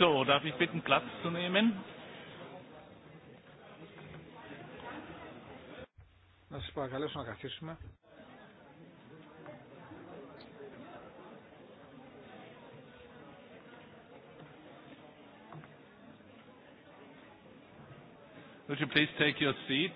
So, darf ich bitten, Platz zu nehmen? Να Would you please take your seat?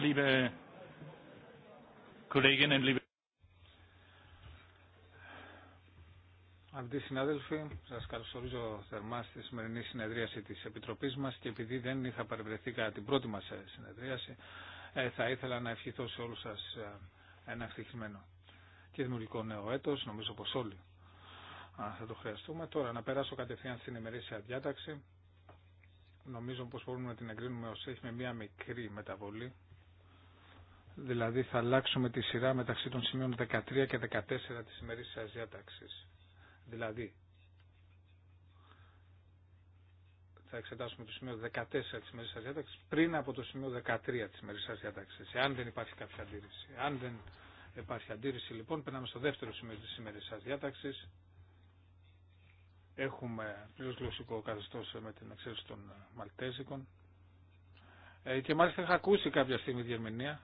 liebe Kolleginnen, liebe Αγαπητοί συνάδελφοι, σα καλωσορίζω θερμά στη σημερινή συνεδρίαση τη Επιτροπή μα και επειδή δεν είχα παρευρεθεί κατά την πρώτη μα ε, συνεδρίαση, ε, θα ήθελα να ευχηθώ σε όλου σα ε, ένα ευτυχισμένο και δημιουργικό νέο έτο. Νομίζω πω όλοι θα το χρειαστούμε. Τώρα να περάσω κατευθείαν στην ημερήσια διάταξη. Νομίζω πω μπορούμε να την εγκρίνουμε ω έχει με μία μικρή μεταβολή. Δηλαδή θα αλλάξουμε τη σειρά μεταξύ των σημείων 13 και 14 της ημερήσιας διάταξης. Δηλαδή θα εξετάσουμε το σημείο 14 της ημερήσιας διάταξης πριν από το σημείο 13 της ημερήσιας διάταξης. Εάν δεν υπάρχει κάποια αντίρρηση. Αν δεν υπάρχει αντίρρηση λοιπόν περνάμε στο δεύτερο σημείο της ημερήσιας διάταξης. Έχουμε πλήρως γλωσσικό καθεστώς με την εξαίρεση των Μαλτέζικων. Ε, και μάλιστα είχα ακούσει κάποια στιγμή διερμηνία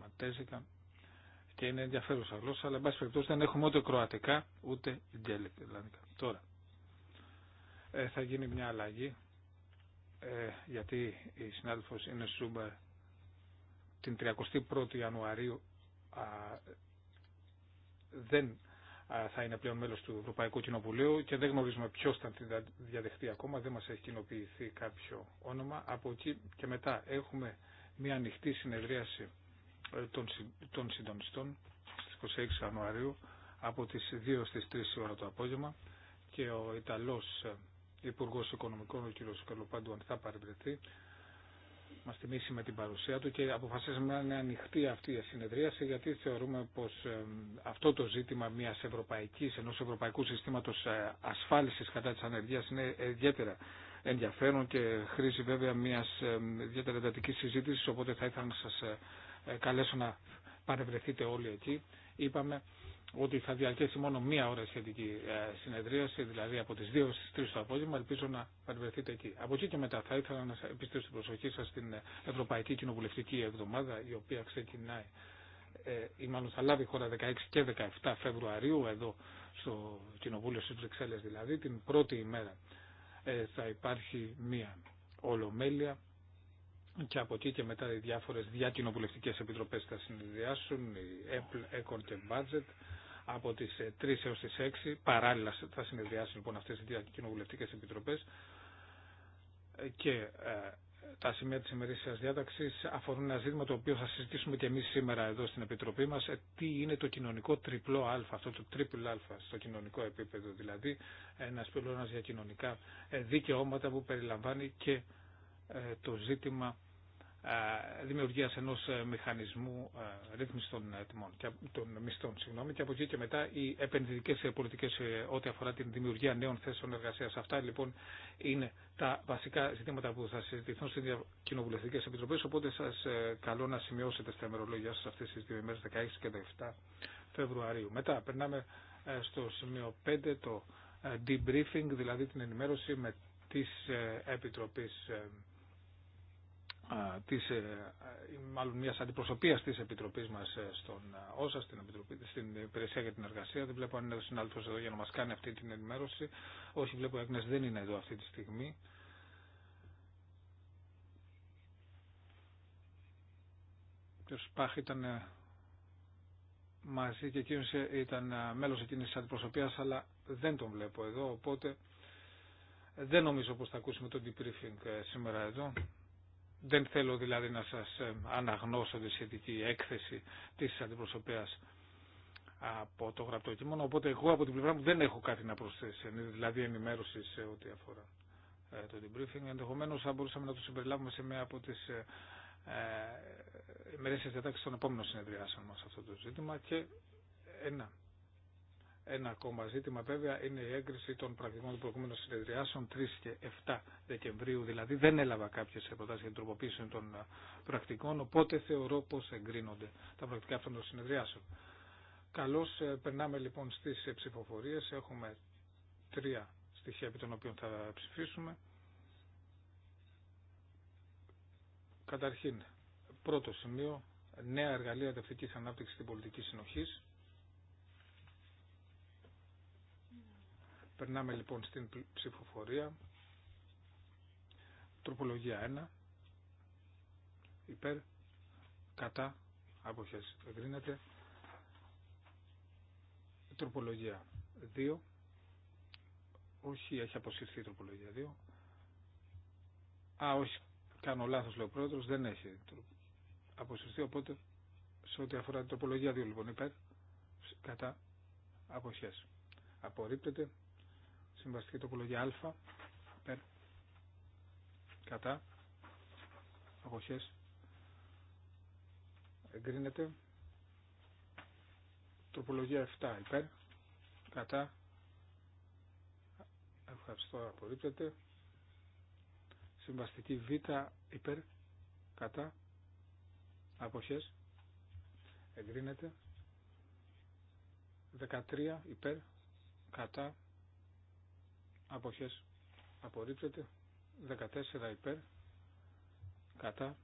ματέζικα και είναι ενδιαφέρουσα γλώσσα, αλλά εν πάση περιπτώσει δεν έχουμε ούτε κροατικά ούτε ελληνικά. Τώρα, ε, θα γίνει μια αλλαγή, ε, γιατί η συνάδελφο είναι Σούμπα την 31η Ιανουαρίου α, δεν θα είναι πλέον μέλος του Ευρωπαϊκού Κοινοβουλίου και δεν γνωρίζουμε ποιος θα την διαδεχτεί ακόμα, δεν μας έχει κοινοποιηθεί κάποιο όνομα. Από εκεί και μετά έχουμε μια ανοιχτή συνεδρίαση ε, των συντονιστών στις 26 Ιανουαρίου από τις 2 στις 3 ώρα το απόγευμα και ο Ιταλός ε, Υπουργό Οικονομικών, ο κ. αν θα παρευρεθεί. Μα θυμίσει με την παρουσία του και αποφασίσαμε να είναι ανοιχτή αυτή η συνεδρίαση γιατί θεωρούμε πω ε, αυτό το ζήτημα μια ευρωπαϊκή, ενό ευρωπαϊκού συστήματο ασφάλιση κατά τη ανεργία είναι ιδιαίτερα ενδιαφέρον και χρήζει βέβαια μια ιδιαίτερα εντατική συζήτηση. Οπότε θα ήθελα να σα ε, καλέσω να παρευρεθείτε όλοι εκεί. Είπαμε ότι θα διαρκέσει μόνο μία ώρα σχετική ε, συνεδρίαση, δηλαδή από τις 2 στις 3 το απόγευμα, ελπίζω να παρευρεθείτε εκεί. Από εκεί και μετά θα ήθελα να επιστρέψω την προσοχή σας στην ε, Ευρωπαϊκή Κοινοβουλευτική Εβδομάδα, η οποία ξεκινάει ή μάλλον θα λάβει η μαλλον θα λαβει χωρα 16 και 17 Φεβρουαρίου εδώ στο Κοινοβούλιο στις Βρυξέλλες δηλαδή την πρώτη ημέρα θα υπάρχει μία ολομέλεια και από εκεί και μετά οι διάφορες διακοινοβουλευτικές επιτροπές θα συνδυάσουν, η Apple, Econ και Budget, από τις 3 ε, έως τις 6, παράλληλα θα συνδυάσουν λοιπόν αυτές οι διακοινοβουλευτικές επιτροπές και ε, τα σημεία της ημερήσιας διάταξης αφορούν ένα ζήτημα το οποίο θα συζητήσουμε και εμείς σήμερα εδώ στην Επιτροπή μας ε, τι είναι το κοινωνικό τριπλό α, αυτό το τριπλό α στο κοινωνικό επίπεδο δηλαδή ένας πυλώνας για κοινωνικά δικαιώματα που περιλαμβάνει και το ζήτημα ε, δημιουργία ενός ε, μηχανισμού ε, ρύθμιστων των, τιμών, των μισθών συγγνώμη, και από εκεί και μετά οι επενδυτικές πολιτικές ό,τι αφορά την δημιουργία νέων θέσεων εργασίας. Αυτά λοιπόν είναι τα βασικά ζητήματα που θα συζητηθούν στις κοινοβουλευτικές επιτροπές, οπότε σας καλώ να σημειώσετε στα ημερολόγια σας αυτές τις δύο ημέρες 16 και 17 Φεβρουαρίου. Μετά περνάμε στο σημείο 5 το debriefing, δηλαδή την ενημέρωση με της Επιτροπής της, ε, ε, μάλλον μιας αντιπροσωπείας της Επιτροπής μας ε, στον ΩΣΑ, στην, Επιτροπή, στην Υπηρεσία για την Εργασία. Δεν βλέπω αν είναι ο συνάδελφος εδώ για να μας κάνει αυτή την ενημέρωση. Όχι, βλέπω ο δεν είναι εδώ αυτή τη στιγμή. Ο Σπάχ ήταν μαζί και εκείνος ήταν μέλος εκείνης της αντιπροσωπείας, αλλά δεν τον βλέπω εδώ, οπότε δεν νομίζω πως θα ακούσουμε τον debriefing σήμερα εδώ. Δεν θέλω δηλαδή να σας ε, αναγνώσω τη σχετική έκθεση της αντιπροσωπείας από το γραπτό κείμενο, οπότε εγώ από την πλευρά μου δεν έχω κάτι να προσθέσει, δηλαδή ενημέρωση σε ό,τι αφορά ε, το debriefing. Ενδεχομένω θα μπορούσαμε να το συμπεριλάβουμε σε μια από τις ε, της ε, διατάξεις των επόμενων συνεδριάσεων μας αυτό το ζήτημα και ένα ένα ακόμα ζήτημα βέβαια είναι η έγκριση των πρακτικών των προηγούμενων συνεδριάσεων 3 και 7 Δεκεμβρίου. Δηλαδή δεν έλαβα κάποιε προτάσει για την τροποποίηση των ε, πρακτικών, οπότε θεωρώ πω εγκρίνονται τα πρακτικά αυτών των συνεδριάσεων. Καλώ ε, περνάμε λοιπόν στι ε, ψηφοφορίε. Έχουμε τρία στοιχεία επί των οποίων θα ψηφίσουμε. Καταρχήν, πρώτο σημείο, νέα εργαλεία δευτικής ανάπτυξης στην πολιτική συνοχής. Περνάμε λοιπόν στην ψηφοφορία. Τροπολογία 1. Υπέρ. Κατά. Αποχές. Εγκρίνεται. Τροπολογία 2. Όχι, έχει αποσυρθεί η τροπολογία 2. Α, όχι, κάνω λάθος λέει ο πρόεδρος, δεν έχει αποσυρθεί, οπότε σε ό,τι αφορά την τροπολογία 2 λοιπόν υπέρ, κατά αποχές. Απορρίπτεται Συμβαστική τροπολογία α. Υπέρ. Κατά. Αποχές. Εγκρίνεται. Τροπολογία 7. Υπέρ. Κατά. Ευχαριστώ. Απορρίπτεται. Συμβαστική β. Υπέρ. Κατά. Αποχές. Εγκρίνεται. 13 υπέρ κατά αποχές απορρίπτεται 14 υπέρ κατά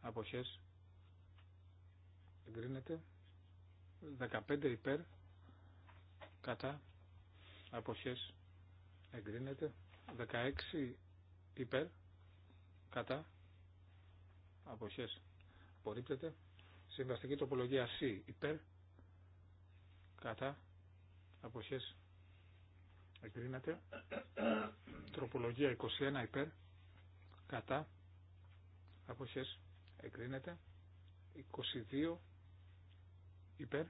αποχές εγκρίνεται 15 υπέρ κατά αποχές εγκρίνεται 16 υπέρ κατά αποχές απορρίπτεται συμβαστική τοπολογία C υπέρ κατά αποχές εγκρίνεται. Τροπολογία 21 υπέρ, κατά, αποχές, εγκρίνεται. 22 υπέρ,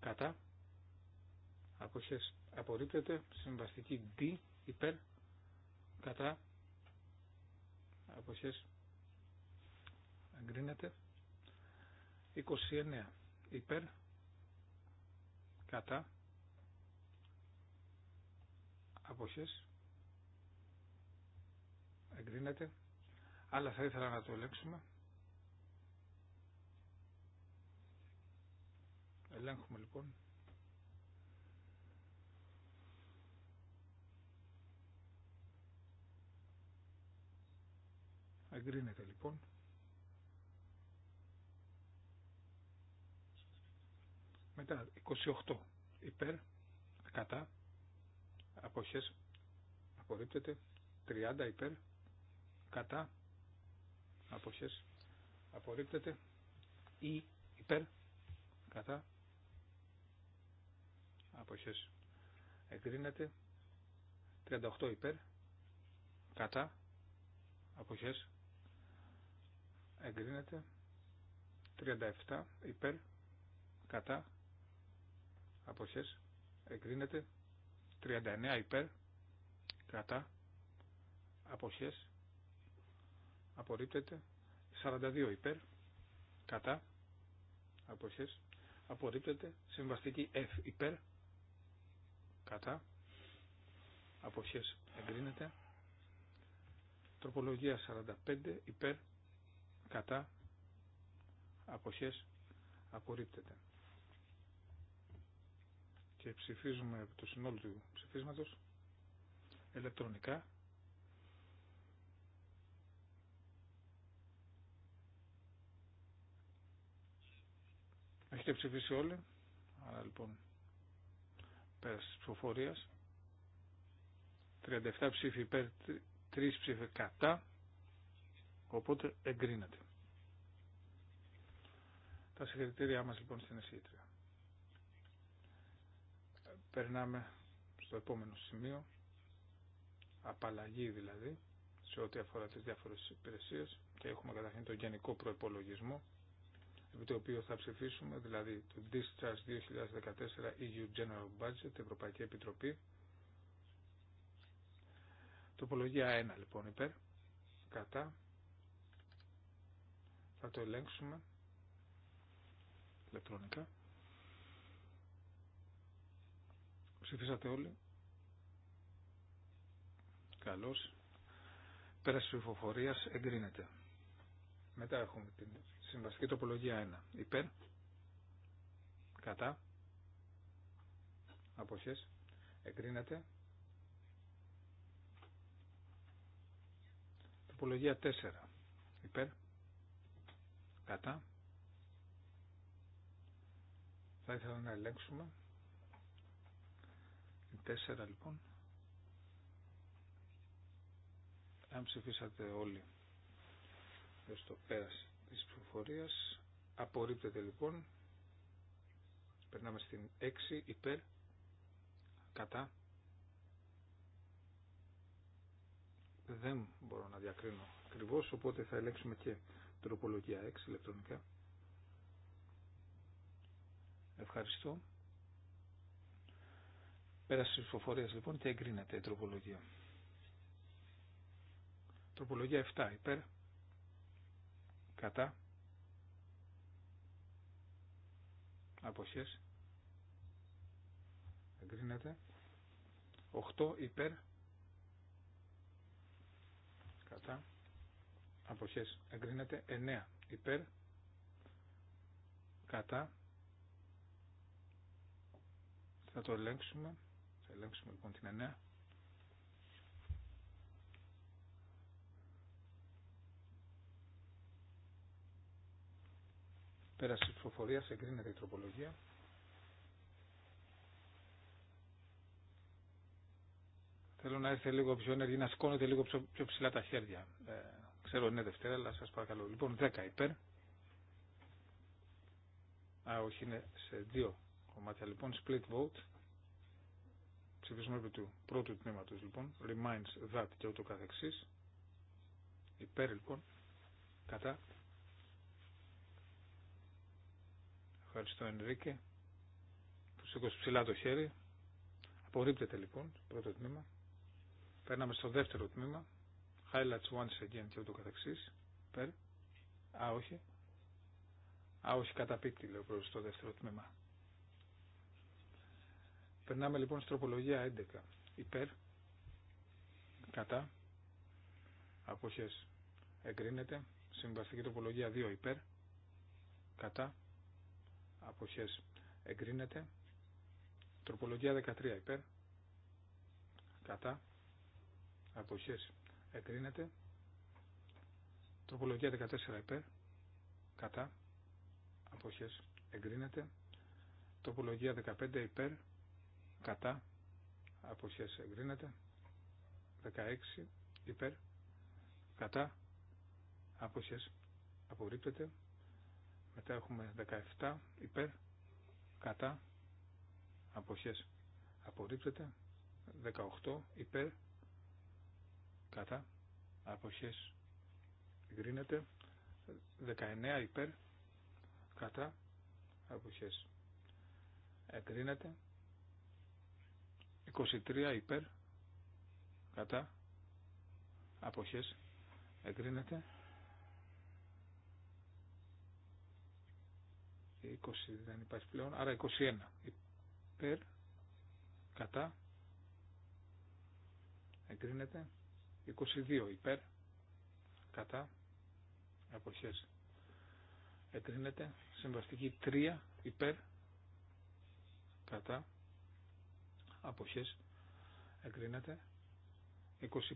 κατά, αποχές, απορρίπτεται. Συμβαστική D υπέρ, κατά, αποχές, εγκρίνεται. 29 υπέρ, κατά, αποχές εγκρίνεται αλλά θα ήθελα να το ελέγξουμε ελέγχουμε λοιπόν εγκρίνεται λοιπόν μετά 28 υπέρ κατά αποχές απορρίπτεται 30 υπέρ κατά αποχές απορρίπτεται ή υπέρ κατά αποχές εγκρίνεται 38 υπέρ κατά αποχές εγκρίνεται 37 υπέρ κατά αποχές εγκρίνεται 39 υπέρ κατά αποχές απορρίπτεται 42 υπέρ κατά αποχές απορρίπτεται συμβαστική F υπέρ κατά αποχές εγκρίνεται τροπολογία 45 υπέρ κατά αποχές απορρίπτεται και ψηφίζουμε το συνόλου του ψηφίσματος ηλεκτρονικά. Έχετε ψηφίσει όλοι. Άρα λοιπόν πέρασε τη ψηφοφορία. 37 ψήφοι υπέρ, 3 ψήφοι κατά. Οπότε εγκρίνεται. Τα συγχαρητήριά μας λοιπόν στην Εσύτρια περνάμε στο επόμενο σημείο, απαλλαγή δηλαδή, σε ό,τι αφορά τις διάφορες υπηρεσίες και έχουμε καταρχήν τον γενικό προϋπολογισμό, το οποίο θα ψηφίσουμε, δηλαδή το Discharge 2014 EU General Budget, Ευρωπαϊκή Επιτροπή. Τοπολογία 1 λοιπόν υπέρ, κατά, θα το ελέγξουμε ηλεκτρονικά. Ψηφίσατε όλοι. Καλώς. Πέραση ψηφοφορία εγκρίνεται. Μετά έχουμε την συμβαστική τοπολογία 1. Υπέρ. Κατά. Αποχές. Εγκρίνεται. τοπολογία 4. Υπέρ. Κατά. Θα ήθελα να ελέγξουμε. 4 λοιπόν. Αν ψηφίσατε όλοι στο το πέρας της ψηφοφορίας, απορρίπτεται λοιπόν. Περνάμε στην 6 υπέρ, κατά. Δεν μπορώ να διακρίνω ακριβώ, οπότε θα ελέγξουμε και τροπολογία 6 ηλεκτρονικά. Ευχαριστώ. Πέραση τη ψηφοφορία λοιπόν και εγκρίνεται η τροπολογία. Τροπολογία 7 υπέρ. Κατά. Αποχές. Εγκρίνεται. 8 υπέρ. Κατά. Αποχές. Εγκρίνεται. 9 υπέρ. Κατά. Θα το ελέγξουμε. Θα ελέγξουμε λοιπόν την 9. Πέραση τη ψηφοφορία εγκρίνεται η τροπολογία. Θέλω να έρθετε λίγο πιο ενεργή, να σηκώνετε λίγο πιο ψηλά τα χέρια. Ε, ξέρω είναι Δευτέρα, αλλά σας παρακαλώ. Λοιπόν, 10 υπέρ. Α, όχι, είναι σε δύο κομμάτια. Λοιπόν, split vote ψηφίσουμε επί του πρώτου τμήματος λοιπόν, reminds that και ούτω καθεξής, υπέρ λοιπόν, κατά. Ευχαριστώ Ενρίκε, που σήκωσε ψηλά το χέρι. Απορρίπτεται λοιπόν το πρώτο τμήμα. Παίρναμε στο δεύτερο τμήμα, highlights once again και ούτω καθεξής, υπέρ. Α, όχι. Α, όχι, καταπίκτη, λέω, προς το δεύτερο τμήμα. Περνάμε λοιπόν στην τροπολογία 11. Υπέρ, κατά, αποχές εγκρίνεται. Συμβαστική τροπολογία 2 υπέρ, κατά, αποχές εγκρίνεται. Τροπολογία 13 υπέρ, κατά, αποχές εγκρίνεται. Τροπολογία 14 υπέρ, κατά, αποχές εγκρίνεται. Τροπολογία 15 υπέρ, κατά αποχές εγκρίνεται 16 υπέρ κατά αποχές απορρίπτεται μετά έχουμε 17 υπέρ κατά αποχές απορρίπτεται 18 υπέρ κατά αποχές εγκρίνεται 19 υπέρ κατά αποχές εγκρίνεται 23 υπέρ κατά αποχές εγκρίνεται 20 δεν υπάρχει πλέον άρα 21 υπέρ κατά εγκρίνεται 22 υπέρ κατά αποχές εγκρίνεται συμβαστική 3 υπέρ κατά αποχές εγκρίνεται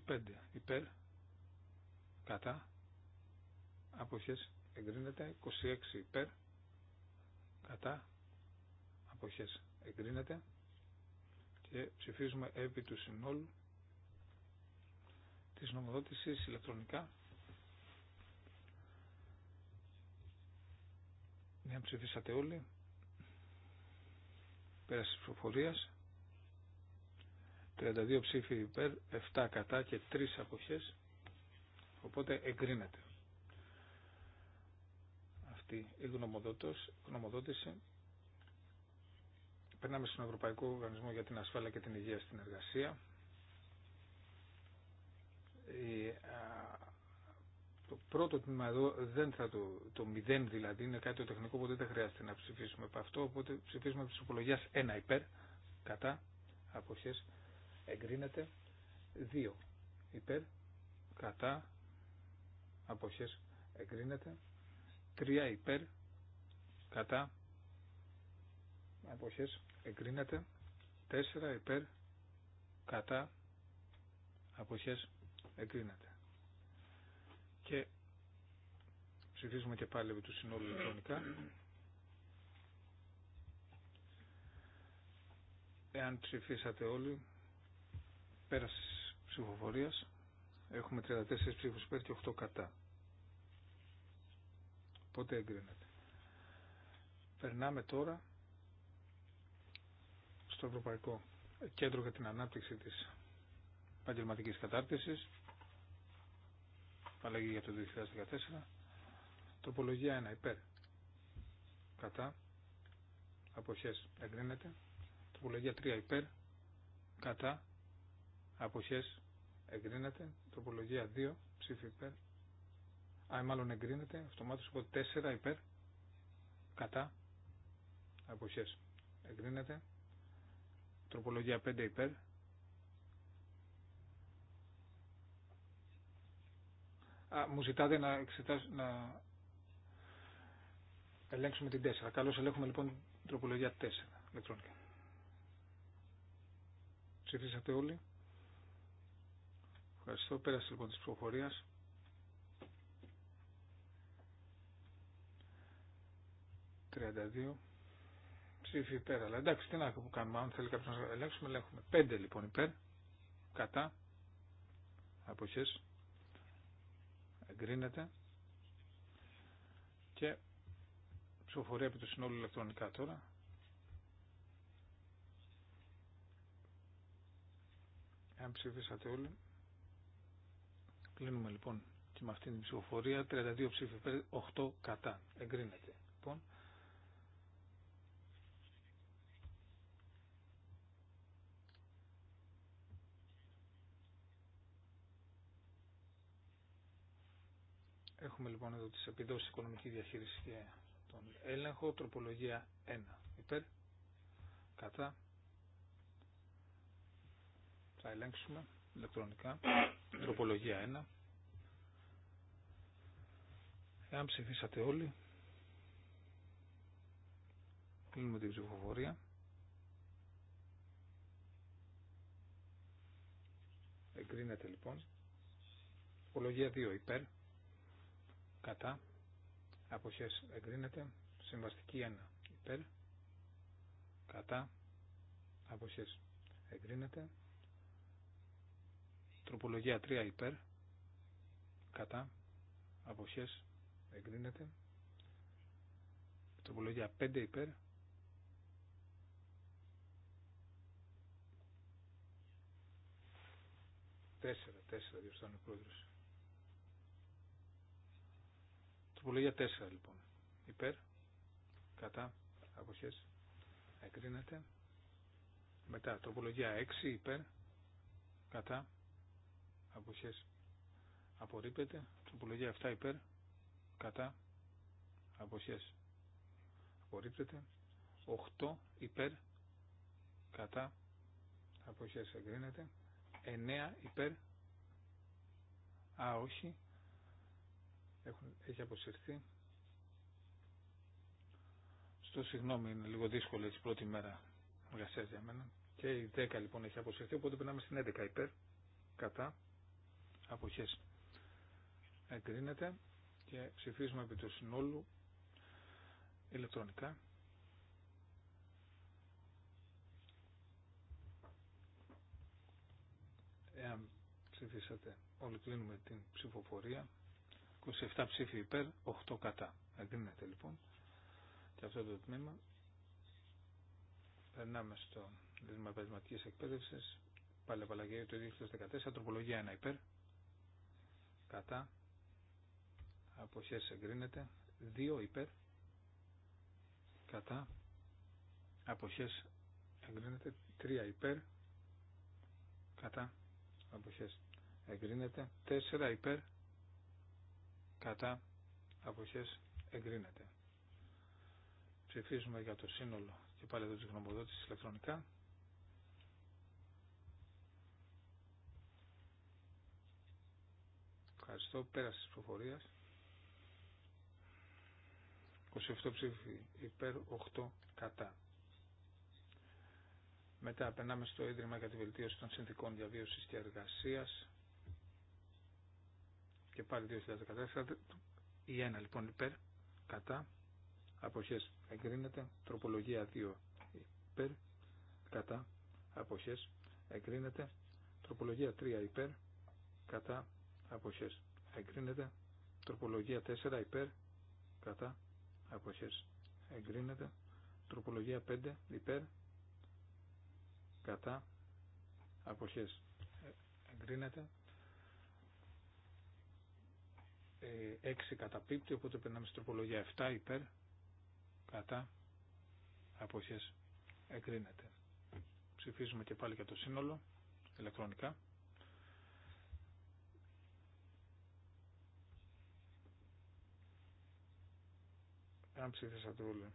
25 υπέρ κατά αποχές εγκρίνεται 26 υπέρ κατά αποχές εγκρίνεται και ψηφίζουμε επί του συνόλου της νομοδότησης ηλεκτρονικά μια ψηφίσατε όλοι πέραση ψηφοφορίας 32 ψήφοι υπέρ, 7 κατά και 3 αποχές. Οπότε εγκρίνεται αυτή η γνωμοδότηση. Περνάμε στον Ευρωπαϊκό Οργανισμό για την Ασφάλεια και την Υγεία στην Εργασία. Το πρώτο τμήμα εδώ δεν θα το, το μηδέν δηλαδή, είναι κάτι το τεχνικό, οπότε δεν χρειάζεται να ψηφίσουμε από αυτό, οπότε ψηφίσουμε από της 1 υπέρ, κατά, αποχές, εγκρίνεται 2 υπέρ κατά αποχές εγκρίνεται 3 υπέρ κατά αποχές εγκρίνεται 4 υπέρ κατά αποχές εγκρίνεται και ψηφίζουμε και πάλι επί του συνόλου ηλεκτρονικά εάν ψηφίσατε όλοι Πέραση ψηφοφορία. Έχουμε 34 ψήφου υπέρ και 8 κατά. πότε εγκρίνεται. Περνάμε τώρα στο Ευρωπαϊκό Κέντρο για την Ανάπτυξη της Επαγγελματική Κατάρτισης. Αλλαγή για το 2014. Τροπολογία 1 υπέρ. Κατά. Αποχές εγκρίνεται. Τροπολογία 3 υπέρ. Κατά αποχές εγκρίνεται. Τροπολογία 2 ψήφι υπέρ. Α, μάλλον εγκρίνεται. Αυτομάτως 4 υπέρ. Κατά. Αποχές. Εγκρίνεται. Τροπολογία 5 υπέρ. Α, μου ζητάτε να, εξετάσ... να ελέγξουμε την 4. Καλώς ελέγχουμε λοιπόν τροπολογία 4 ηλεκτρονικά. Ψηφίσατε όλοι. Ευχαριστώ. Πέρασε λοιπόν τη ψηφοφορία. Ψήφι υπέρ. Αλλά εντάξει, τι να κάνουμε. Αν θέλει κάποιο να ελέγξουμε, ελέγχουμε. 5 λοιπόν υπέρ. Κατά. Αποχέ. Εγκρίνεται. Και ψηφοφορία επί του συνόλου ηλεκτρονικά τώρα. Αν ψηφίσατε όλοι. Κλείνουμε λοιπόν και με αυτήν την ψηφοφορία. 32 ψήφοι υπέρ, 8 κατά. Εγκρίνεται. Λοιπόν. Έχουμε λοιπόν εδώ τις επιδόσεις οικονομική διαχείριση και τον έλεγχο. Τροπολογία 1 υπέρ, κατά. Θα ελέγξουμε ηλεκτρονικά. Τροπολογία 1. Εάν ψηφίσατε όλοι, κλείνουμε την ψηφοφορία. Εγκρίνεται λοιπόν. Τροπολογία 2 υπέρ. Κατά. Αποχές εγκρίνεται. Συμβαστική 1 υπέρ. Κατά. Αποχές εγκρίνεται. Τροπολογία 3 υπέρ. Κατά. Αποχές. Εγκρίνεται. Τροπολογία 5 υπέρ. Τέσσερα, τέσσερα διορθώνει ο πρόεδρος. Τροπολογία 4 λοιπόν. Υπέρ, κατά, αποχές, εκρίνεται. Μετά, τροπολογία 6 υπέρ, κατά, αποχές απορρίπτεται. Τροπολογία 7 υπέρ κατά αποχές απορρίπτεται. 8 υπέρ κατά αποχές εγκρίνεται. 9 υπέρ α όχι Έχουν, έχει αποσυρθεί στο συγγνώμη είναι λίγο δύσκολο έτσι πρώτη μέρα για μένα και η 10 λοιπόν έχει αποσυρθεί οπότε περνάμε στην 11 υπέρ κατά αποχές εγκρίνεται και ψηφίζουμε επί του συνόλου ηλεκτρονικά. Εάν ψηφίσατε όλοι κλείνουμε την ψηφοφορία. 27 ψήφοι υπέρ, 8 κατά. Εγκρίνεται λοιπόν και αυτό το τμήμα. Περνάμε στο Δήμο Επαγγελματική Εκπαίδευση. Πάλι απαλλαγή του 2014, τροπολογία 1 υπέρ, κατά αποχές εγκρίνεται δύο υπέρ κατά αποχές εγκρίνεται τρία υπέρ κατά αποχές εγκρίνεται τέσσερα υπέρ κατά αποχές εγκρίνεται ψηφίζουμε για το σύνολο και πάλι εδώ τη γνωμοδοτηση ηλεκτρονικά Ευχαριστώ. Πέραση τη ψηφοφορία. 27 ψήφοι υπέρ, 8 κατά. Μετά περνάμε στο Ίδρυμα για τη Βελτίωση των Συνθήκων Διαβίωση και Εργασία. Και πάλι 2014. Η 1 λοιπόν υπέρ, κατά. απόχέ εγκρίνεται. Τροπολογία 2 υπέρ, κατά. απόχέ εγκρίνεται. Τροπολογία 3 υπέρ, κατά αποχές εγκρίνεται. Τροπολογία 4 υπέρ κατά αποχές εγκρίνεται. Τροπολογία 5 υπέρ κατά αποχές ε, εγκρίνεται. 6 ε, καταπίπτει, οπότε περνάμε στην τροπολογία 7 υπέρ κατά αποχές εγκρίνεται. Ψηφίζουμε και πάλι για το σύνολο ηλεκτρονικά. Αν ψήφισαν όλοι.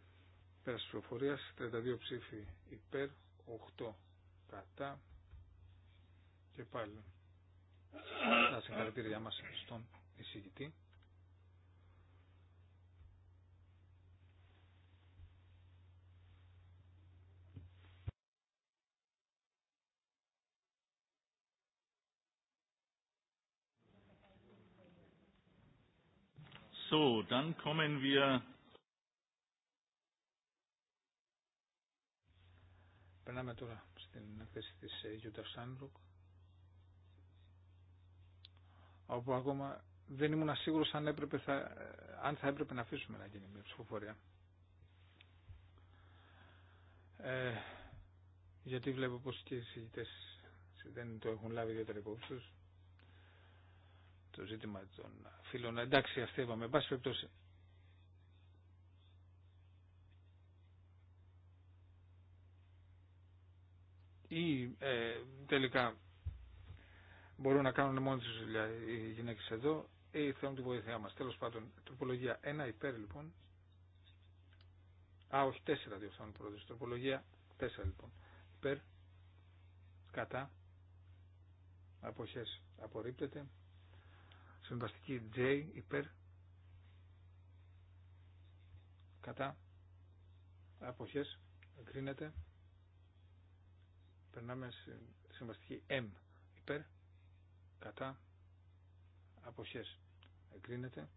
πέρα στις προφορίες, 32 ψήφοι υπέρ, 8 κατά και πάλι. Τα συγχαρητήριά μας στον εισηγητή. So, dann kommen wir Περνάμε τώρα στην θέση της ε, Γιούτα Σάνρουκ όπου ακόμα δεν ήμουν σίγουρος αν, έπρεπε θα, ε, αν θα έπρεπε να αφήσουμε να γίνει μια ψηφοφορία. Ε, γιατί βλέπω πως και οι συζητητές δεν το έχουν λάβει ιδιαίτερα υπόψη τους. Το ζήτημα των φίλων. Εντάξει, αυτή είπαμε. Εν πάση περιπτώσει, ή ε, τελικά μπορούν να κάνουν μόνοι τους δουλειά οι γυναίκες εδώ ή θέλουν τη βοήθειά μας. Τέλος πάντων, τροπολογία 1 υπέρ λοιπόν. Α, όχι 4 διορθώνουν πρώτος. Τροπολογία 4 λοιπόν. Υπέρ, κατά, αποχές απορρίπτεται. Συμβαστική J υπέρ, κατά, αποχές εγκρίνεται. Περνάμε στη συμβαστική M. Υπέρ, κατά, αποχές. Εγκρίνεται.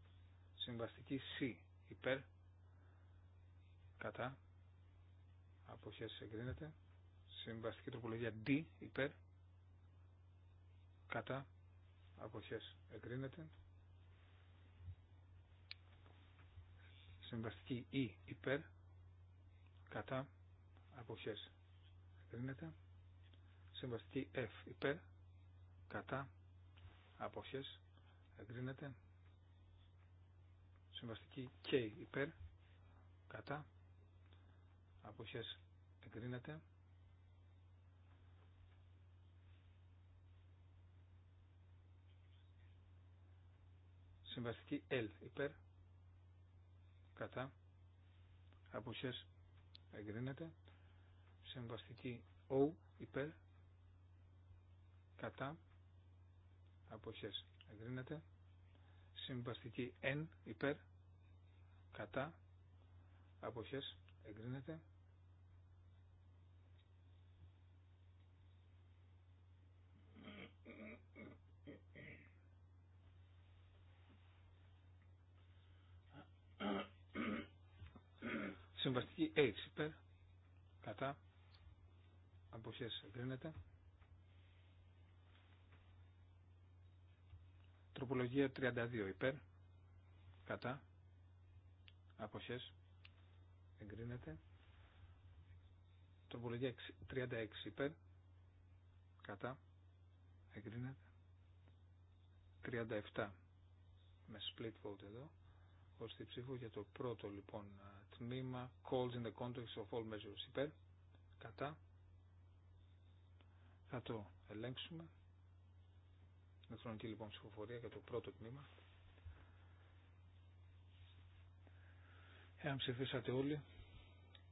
Συμβαστική C. Υπέρ, κατά, αποχές. Εγκρίνεται. Συμβαστική τροπολογία D. Υπέρ, κατά, αποχές. Εγκρίνεται. Συμβαστική E. Υπέρ, κατά, αποχές. Εγκρίνεται. Συμβαστική F υπέρ, κατά, αποχές, εγκρίνεται. Συμβαστική K υπέρ, κατά, αποχές, εγκρίνεται. Συμβαστική L υπέρ, κατά, αποχές, εγκρίνεται. Συμβαστική O υπέρ, κατά αποχές εγκρίνεται συμβαστική N υπέρ κατά αποχές εγκρίνεται Συμβαστική H υπέρ κατά αποχές εγκρίνεται Τροπολογία 32 υπέρ. Κατά. Αποχές. Εγκρίνεται. Τροπολογία 36 υπέρ. Κατά. Εγκρίνεται. 37 με split vote εδώ ως τη ψήφο για το πρώτο λοιπόν τμήμα calls in the context of all measures υπέρ κατά θα το ελέγξουμε ηλεκτρονική λοιπόν ψηφοφορία για το πρώτο τμήμα. Εάν ψηφίσατε όλοι,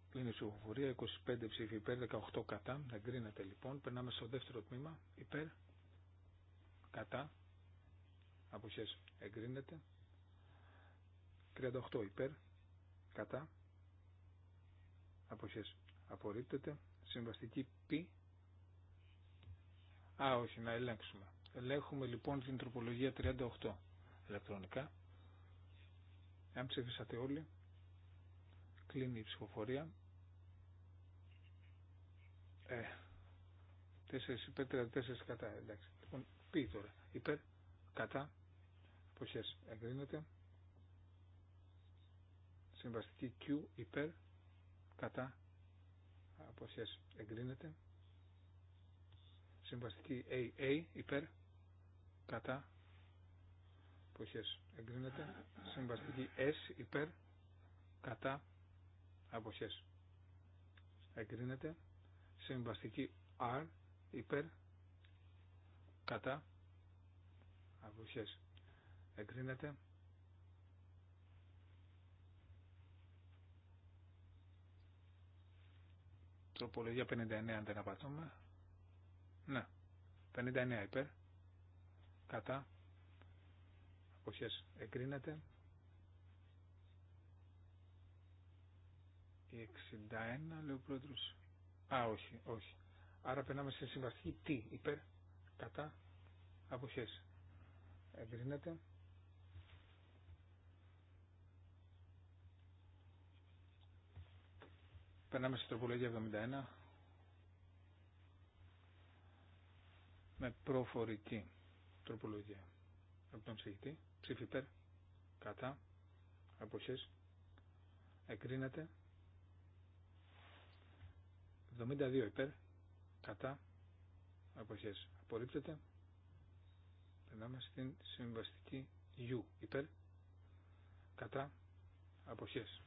κλείνει η ψηφοφορία, 25 ψήφοι υπέρ, 18 κατά, εγκρίνεται λοιπόν. Περνάμε στο δεύτερο τμήμα, υπέρ, κατά, αποχές εγκρίνεται. 38 υπέρ, κατά, αποχές απορρίπτεται. Συμβαστική π. Α, όχι, να ελέγξουμε. Ελέγχουμε λοιπόν την τροπολογία 38 ηλεκτρονικά. Αν ψηφίσατε όλοι, κλείνει η ψηφοφορία. Ε, 4 υπέρ, 34 κατά, εντάξει. Λοιπόν, πει τώρα. Υπέρ, κατά, Αποχέ εγκρίνεται. Συμβαστική Q υπέρ, κατά, Αποχέ εγκρίνεται. Συμβαστική AA υπέρ, κατά αποχές εγκρίνεται συμβαστική S υπέρ κατά αποχές εγκρίνεται συμβαστική R υπέρ κατά αποχές εγκρίνεται τροπολογία 59 αν δεν απατώμε ναι 59 υπέρ κατά αποχές εγκρίνεται η 61 λέει ο πρόεδρος α όχι όχι άρα περνάμε σε συμβαστική τι υπέρ κατά αποχές εγκρίνεται περνάμε σε τροπολογία 71 με προφορική τροπολογία από τον ψυχητή, ψήφι υπέρ, κατά, αποχές, εκρίνεται, 72 υπέρ, κατά, αποχές, απορρίπτεται, περνάμε στην συμβαστική U, υπέρ, κατά, αποχές,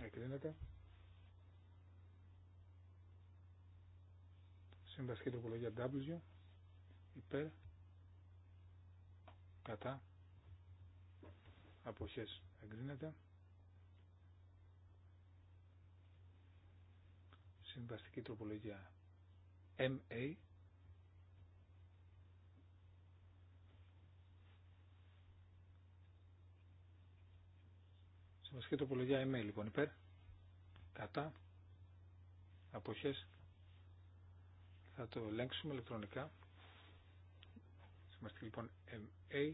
εκρίνεται, συμβαστική τροπολογία W, υπέρ, κατά αποχές εγκρίνεται συμβαστική τροπολογία MA Συμβαστική τροπολογία MA λοιπόν υπέρ κατά αποχές θα το ελέγξουμε ηλεκτρονικά Είμαστε λοιπόν MA.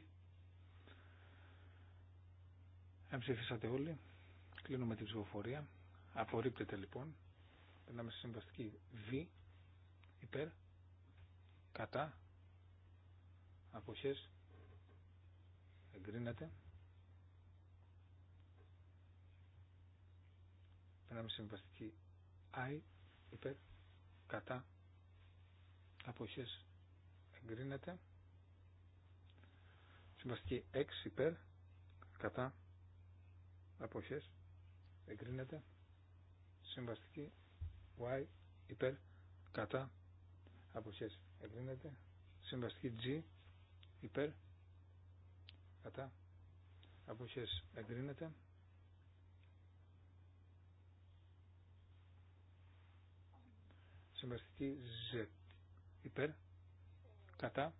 Αν ψηφίσατε όλοι, κλείνουμε την ψηφοφορία. Απορρίπτεται λοιπόν. Περνάμε στη συμβαστική V. Υπέρ. Κατά. Αποχές. Εγκρίνεται. Περνάμε στη συμβαστική I. Υπέρ. Κατά. Αποχές. Εγκρίνεται. Συμβαστική x υπέρ, κατά, αποχές, εγκρίνεται. Συμβαστική Y υπέρ, κατά, αποχές, εγκρίνεται. Συμβαστική G υπέρ, κατά, αποχές, εγκρίνεται. Συμβαστική Z υπέρ, κατά,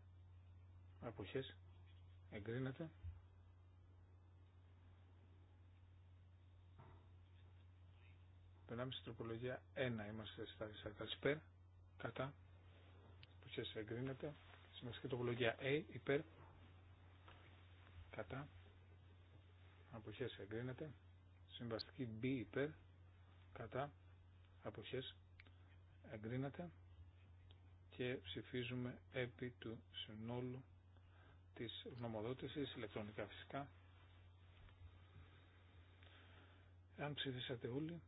αποχές, εγκρίνεται. Περνάμε στην τροπολογία 1. Είμαστε στα 40 υπέρ, κατά, εγκρίνεται. Συμβαστική τροπολογία A, υπέρ, κατά, αποχές εγκρίνεται. Συμβαστική B, υπέρ, κατά, αποχές εγκρίνεται. Και ψηφίζουμε επί του συνόλου της γνωμοδότησης ηλεκτρονικά φυσικά. Εάν ψηφίσατε όλοι,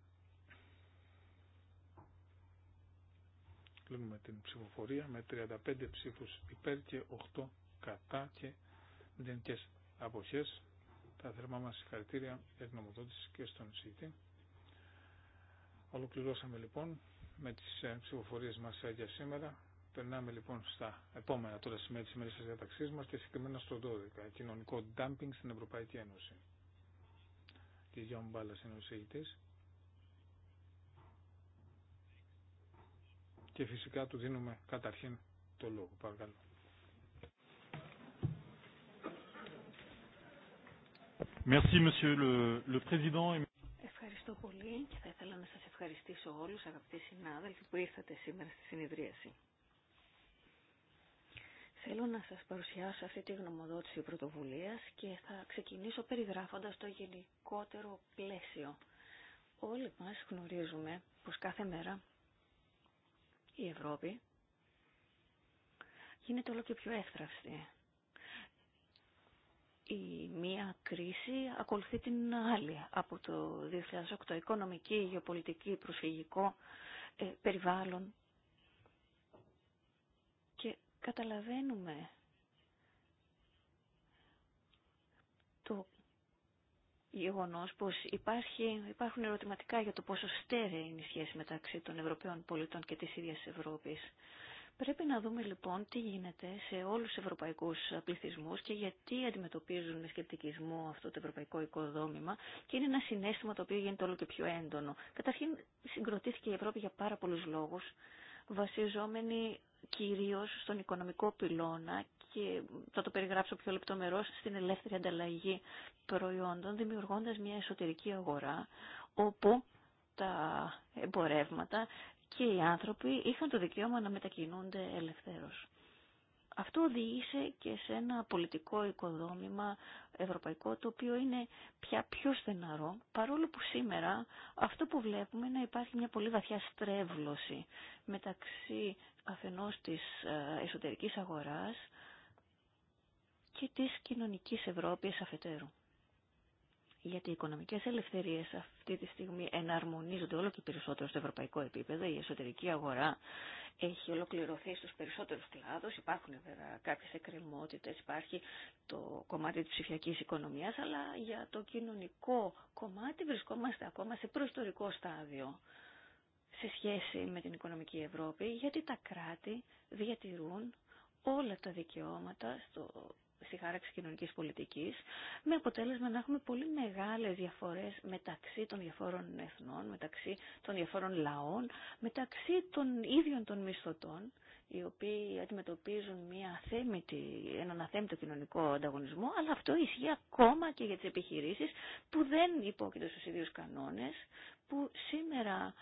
κλείνουμε την ψηφοφορία με 35 ψήφους υπέρ και 8 κατά και μηδενικές αποχές. Τα θερμά μας συγχαρητήρια για την και στον εισηγητή. Ολοκληρώσαμε λοιπόν με τις ε, ψηφοφορίες μας ε, για σήμερα. Περνάμε λοιπόν στα επόμενα τώρα σημεία της τη διαταξής μας και συγκεκριμένα στο 12, κοινωνικό dumping στην Ευρωπαϊκή Ένωση. Τη για Μπάλα είναι Και φυσικά του δίνουμε καταρχήν το λόγο. Παρακαλώ. Merci, Monsieur le, le Président. Ευχαριστώ πολύ και θα ήθελα να σας ευχαριστήσω όλους αγαπητοί συνάδελφοι που ήρθατε σήμερα στη συνεδρίαση. Θέλω να σας παρουσιάσω αυτή τη γνωμοδότηση πρωτοβουλίας και θα ξεκινήσω περιγράφοντας το γενικότερο πλαίσιο. Όλοι μας γνωρίζουμε πως κάθε μέρα η Ευρώπη γίνεται όλο και πιο εύθραυστη. Η μία κρίση ακολουθεί την άλλη. Από το 2008 οικονομική, γεωπολιτική, προσφυγικό, ε, περιβάλλον, καταλαβαίνουμε το γεγονός πως υπάρχει, υπάρχουν ερωτηματικά για το πόσο στέρεη είναι η σχέση μεταξύ των Ευρωπαίων πολιτών και της ίδιας Ευρώπης. Πρέπει να δούμε λοιπόν τι γίνεται σε όλους τους ευρωπαϊκούς πληθυσμούς και γιατί αντιμετωπίζουν με σκεπτικισμό αυτό το ευρωπαϊκό οικοδόμημα και είναι ένα συνέστημα το οποίο γίνεται όλο και πιο έντονο. Καταρχήν συγκροτήθηκε η Ευρώπη για πάρα πολλούς λόγους βασιζόμενοι κυρίως στον οικονομικό πυλώνα και θα το περιγράψω πιο λεπτομερώς στην ελεύθερη ανταλλαγή προϊόντων, δημιουργώντας μια εσωτερική αγορά όπου τα εμπορεύματα και οι άνθρωποι είχαν το δικαίωμα να μετακινούνται ελευθέρως. Αυτό οδήγησε και σε ένα πολιτικό οικοδόμημα ευρωπαϊκό το οποίο είναι πια πιο στεναρό παρόλο που σήμερα αυτό που βλέπουμε είναι να υπάρχει μια πολύ βαθιά στρέβλωση μεταξύ αφενός της ε, εσωτερικής αγοράς και της κοινωνικής Ευρώπης αφετέρου. Γιατί οι οικονομικές ελευθερίες αυτή τη στιγμή εναρμονίζονται όλο και περισσότερο στο ευρωπαϊκό επίπεδο. Η εσωτερική αγορά έχει ολοκληρωθεί στους περισσότερους κλάδους. Υπάρχουν βέβαια κάποιες εκκρεμότητες, υπάρχει το κομμάτι της ψηφιακής οικονομίας, αλλά για το κοινωνικό κομμάτι βρισκόμαστε ακόμα σε προϊστορικό στάδιο σε σχέση με την οικονομική Ευρώπη, γιατί τα κράτη διατηρούν όλα τα δικαιώματα στο στη χάραξη κοινωνικής πολιτικής, με αποτέλεσμα να έχουμε πολύ μεγάλες διαφορές μεταξύ των διαφόρων εθνών, μεταξύ των διαφόρων λαών, μεταξύ των ίδιων των μισθωτών, οι οποίοι αντιμετωπίζουν μια θέμητη, έναν αθέμητο κοινωνικό ανταγωνισμό, αλλά αυτό ισχύει ακόμα και για τις επιχειρήσεις που δεν υπόκειται στους ίδιους κανόνες, που σήμερα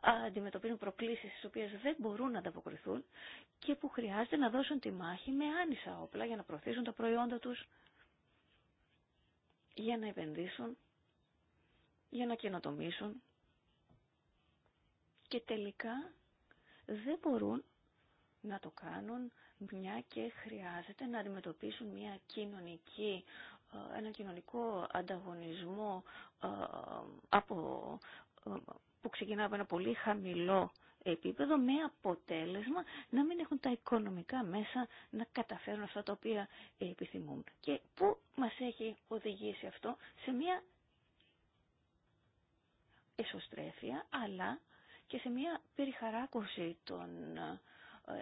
αντιμετωπίζουν προκλήσεις στις οποίες δεν μπορούν να ανταποκριθούν και που χρειάζεται να δώσουν τη μάχη με άνισα όπλα για να προωθήσουν τα προϊόντα τους, για να επενδύσουν, για να καινοτομήσουν και τελικά δεν μπορούν να το κάνουν μια και χρειάζεται να αντιμετωπίσουν μια κοινωνική, ε, ένα κοινωνικό ανταγωνισμό ε, ε, από που ξεκινά από ένα πολύ χαμηλό επίπεδο με αποτέλεσμα να μην έχουν τα οικονομικά μέσα να καταφέρουν αυτά τα οποία επιθυμούν. Και πού μας έχει οδηγήσει αυτό σε μια εσωστρέφεια αλλά και σε μια περιχαράκωση των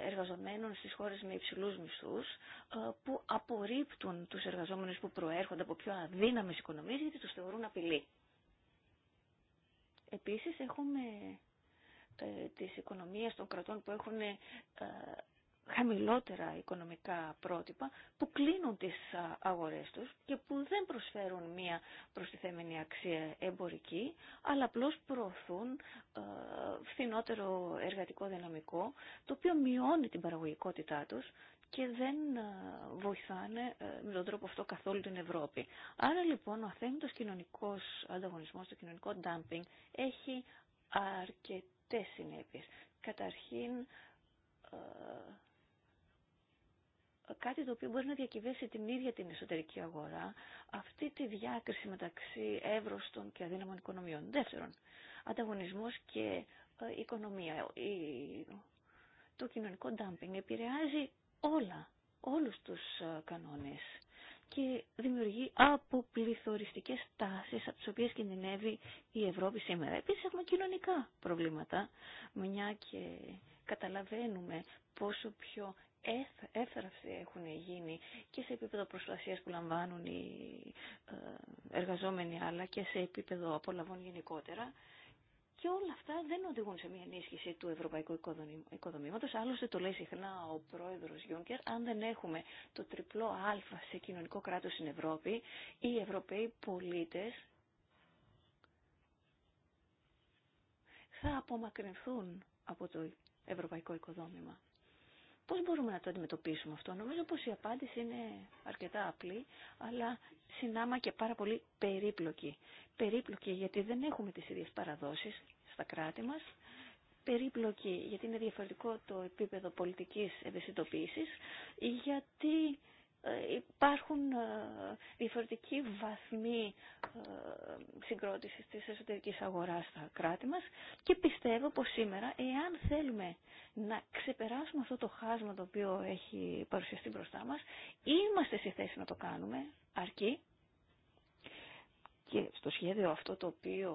εργαζομένων στις χώρες με υψηλούς μισθούς ε, που απορρίπτουν τους εργαζόμενους που προέρχονται από πιο αδύναμες οικονομίες γιατί τους θεωρούν απειλή. Επίσης έχουμε ε, τις οικονομίες των κρατών που έχουν ε, χαμηλότερα οικονομικά πρότυπα που κλείνουν τις ε, αγορές τους και που δεν προσφέρουν μία προστιθέμενη αξία εμπορική αλλά απλώ προωθούν ε, φθηνότερο εργατικό δυναμικό το οποίο μειώνει την παραγωγικότητά τους και δεν ε, βοηθάνε ε, με τον τρόπο αυτό καθόλου την Ευρώπη. Άρα λοιπόν ο αθέμητος κοινωνικός ανταγωνισμός, το κοινωνικό dumping έχει αρκετές συνέπειες. Καταρχήν ε, κάτι το οποίο μπορεί να διακυβέσει την ίδια την εσωτερική αγορά, αυτή τη διάκριση μεταξύ εύρωστων και αδύναμων οικονομιών. Δεύτερον, ανταγωνισμός και οικονομία. Το κοινωνικό ντάμπινγκ επηρεάζει όλα, όλους τους ε, κανόνες και δημιουργεί αποπληθωριστικές τάσεις από τις οποίες κινδυνεύει η Ευρώπη σήμερα. Επίσης έχουμε κοινωνικά προβλήματα, μια και καταλαβαίνουμε πόσο πιο έφραυση έχουν γίνει και σε επίπεδο προστασίας που λαμβάνουν οι ε, εργαζόμενοι αλλά και σε επίπεδο απολαβών γενικότερα και όλα αυτά δεν οδηγούν σε μια ενίσχυση του ευρωπαϊκού οικοδομήματος. Άλλωστε το λέει συχνά ο πρόεδρο Γιούνκερ, αν δεν έχουμε το τριπλό α σε κοινωνικό κράτος στην Ευρώπη, οι Ευρωπαίοι πολίτες θα απομακρυνθούν από το ευρωπαϊκό οικοδόμημα. Πώς μπορούμε να το αντιμετωπίσουμε αυτό. Νομίζω πως η απάντηση είναι αρκετά απλή, αλλά συνάμα και πάρα πολύ περίπλοκη. Περίπλοκη γιατί δεν έχουμε τις ίδιες παραδόσεις στα κράτη μας, περίπλοκη γιατί είναι διαφορετικό το επίπεδο πολιτικής ευαισθητοποίησης, γιατί ε, υπάρχουν ε, διαφορετικοί βαθμοί ε, συγκρότησης της εσωτερικής αγοράς στα κράτη μας και πιστεύω πως σήμερα εάν θέλουμε να ξεπεράσουμε αυτό το χάσμα το οποίο έχει παρουσιαστεί μπροστά μας είμαστε σε θέση να το κάνουμε αρκεί και στο σχέδιο αυτό το οποίο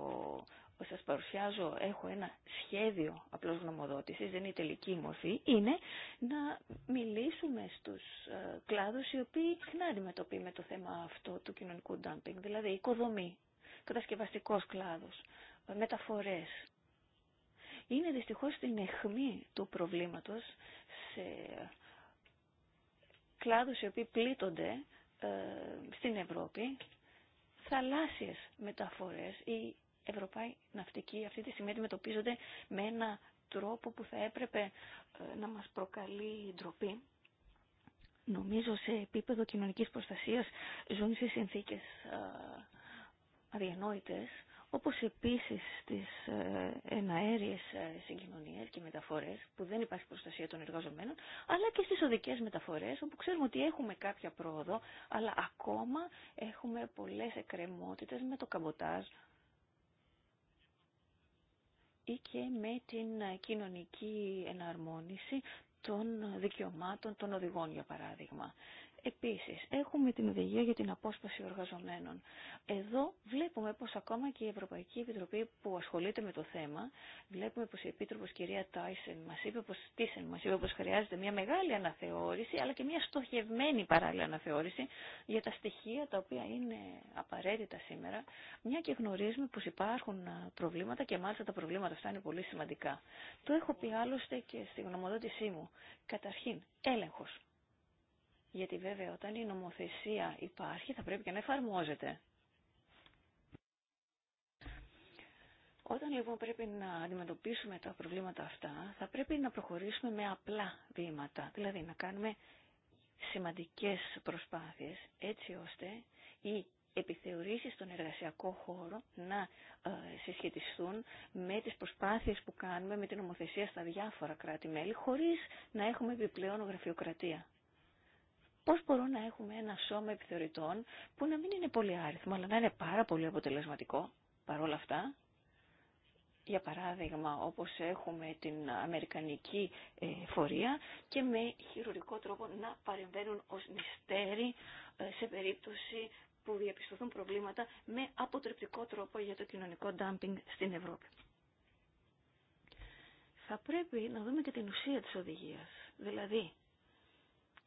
που σας παρουσιάζω έχω ένα σχέδιο απλώς γνωμοδότησης, δεν είναι η τελική μορφή, είναι να μιλήσουμε στους ε, κλάδους οι οποίοι συχνά με το θέμα αυτό του κοινωνικού ντάμπινγκ, δηλαδή οικοδομή, κατασκευαστικός κλάδος, μεταφορές. Είναι δυστυχώς στην αιχμή του προβλήματος σε κλάδους οι οποίοι πλήττονται ε, στην Ευρώπη, θαλάσσιες μεταφορές, η Ευρωπαίοι ναυτικοί αυτή τη στιγμή αντιμετωπίζονται με ένα τρόπο που θα έπρεπε ε, να μας προκαλεί ντροπή. Νομίζω σε επίπεδο κοινωνικής προστασίας ζουν σε συνθήκες ε, αδιανόητες, όπως επίσης στις ε, εναέριες συγκοινωνίες και μεταφορές που δεν υπάρχει προστασία των εργαζομένων, αλλά και στις οδικές μεταφορές όπου ξέρουμε ότι έχουμε κάποια πρόοδο, αλλά ακόμα έχουμε πολλές εκκρεμότητες με το καμποτάζ, ή και με την ε, κοινωνική εναρμόνιση των δικαιωμάτων των οδηγών, για παράδειγμα. Επίσης, έχουμε την οδηγία για την απόσπαση εργαζομένων. Εδώ βλέπουμε πως ακόμα και η Ευρωπαϊκή Επιτροπή που ασχολείται με το θέμα, βλέπουμε πως η Επίτροπος κυρία Τάισεν μας είπε πως, Τίσεν μας είπε πως χρειάζεται μια μεγάλη αναθεώρηση, αλλά και μια στοχευμένη παράλληλη αναθεώρηση για τα στοιχεία τα οποία είναι απαραίτητα σήμερα, μια και γνωρίζουμε πως υπάρχουν προβλήματα και μάλιστα τα προβλήματα αυτά είναι πολύ σημαντικά. Το έχω πει άλλωστε και στη γνωμοδότησή μου. Καταρχήν, έλεγχος. Γιατί βέβαια όταν η νομοθεσία υπάρχει θα πρέπει και να εφαρμόζεται. Όταν λοιπόν πρέπει να αντιμετωπίσουμε τα προβλήματα αυτά, θα πρέπει να προχωρήσουμε με απλά βήματα, δηλαδή να κάνουμε σημαντικές προσπάθειες, έτσι ώστε οι επιθεωρήσεις στον εργασιακό χώρο να ε, συσχετιστούν με τις προσπάθειες που κάνουμε με την νομοθεσία στα διάφορα κράτη-μέλη, χωρίς να έχουμε επιπλέον γραφειοκρατία. Πώς μπορούν να έχουμε ένα σώμα επιθεωρητών που να μην είναι πολύ άριθμο, αλλά να είναι πάρα πολύ αποτελεσματικό παρόλα αυτά. Για παράδειγμα, όπως έχουμε την Αμερικανική ε, φορεία και με χειρουργικό τρόπο να παρεμβαίνουν ως μυστέρι ε, σε περίπτωση που διαπιστωθούν προβλήματα με αποτρεπτικό τρόπο για το κοινωνικό ντάμπινγκ στην Ευρώπη. Θα πρέπει να δούμε και την ουσία της οδηγίας. Δηλαδή,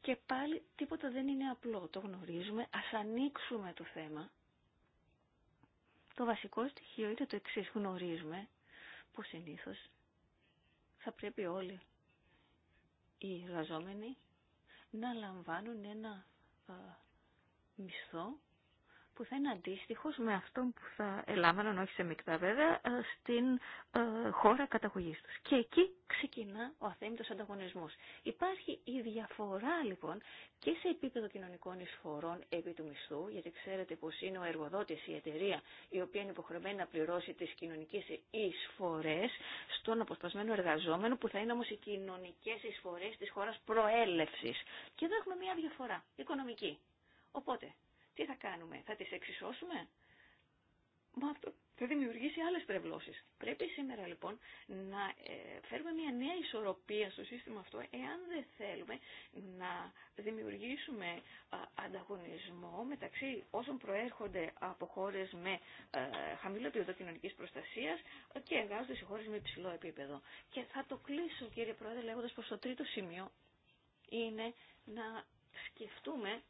και πάλι τίποτα δεν είναι απλό, το γνωρίζουμε. Ας ανοίξουμε το θέμα. Το βασικό στοιχείο είναι το εξή Γνωρίζουμε που συνήθως θα πρέπει όλοι οι εργαζόμενοι να λαμβάνουν ένα ε, μισθό που θα είναι αντίστοιχος με αυτόν που θα ελάμβαναν, όχι σε μεικτά βέβαια, ε, στην ε, χώρα καταγωγής τους. Και εκεί ξεκινά ο αθέμητος ανταγωνισμός. Υπάρχει η διαφορά λοιπόν και σε επίπεδο κοινωνικών εισφορών επί του μισθού, γιατί ξέρετε πως είναι ο εργοδότης η εταιρεία η οποία είναι υποχρεωμένη να πληρώσει τις κοινωνικές εισφορές στον αποσπασμένο εργαζόμενο που θα είναι όμως οι κοινωνικές εισφορές της χώρας προέλευσης. Και εδώ έχουμε μια διαφορά οικονομική. Οπότε, τι θα κάνουμε, θα τις εξισώσουμε. Μα αυτό θα δημιουργήσει άλλες τρευλώσεις. Πρέπει σήμερα λοιπόν να ε, φέρουμε μια νέα ισορροπία στο σύστημα αυτό εάν δεν θέλουμε να δημιουργήσουμε ανταγωνισμό μεταξύ όσων προέρχονται από χώρες με ε, χαμηλό επίπεδο κοινωνικής προστασίας και εργάζονται σε χώρες με υψηλό επίπεδο. Και θα το κλείσω κύριε Πρόεδρε λέγοντας πως το τρίτο σημείο είναι να σκεφτούμε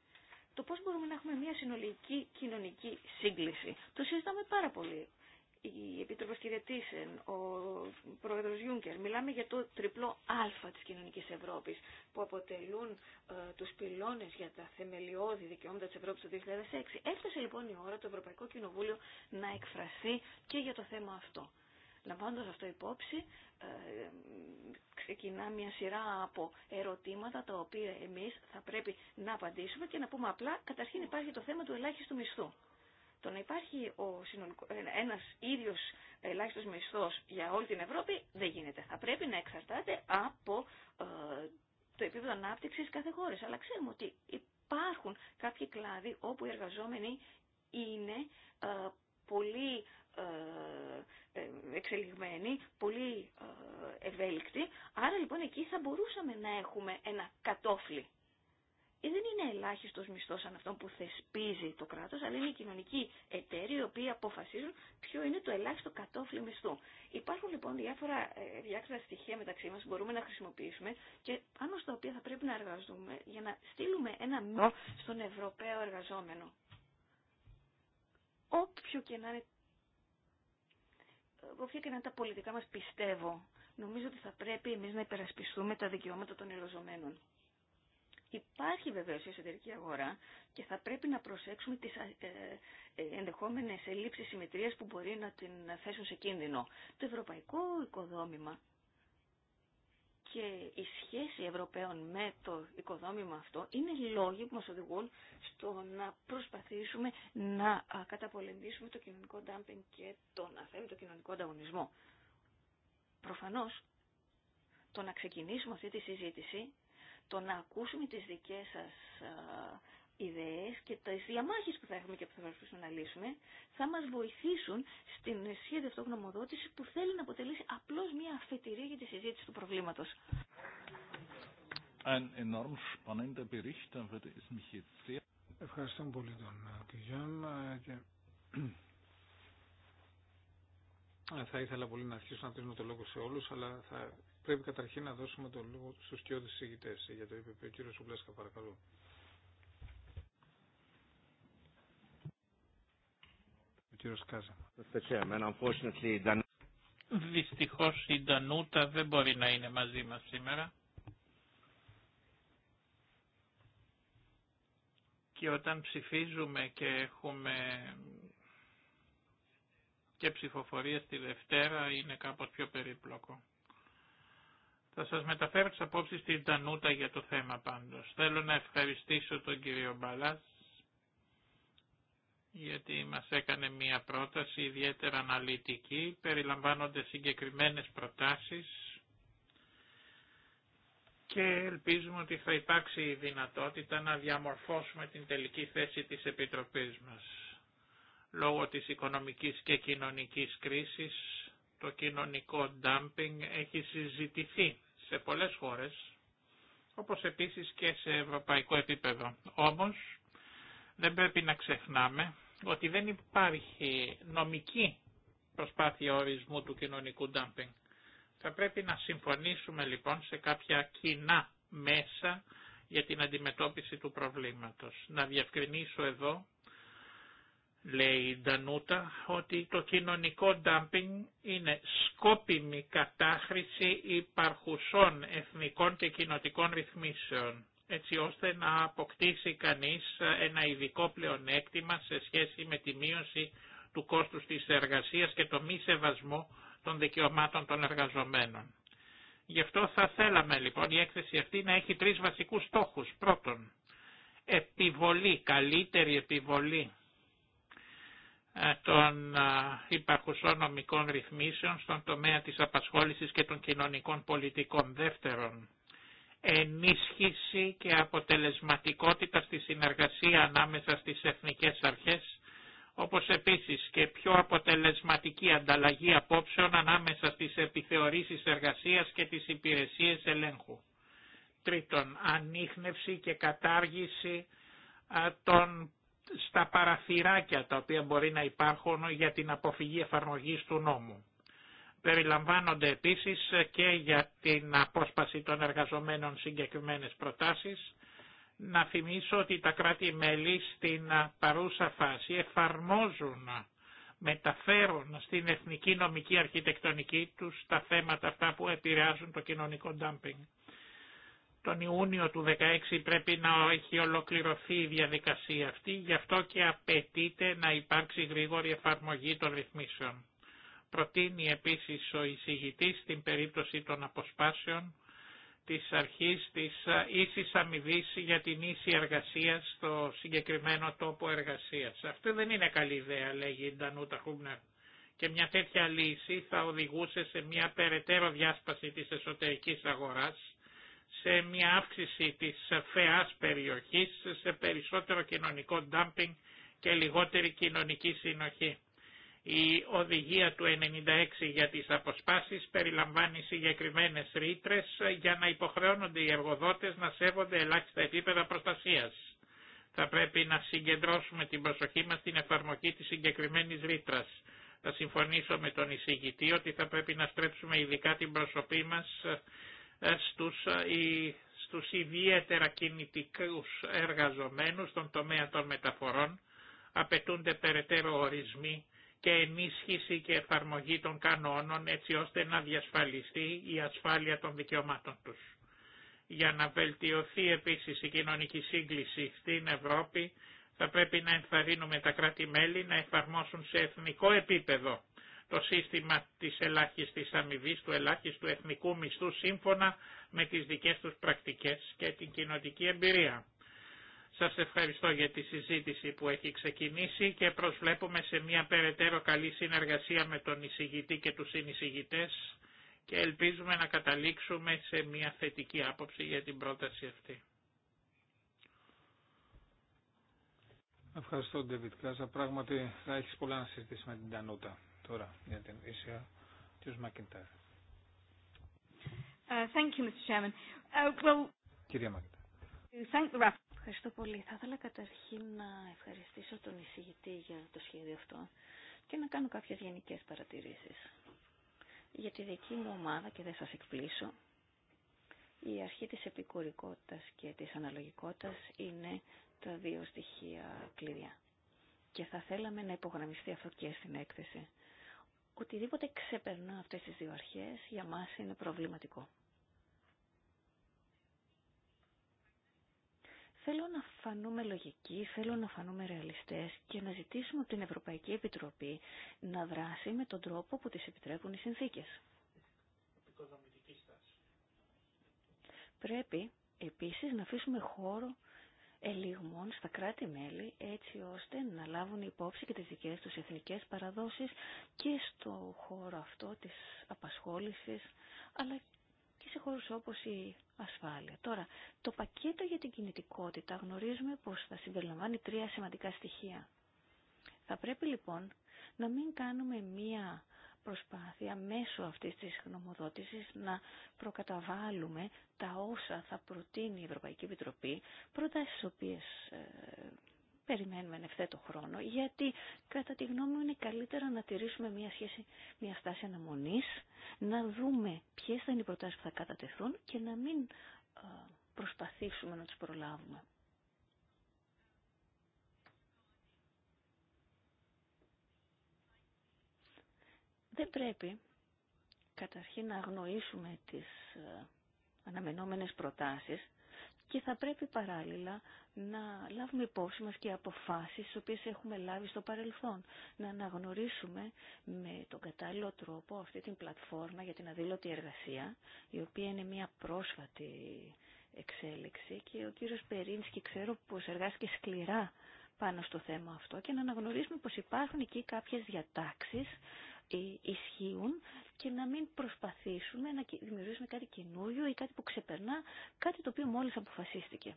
το πώς μπορούμε να έχουμε μια συνολική κοινωνική σύγκληση. Το συζητάμε πάρα πολύ. Η Επίτροπο κυρία ο πρόεδρο Γιούγκερ, μιλάμε για το τριπλό α της κοινωνικής Ευρώπης που αποτελούν ε, τους πυλώνες για τα θεμελιώδη δικαιώματα τη Ευρώπη το 2006. Έφτασε λοιπόν η ώρα το Ευρωπαϊκό Κοινοβούλιο να εκφραστεί και για το θέμα αυτό. Λαμβάνοντας αυτό υπόψη, ε, ξεκινά μια σειρά από ερωτήματα τα οποία εμείς θα πρέπει να απαντήσουμε και να πούμε απλά, καταρχήν υπάρχει το θέμα του ελάχιστου μισθού. Το να υπάρχει ο ίδιο ε, ένας ίδιος ελάχιστος μισθός για όλη την Ευρώπη δεν γίνεται. Θα πρέπει να εξαρτάται από ε, το επίπεδο ανάπτυξης κάθε χώρας. Αλλά ξέρουμε ότι υπάρχουν κάποιοι κλάδοι όπου οι εργαζόμενοι είναι ε, πολύ ε, ε, εξελιγμένη πολύ ε, ευέλικτη Άρα λοιπόν εκεί θα μπορούσαμε να έχουμε ένα κατόφλι. δεν είναι ελάχιστο μισθό σαν αυτό που θεσπίζει το κράτο, αλλά είναι οι κοινωνικοί εταίροι οι οποίοι αποφασίζουν ποιο είναι το ελάχιστο κατόφλι μισθού. Υπάρχουν λοιπόν διάφορα διάφορα στοιχεία μεταξύ μα που μπορούμε να χρησιμοποιήσουμε και πάνω στα οποία θα πρέπει να εργαζόμαστε για να στείλουμε ένα μήνυμα στον Ευρωπαίο εργαζόμενο. Όποιο και να είναι όποια και να τα πολιτικά μας πιστεύω, νομίζω ότι θα πρέπει εμείς να υπερασπιστούμε τα δικαιώματα των εργαζομένων. Υπάρχει βεβαίως η εσωτερική αγορά και θα πρέπει να προσέξουμε τις ε, ε, ενδεχόμενες ελλείψεις συμμετρίας που μπορεί να την θέσουν σε κίνδυνο. Το ευρωπαϊκό οικοδόμημα και η σχέση Ευρωπαίων με το οικοδόμημα αυτό είναι λόγοι που μας οδηγούν στο να προσπαθήσουμε να καταπολεμήσουμε το κοινωνικό ντάμπινγκ και το να τον το κοινωνικό ανταγωνισμό. Προφανώς, το να ξεκινήσουμε αυτή τη συζήτηση, το να ακούσουμε τις δικές σας ιδέες και τις διαμάχες που θα έχουμε και που θα προσπαθήσουμε να λύσουμε θα μας βοηθήσουν στην σχέδιο αυτογνωμοδότηση που θέλει να αποτελέσει απλώς μια αφετηρία για τη συζήτηση του προβλήματος. Ευχαριστώ πολύ τον Κιγιάν ε, ε, θα ήθελα πολύ να αρχίσω να δίνω το λόγο σε όλους αλλά θα πρέπει καταρχήν να δώσουμε το λόγο στους κοιότητες συζητητές για το είπε ο κύριος Σουμπλέσκα παρακαλώ. Ο κύριος Κάζα. Δυστυχώς η Ντανούτα δεν μπορεί να είναι μαζί μας σήμερα. Και όταν ψηφίζουμε και έχουμε και ψηφοφορία στη Δευτέρα είναι κάπως πιο περίπλοκο. Θα σας μεταφέρω τις απόψεις στην Τανούτα για το θέμα πάντως. Θέλω να ευχαριστήσω τον κύριο Μπαλάς γιατί μας έκανε μία πρόταση ιδιαίτερα αναλυτική, περιλαμβάνονται συγκεκριμένες προτάσεις και ελπίζουμε ότι θα υπάρξει η δυνατότητα να διαμορφώσουμε την τελική θέση της Επιτροπής μας. Λόγω της οικονομικής και κοινωνικής κρίσης, το κοινωνικό dumping έχει συζητηθεί σε πολλές χώρες, όπως επίσης και σε ευρωπαϊκό επίπεδο. Όμως, δεν πρέπει να ξεχνάμε ότι δεν υπάρχει νομική προσπάθεια ορισμού του κοινωνικού ντάμπινγκ. Θα πρέπει να συμφωνήσουμε λοιπόν σε κάποια κοινά μέσα για την αντιμετώπιση του προβλήματος. Να διευκρινίσω εδώ, λέει η Ντανούτα, ότι το κοινωνικό ντάμπινγκ είναι σκόπιμη κατάχρηση υπαρχουσών εθνικών και κοινοτικών ρυθμίσεων έτσι ώστε να αποκτήσει κανείς ένα ειδικό πλεονέκτημα σε σχέση με τη μείωση του κόστους της εργασίας και το μη σεβασμό των δικαιωμάτων των εργαζομένων. Γι' αυτό θα θέλαμε λοιπόν η έκθεση αυτή να έχει τρεις βασικούς στόχους. Πρώτον, επιβολή, καλύτερη επιβολή ε, των ε, υπαρχουσών νομικών ρυθμίσεων στον τομέα της απασχόλησης και των κοινωνικών πολιτικών. Δεύτερον, ενίσχυση και αποτελεσματικότητα στη συνεργασία ανάμεσα στις εθνικές αρχές, όπως επίσης και πιο αποτελεσματική ανταλλαγή απόψεων ανάμεσα στις επιθεωρήσεις εργασίας και τις υπηρεσίες ελέγχου. Τρίτον, ανείχνευση και κατάργηση των, στα παραθυράκια τα οποία μπορεί να υπάρχουν για την αποφυγή εφαρμογής του νόμου. Περιλαμβάνονται επίσης και για την απόσπαση των εργαζομένων συγκεκριμένες προτάσεις. Να θυμίσω ότι τα κράτη-μέλη στην παρούσα φάση εφαρμόζουν, μεταφέρουν στην εθνική νομική αρχιτεκτονική τους τα θέματα αυτά που επηρεάζουν το κοινωνικό ντάμπινγκ. Τον Ιούνιο του 2016 πρέπει να έχει ολοκληρωθεί η διαδικασία αυτή, γι' αυτό και απαιτείται να υπάρξει γρήγορη εφαρμογή των ρυθμίσεων. Προτείνει επίσης ο εισηγητής στην περίπτωση των αποσπάσεων της αρχής της ε, ίσης αμοιβή για την ίση εργασία στο συγκεκριμένο τόπο εργασίας. Αυτό δεν είναι καλή ιδέα, λέγει η Ντανούτα Χουμνέρ Και μια τέτοια λύση θα οδηγούσε σε μια περαιτέρω διάσπαση της εσωτερικής αγοράς, σε μια αύξηση της φαιάς περιοχής, σε περισσότερο κοινωνικό ντάμπινγκ και λιγότερη κοινωνική συνοχή. Η οδηγία του 96 για τις αποσπάσεις περιλαμβάνει συγκεκριμένε ρήτρε για να υποχρεώνονται οι εργοδότες να σέβονται ελάχιστα επίπεδα προστασίας. Θα πρέπει να συγκεντρώσουμε την προσοχή μας στην εφαρμογή της συγκεκριμένης ρήτρα. Θα συμφωνήσω με τον εισηγητή ότι θα πρέπει να στρέψουμε ειδικά την προσωπή μας ε, στους, ε, στους ιδιαίτερα κινητικούς εργαζομένους στον τομέα των μεταφορών. Απαιτούνται περαιτέρω ορισμοί και ενίσχυση και εφαρμογή των κανόνων έτσι ώστε να διασφαλιστεί η ασφάλεια των δικαιωμάτων τους. Για να βελτιωθεί επίσης η κοινωνική σύγκληση στην Ευρώπη θα πρέπει να ενθαρρύνουμε τα κράτη-μέλη να εφαρμόσουν σε εθνικό επίπεδο το σύστημα της ελάχιστης αμοιβή του ελάχιστου εθνικού μισθού σύμφωνα με τις δικές τους πρακτικές και την κοινωτική εμπειρία. Σας ευχαριστώ για τη συζήτηση που έχει ξεκινήσει και προσβλέπουμε σε μια περαιτέρω καλή συνεργασία με τον εισηγητή και τους συνεισηγητές και ελπίζουμε να καταλήξουμε σε μια θετική άποψη για την πρόταση αυτή. Ευχαριστώ, Ντεβιτ Κάζα. Πράγματι, θα έχει πολλά να συζητήσει με την Τανούτα τώρα για την ίσια του Μακιντάρ. Uh, thank uh, Κυρία Μακιντάρ. Ευχαριστώ πολύ. Θα ήθελα καταρχήν να ευχαριστήσω τον εισηγητή για το σχέδιο αυτό και να κάνω κάποιες γενικές παρατηρήσεις. Για τη δική μου ομάδα, και δεν σας εκπλήσω, η αρχή της επικουρικότητας και της αναλογικότητας είναι τα δύο στοιχεία κλειδιά. Και θα θέλαμε να υπογραμμιστεί αυτό και στην έκθεση. Οτιδήποτε ξεπερνά αυτές τις δύο αρχές για μας είναι προβληματικό. Θέλω να φανούμε λογικοί, θέλω να φανούμε ρεαλιστές και να ζητήσουμε την Ευρωπαϊκή Επιτροπή να δράσει με τον τρόπο που τις επιτρέπουν οι συνθήκες. Πρέπει επίσης να αφήσουμε χώρο ελιγμών στα κράτη-μέλη έτσι ώστε να λάβουν υπόψη και τις δικές τους εθνικές παραδόσεις και στο χώρο αυτό της απασχόλησης αλλά σε χώρους όπως η ασφάλεια. Τώρα, το πακέτο για την κινητικότητα γνωρίζουμε πως θα συμπεριλαμβάνει τρία σημαντικά στοιχεία. Θα πρέπει λοιπόν να μην κάνουμε μία προσπάθεια μέσω αυτής της γνωμοδότησης να προκαταβάλουμε τα όσα θα προτείνει η Ευρωπαϊκή Επιτροπή, προτάσεις οποίες ε, περιμένουμε το χρόνο, γιατί κατά τη γνώμη μου είναι καλύτερα να τηρήσουμε μια, σχέση, μια στάση αναμονής, να δούμε ποιες θα είναι οι προτάσεις που θα κατατεθούν και να μην προσπαθήσουμε να τους προλάβουμε. Δεν πρέπει καταρχήν να αγνοήσουμε τις αναμενόμενες προτάσεις και θα πρέπει παράλληλα να λάβουμε υπόψη μας και αποφάσεις τις οποίες έχουμε λάβει στο παρελθόν. Να αναγνωρίσουμε με τον κατάλληλο τρόπο αυτή την πλατφόρμα για την αδήλωτη εργασία, η οποία είναι μια πρόσφατη εξέλιξη και ο κύριος Περίνσκι ξέρω πως εργάστηκε σκληρά πάνω στο θέμα αυτό και να αναγνωρίσουμε πως υπάρχουν εκεί κάποιες διατάξεις ε, ισχύουν και να μην προσπαθήσουμε να δημιουργήσουμε κάτι καινούριο ή κάτι που ξεπερνά κάτι το οποίο μόλις αποφασίστηκε.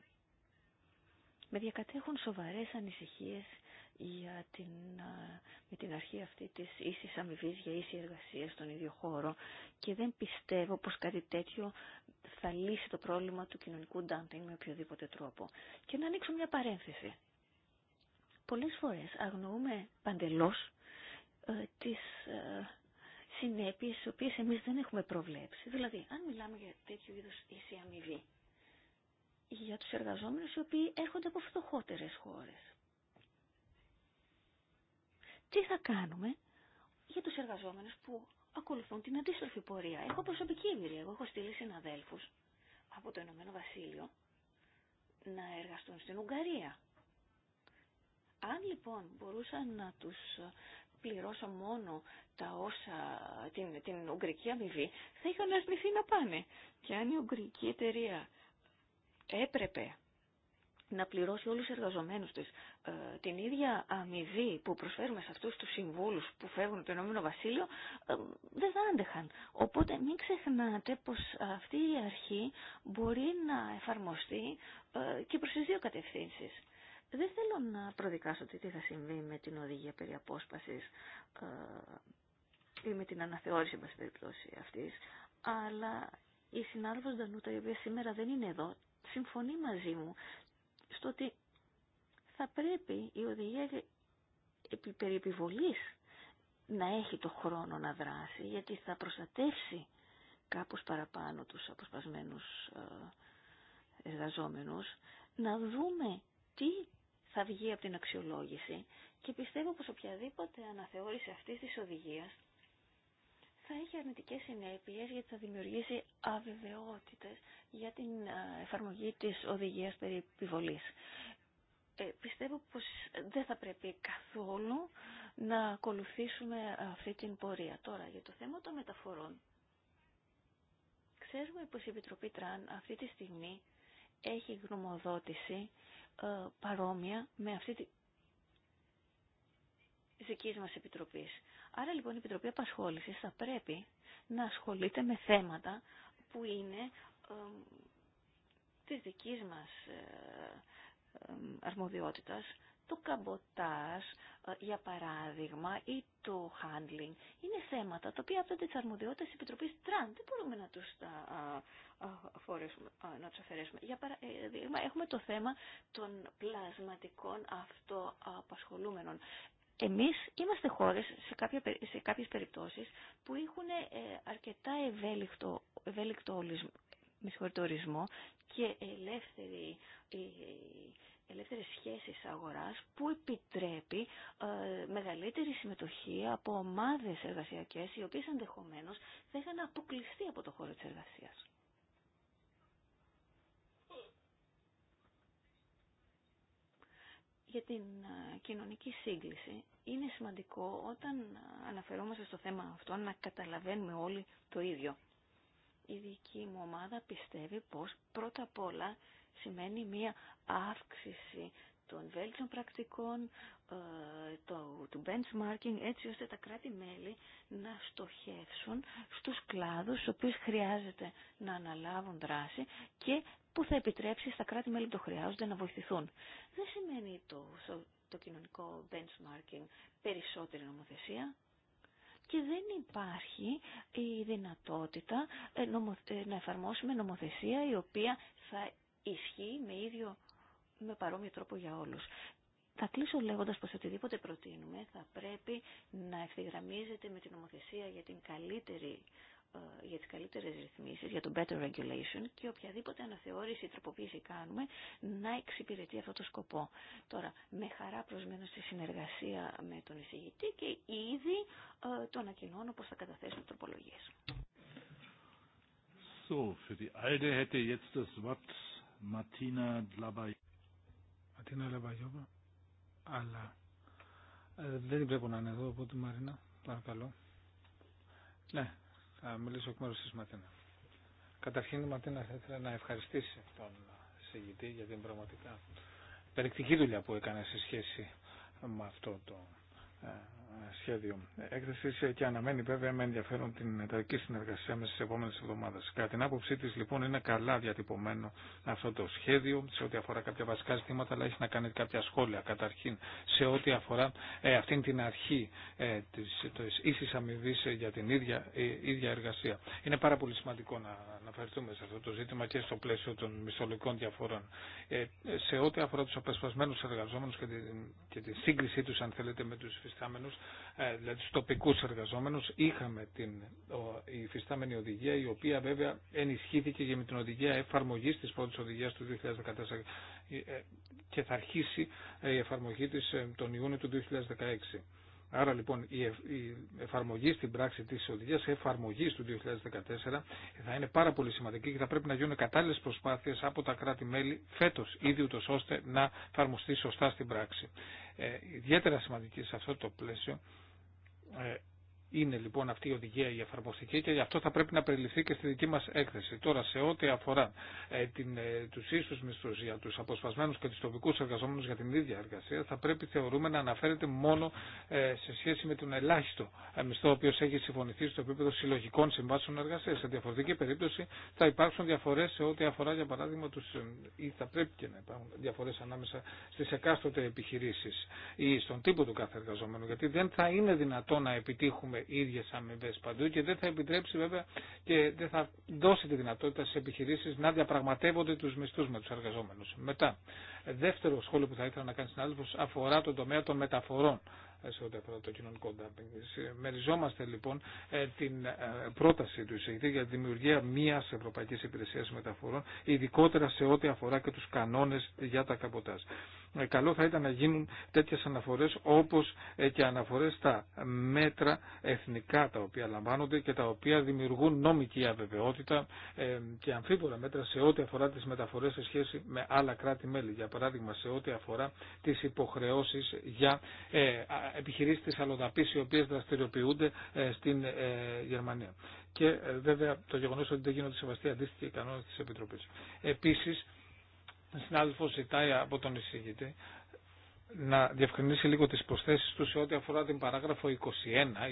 Με διακατέχουν σοβαρές ανησυχίες για την, με την αρχή αυτή της ίσης αμοιβή για ίση εργασία στον ίδιο χώρο και δεν πιστεύω πως κάτι τέτοιο θα λύσει το πρόβλημα του κοινωνικού ντάμπινγκ με οποιοδήποτε τρόπο. Και να ανοίξω μια παρένθεση. Πολλές φορές αγνοούμε παντελώς ε, τις ε, συνέπειες τις οποίες εμείς δεν έχουμε προβλέψει. Δηλαδή, αν μιλάμε για τέτοιου είδους ίση αμοιβή για τους εργαζόμενους οι οποίοι έρχονται από φτωχότερε χώρες. Τι θα κάνουμε για τους εργαζόμενους που ακολουθούν την αντίστροφη πορεία. Έχω προσωπική εμπειρία. Εγώ έχω στείλει συναδέλφους από το Ηνωμένο Βασίλειο να εργαστούν στην Ουγγαρία. Αν λοιπόν μπορούσαν να τους ε, πληρώσα μόνο τα όσα την, την Ουγγρική αμοιβή, θα είχαν αρνηθεί να πάνε. Και αν η Ουγγρική εταιρεία έπρεπε να πληρώσει όλους τους εργαζομένους της ε, την ίδια αμοιβή που προσφέρουμε σε αυτούς τους συμβούλους που φεύγουν το Ηνωμένο Βασίλειο, ε, δεν θα άντεχαν. Οπότε μην ξεχνάτε πως αυτή η αρχή μπορεί να εφαρμοστεί ε, και προς τις δύο κατευθύνσεις. Δεν θέλω να προδικάσω τι θα συμβεί με την οδηγία περί απόσπασης ε, ή με την αναθεώρηση, εν περιπτώσει, αυτής, αλλά η συνάδελφος Ντανούτα, η οποία σήμερα δεν είναι εδώ, συμφωνεί μαζί μου στο ότι θα πρέπει η οδηγία επί, περί επιβολής να έχει το χρόνο να δράσει, γιατί θα προστατεύσει κάπως παραπάνω τους αποσπασμένους ε, εργαζόμενους, να δούμε τι θα βγει από την αξιολόγηση και πιστεύω πως οποιαδήποτε αναθεώρηση αυτής της οδηγίας θα έχει αρνητικές συνέπειες γιατί θα δημιουργήσει αβεβαιότητες για την εφαρμογή της οδηγίας περί επιβολής. Ε, πιστεύω πως δεν θα πρέπει καθόλου να ακολουθήσουμε αυτή την πορεία. Τώρα για το θέμα των μεταφορών. Ξέρουμε πως η Επιτροπή Τραν αυτή τη στιγμή έχει γνωμοδότηση ε, παρόμοια με αυτή τη δική μας επιτροπή. Άρα λοιπόν η Επιτροπή Απασχόλησης θα πρέπει να ασχολείται με θέματα που είναι ε, της δικής μας ε, ε, αρμοδιότητας το καμποτάζ, ε, για παράδειγμα, ή το handling, είναι θέματα τα οποία από τις αρμοδιότητες της Επιτροπής Τραν δεν μπορούμε να τους τα να τους αφαιρέσουμε. Για παράδειγμα, έχουμε το θέμα των πλασματικών αυτοαπασχολούμενων. Εμείς είμαστε χώρες σε, σε κάποιες περιπτώσεις που έχουν ε, αρκετά ευέλικτο, ευέλικτο ορισμό και ελεύθερη ε, ελεύθερες σχέσεις αγοράς που επιτρέπει ε, μεγαλύτερη συμμετοχή από ομάδες εργασιακές οι οποίες ενδεχομένως θα είχαν αποκλειστεί από το χώρο της εργασίας. Για την ε, κοινωνική σύγκληση είναι σημαντικό όταν αναφερόμαστε στο θέμα αυτό να καταλαβαίνουμε όλοι το ίδιο. Η δική μου ομάδα πιστεύει πως πρώτα απ' όλα σημαίνει μία αύξηση των βέλτιων πρακτικών, ε, το, του benchmarking, έτσι ώστε τα κράτη-μέλη να στοχεύσουν στους κλάδους στους οποίους χρειάζεται να αναλάβουν δράση και που θα επιτρέψει στα κράτη-μέλη που το χρειάζονται να βοηθηθούν. Δεν σημαίνει το, το κοινωνικό benchmarking περισσότερη νομοθεσία, και δεν υπάρχει η δυνατότητα ε, ε, να εφαρμόσουμε νομοθεσία η οποία θα ισχύει με ίδιο με παρόμοιο τρόπο για όλους. Θα κλείσω λέγοντας πως οτιδήποτε προτείνουμε θα πρέπει να ευθυγραμμίζεται με την νομοθεσία για, την καλύτερη, ε, για τις καλύτερες ρυθμίσεις, για το better regulation και οποιαδήποτε αναθεώρηση ή τροποποίηση κάνουμε να εξυπηρετεί αυτό το σκοπό. Τώρα, με χαρά προσμένω στη συνεργασία με τον εισηγητή και ήδη ε, το ανακοινώνω πως θα καταθέσουμε τροπολογίες. So, für die Alde hätte jetzt das Wort Ματίνα Λαμπαγιώβα. Αλλά ε, δεν την βλέπω να είναι εδώ, οπότε Μαρίνα, παρακαλώ. Ναι, θα μιλήσω εκ μέρους της Ματίνα. Καταρχήν Ματίνα θα ήθελα να ευχαριστήσει τον συγητή για την πραγματικά περιεκτική δουλειά που έκανε σε σχέση με αυτό το ε, σχέδιο έκθεση και αναμένει βέβαια με ενδιαφέρον την εταιρική συνεργασία μέσα στι επόμενε εβδομάδε. Κατά την άποψή τη, λοιπόν, είναι καλά διατυπωμένο αυτό το σχέδιο σε ό,τι αφορά κάποια βασικά ζητήματα, αλλά έχει να κάνει κάποια σχόλια. Καταρχήν, σε ό,τι αφορά ε, αυτήν την αρχή ε, τη ίση αμοιβή για την ίδια, ε, ίδια εργασία. Είναι πάρα πολύ σημαντικό να αναφερθούμε σε αυτό το ζήτημα και στο πλαίσιο των μισθολογικών διαφορών. Ε, σε ό,τι αφορά του απεσπασμένου εργαζόμενου και, τη, σύγκρισή του, αν θέλετε, με του φυστάμενου. Ε, δηλαδή στους τοπικούς εργαζόμενους, είχαμε την η υφιστάμενη οδηγία, η οποία βέβαια ενισχύθηκε και με την οδηγία εφαρμογής της πρώτης οδηγίας του 2014 ε, ε, και θα αρχίσει η εφαρμογή της τον Ιούνιο του 2016. Άρα λοιπόν η εφαρμογή στην πράξη της οδηγίας, η εφαρμογή του 2014 θα είναι πάρα πολύ σημαντική και θα πρέπει να γίνουν κατάλληλες προσπάθειες από τα κράτη-μέλη φέτος ήδη ούτως ώστε να εφαρμοστεί σωστά στην πράξη. Ε, ιδιαίτερα σημαντική σε αυτό το πλαίσιο ε, είναι λοιπόν αυτή η οδηγία η εφαρμοστική και γι' αυτό θα πρέπει να περιληφθεί και στη δική μας έκθεση. Τώρα σε ό,τι αφορά ε, την, ε, τους ίσους μισθούς για τους αποσπασμένους και τους τοπικούς εργαζόμενους για την ίδια εργασία θα πρέπει θεωρούμε να αναφέρεται μόνο ε, σε σχέση με τον ελάχιστο ε, μισθό ο οποίος έχει συμφωνηθεί στο επίπεδο συλλογικών συμβάσεων εργασία. Σε διαφορετική περίπτωση θα υπάρξουν διαφορές σε ό,τι αφορά για παράδειγμα τους, ε, ή θα πρέπει και να υπάρχουν διαφορές ανάμεσα στις εκάστοτε επιχειρήσεις ή στον τύπο του κάθε εργαζόμενου γιατί δεν θα είναι δυνατό να επιτύχουμε ίδιε αμοιβέ παντού και δεν θα επιτρέψει βέβαια και δεν θα δώσει τη δυνατότητα στι επιχειρήσεις να διαπραγματεύονται τους μισθού με τους εργαζόμενου. Μετά, δεύτερο σχόλιο που θα ήθελα να κάνει συνάδελφος αφορά τον τομέα των μεταφορών σε ό,τι αφορά το κοινωνικό ντάμπινγκ. Μεριζόμαστε λοιπόν ε, την ε, πρόταση του εισηγητή για τη δημιουργία μια Ευρωπαϊκή Υπηρεσία Μεταφορών, ειδικότερα σε ό,τι αφορά και του κανόνε για τα καποτάζ. Ε, καλό θα ήταν να γίνουν τέτοιε αναφορέ όπω και αναφορέ στα μέτρα εθνικά τα οποία λαμβάνονται και τα οποία δημιουργούν νόμικη αβεβαιότητα και αμφίβολα μέτρα σε ό,τι αφορά τι μεταφορέ σε σχέση με άλλα κράτη-μέλη. Για παράδειγμα, σε ό,τι αφορά τι υποχρεώσει για επιχειρήσεις τη αλλοδαπής οι οποίες δραστηριοποιούνται ε, στην ε, Γερμανία. Και ε, βέβαια το γεγονός ότι δεν γίνονται σεβαστοί αντίστοιχοι κανόνες της Επιτροπής. Επίσης, συνάδελφο ζητάει από τον εισηγητή να διευκρινίσει λίγο τις προσθέσεις του σε ό,τι αφορά την παράγραφο 21,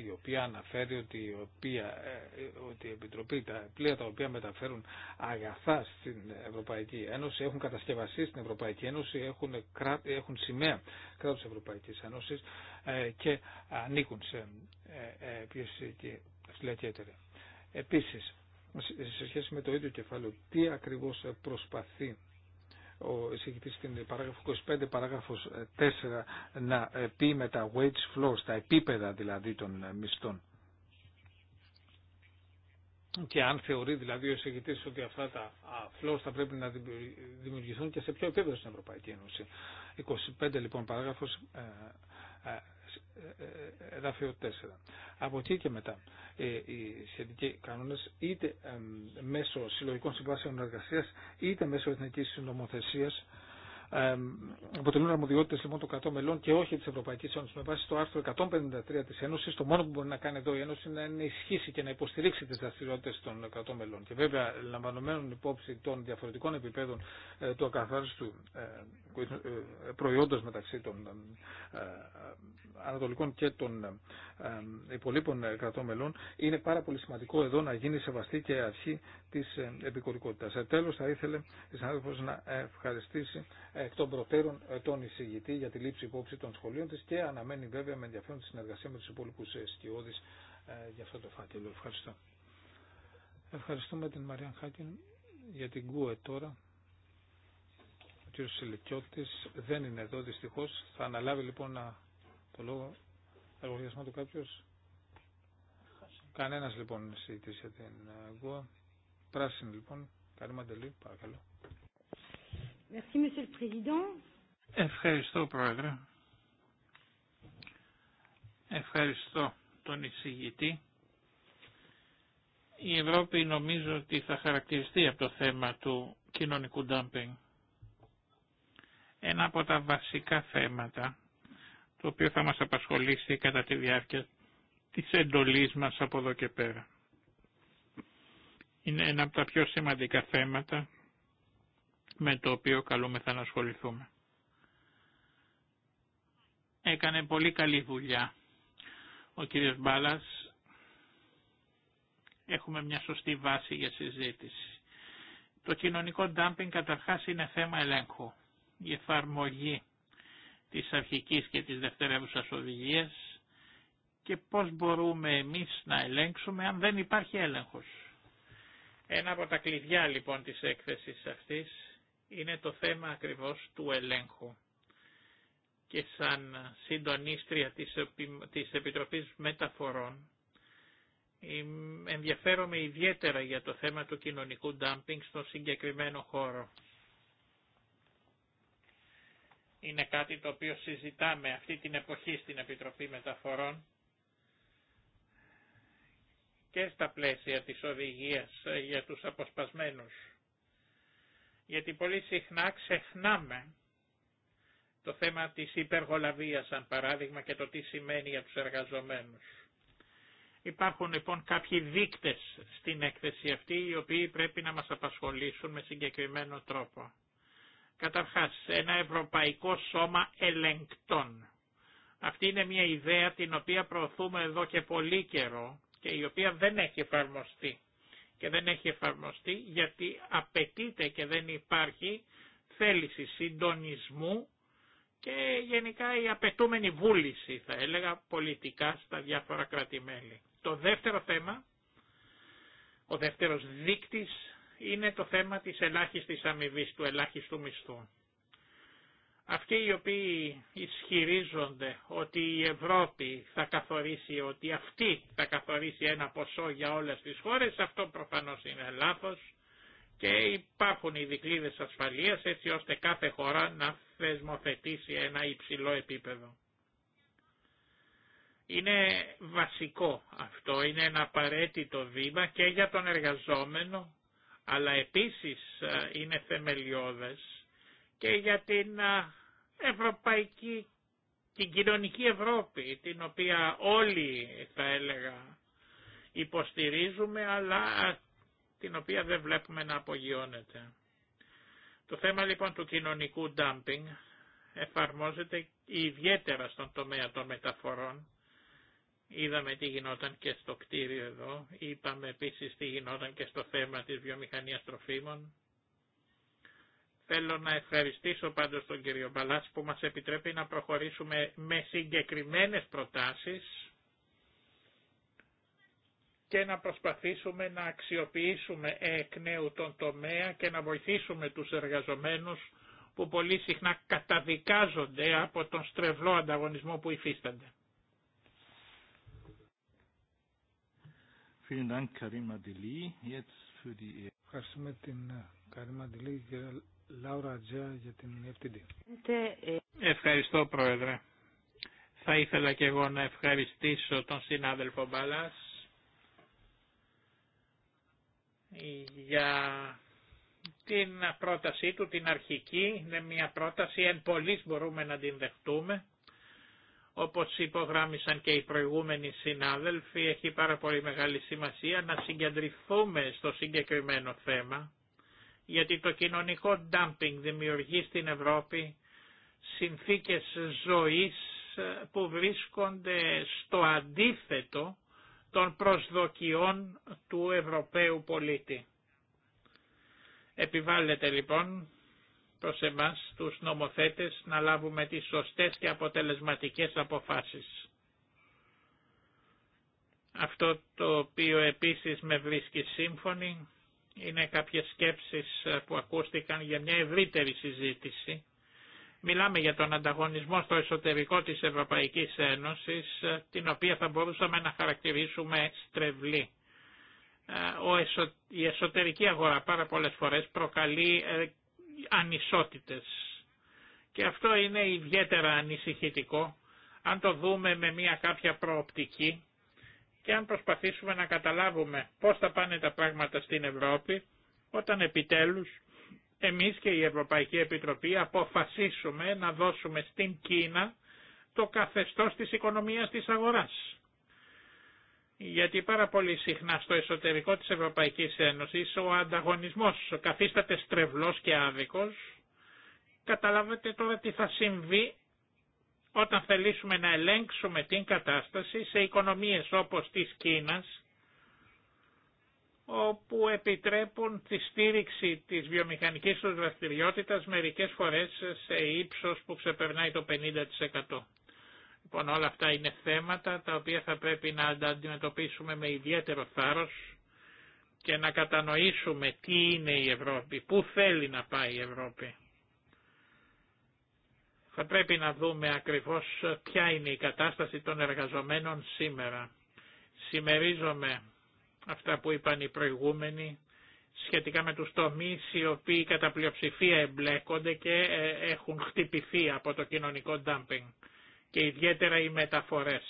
η οποία αναφέρει ότι η, οποία, ε, ότι η Επιτροπή, τα πλοία τα οποία μεταφέρουν αγαθά στην Ευρωπαϊκή Ένωση, έχουν κατασκευαστεί στην Ευρωπαϊκή Ένωση, έχουν, έχουν σημαία κράτους Ευρωπαϊκής Ένωσης ε, και ανήκουν σε ε, ε και φυλακή Επίσης, σε σχέση με το ίδιο κεφάλαιο, τι ακριβώς προσπαθεί ο εισηγητής στην παράγραφο 25, παράγραφος 4 ε, να ε, πει με τα wage flows, τα επίπεδα δηλαδή των ε, μισθών. Και αν θεωρεί δηλαδή ο εισηγητής ότι αυτά τα flows θα πρέπει να δημιουργηθούν και σε ποιο επίπεδο στην Ευρωπαϊκή Ένωση. 25 λοιπόν παράγραφος εδάφιο 4. Από εκεί και μετά ε, οι σχετικοί κανόνες είτε μέσω συλλογικών συμβάσεων εργασίας είτε μέσω εθνικής νομοθεσία αποτελούν αρμοδιότητε λοιπόν των κρατών μελών και όχι τη Ευρωπαϊκή Ένωση. Με βάση το άρθρο 153 τη Ένωση, το μόνο που μπορεί να κάνει εδώ η Ένωση είναι να ενισχύσει και να υποστηρίξει τι δραστηριότητε των κρατών μελών. Και βέβαια, λαμβανομένων υπόψη των διαφορετικών επιπέδων ε, του ακαθάριστου ε, ε, προϊόντο μεταξύ των ανατολικών και των υπολείπων κρατών μελών, είναι πάρα πολύ σημαντικό εδώ να γίνει σεβαστή και αρχή τη επικορικότητα. Τέλο, θα ήθελε η συνάδελφο να ευχαριστήσει εκ των προτέρων ε, τον εισηγητή για τη λήψη υπόψη των σχολείων της και αναμένει βέβαια με ενδιαφέρον τη συνεργασία με τους υπόλοιπους ε, σκιώδεις ε, για αυτό το φάκελο. Ευχαριστώ. Ευχαριστούμε την Μαριάν Χάκιν για την ΚΟΕ τώρα. Ο κ. Σελικιώτης δεν είναι εδώ δυστυχώς. Θα αναλάβει λοιπόν το λόγο εργοδιασμό του κάποιος. Κανένας λοιπόν συζητήσει για την ΚΟΕ. Πράσινη λοιπόν. Καλή μαντελή, παρακαλώ. Merci, Monsieur le Président. Ευχαριστώ, Πρόεδρε. Ευχαριστώ τον εισηγητή. Η Ευρώπη νομίζω ότι θα χαρακτηριστεί από το θέμα του κοινωνικού ντάμπινγκ. Ένα από τα βασικά θέματα, το οποίο θα μας απασχολήσει κατά τη διάρκεια της εντολής μας από εδώ και πέρα. Είναι ένα από τα πιο σημαντικά θέματα με το οποίο καλούμεθα να ασχοληθούμε. Έκανε πολύ καλή δουλειά ο κύριος Μπάλας. Έχουμε μια σωστή βάση για συζήτηση. Το κοινωνικό ντάμπινγκ καταρχάς είναι θέμα ελέγχου. Η εφαρμογή της αρχικής και της δευτερεύουσας οδηγίας και πώς μπορούμε εμείς να ελέγξουμε αν δεν υπάρχει έλεγχος. Ένα από τα κλειδιά λοιπόν της έκθεσης αυτής είναι το θέμα ακριβώς του ελέγχου. Και σαν συντονίστρια της Επιτροπής Μεταφορών ενδιαφέρομαι ιδιαίτερα για το θέμα του κοινωνικού ντάμπινγκ στον συγκεκριμένο χώρο. Είναι κάτι το οποίο συζητάμε αυτή την εποχή στην Επιτροπή Μεταφορών και στα πλαίσια της οδηγίας ε, για τους αποσπασμένους γιατί πολύ συχνά ξεχνάμε το θέμα της υπεργολαβίας, σαν παράδειγμα, και το τι σημαίνει για τους εργαζομένους. Υπάρχουν λοιπόν κάποιοι δείκτες στην έκθεση αυτή, οι οποίοι πρέπει να μας απασχολήσουν με συγκεκριμένο τρόπο. Καταρχάς, ένα ευρωπαϊκό σώμα ελεγκτών. Αυτή είναι μια ιδέα την οποία προωθούμε εδώ και πολύ καιρό και η οποία δεν έχει εφαρμοστεί και δεν έχει εφαρμοστεί γιατί απαιτείται και δεν υπάρχει θέληση συντονισμού και γενικά η απαιτούμενη βούληση θα έλεγα πολιτικά στα διάφορα κρατημέλη. Το δεύτερο θέμα, ο δεύτερος δείκτης είναι το θέμα της ελάχιστης αμοιβή του ελάχιστου μισθού. Αυτοί οι οποίοι ισχυρίζονται ότι η Ευρώπη θα καθορίσει, ότι αυτή θα καθορίσει ένα ποσό για όλες τις χώρες, αυτό προφανώς είναι λάθος και υπάρχουν οι δικλείδες ασφαλείας έτσι ώστε κάθε χώρα να θεσμοθετήσει ένα υψηλό επίπεδο. Είναι βασικό αυτό, είναι ένα απαραίτητο βήμα και για τον εργαζόμενο, αλλά επίσης ε, είναι θεμελιώδες και για την ευρωπαϊκή, την κοινωνική Ευρώπη, την οποία όλοι θα έλεγα υποστηρίζουμε, αλλά την οποία δεν βλέπουμε να απογειώνεται. Το θέμα λοιπόν του κοινωνικού ντάμπινγκ εφαρμόζεται ιδιαίτερα στον τομέα των μεταφορών. Είδαμε τι γινόταν και στο κτίριο εδώ, είπαμε επίσης τι γινόταν και στο θέμα της βιομηχανίας τροφίμων. Θέλω να ευχαριστήσω πάντως τον κύριο Μπαλάς που μας επιτρέπει να προχωρήσουμε με συγκεκριμένες προτάσεις και να προσπαθήσουμε να αξιοποιήσουμε εκ νέου τον τομέα και να βοηθήσουμε τους εργαζομένους που πολύ συχνά καταδικάζονται από τον στρεβλό ανταγωνισμό που υφίστανται. Ευχαριστούμε την ε, Λάουρα για την FTD. Ευχαριστώ Πρόεδρε. Θα ήθελα και εγώ να ευχαριστήσω τον συνάδελφο Μπαλάς για την πρότασή του, την αρχική, είναι μια πρόταση εν πολλής μπορούμε να την δεχτούμε. Όπως υπογράμμισαν και οι προηγούμενοι συνάδελφοι, έχει πάρα πολύ μεγάλη σημασία να συγκεντρηθούμε στο συγκεκριμένο θέμα γιατί το κοινωνικό ντάμπινγκ δημιουργεί στην Ευρώπη συνθήκες ζωής ε, που βρίσκονται στο αντίθετο των προσδοκιών του Ευρωπαίου πολίτη. Επιβάλλεται λοιπόν προς εμάς τους νομοθέτες να λάβουμε τις σωστές και αποτελεσματικές αποφάσεις. Αυτό το οποίο επίσης με βρίσκει σύμφωνη είναι κάποιες σκέψεις ε, που ακούστηκαν για μια ευρύτερη συζήτηση. Μιλάμε για τον ανταγωνισμό στο εσωτερικό της Ευρωπαϊκής Ένωσης, ε, την οποία θα μπορούσαμε να χαρακτηρίσουμε στρεβλή. Ε, η εσωτερική αγορά πάρα πολλές φορές προκαλεί ανισότητες και αυτό είναι ιδιαίτερα ανησυχητικό αν το δούμε με μια κάποια προοπτική και αν προσπαθήσουμε να καταλάβουμε πώς θα πάνε τα πράγματα στην Ευρώπη, όταν επιτέλους εμείς και η Ευρωπαϊκή Επιτροπή αποφασίσουμε να δώσουμε στην Κίνα το καθεστώς της οικονομίας της αγοράς. Γιατί πάρα πολύ συχνά στο εσωτερικό της Ευρωπαϊκής Ένωσης ο ανταγωνισμός καθίσταται στρεβλός και άδικος. Καταλάβετε τώρα τι θα συμβεί όταν θελήσουμε να ελέγξουμε την κατάσταση σε οικονομίες όπως της Κίνας, όπου επιτρέπουν τη στήριξη της βιομηχανικής τους δραστηριότητας μερικές φορές σε ύψος που ξεπερνάει το 50%. Λοιπόν όλα αυτά είναι θέματα τα οποία θα πρέπει να αντιμετωπίσουμε με ιδιαίτερο θάρρος και να κατανοήσουμε τι είναι η Ευρώπη, πού θέλει να πάει η Ευρώπη. Θα πρέπει να δούμε ακριβώς ποια είναι η κατάσταση των εργαζομένων σήμερα. Σημερίζομαι αυτά που είπαν οι προηγούμενοι σχετικά με τους τομείς οι οποίοι κατά πλειοψηφία εμπλέκονται και ε, έχουν χτυπηθεί από το κοινωνικό ντάμπινγκ και ιδιαίτερα οι μεταφορές.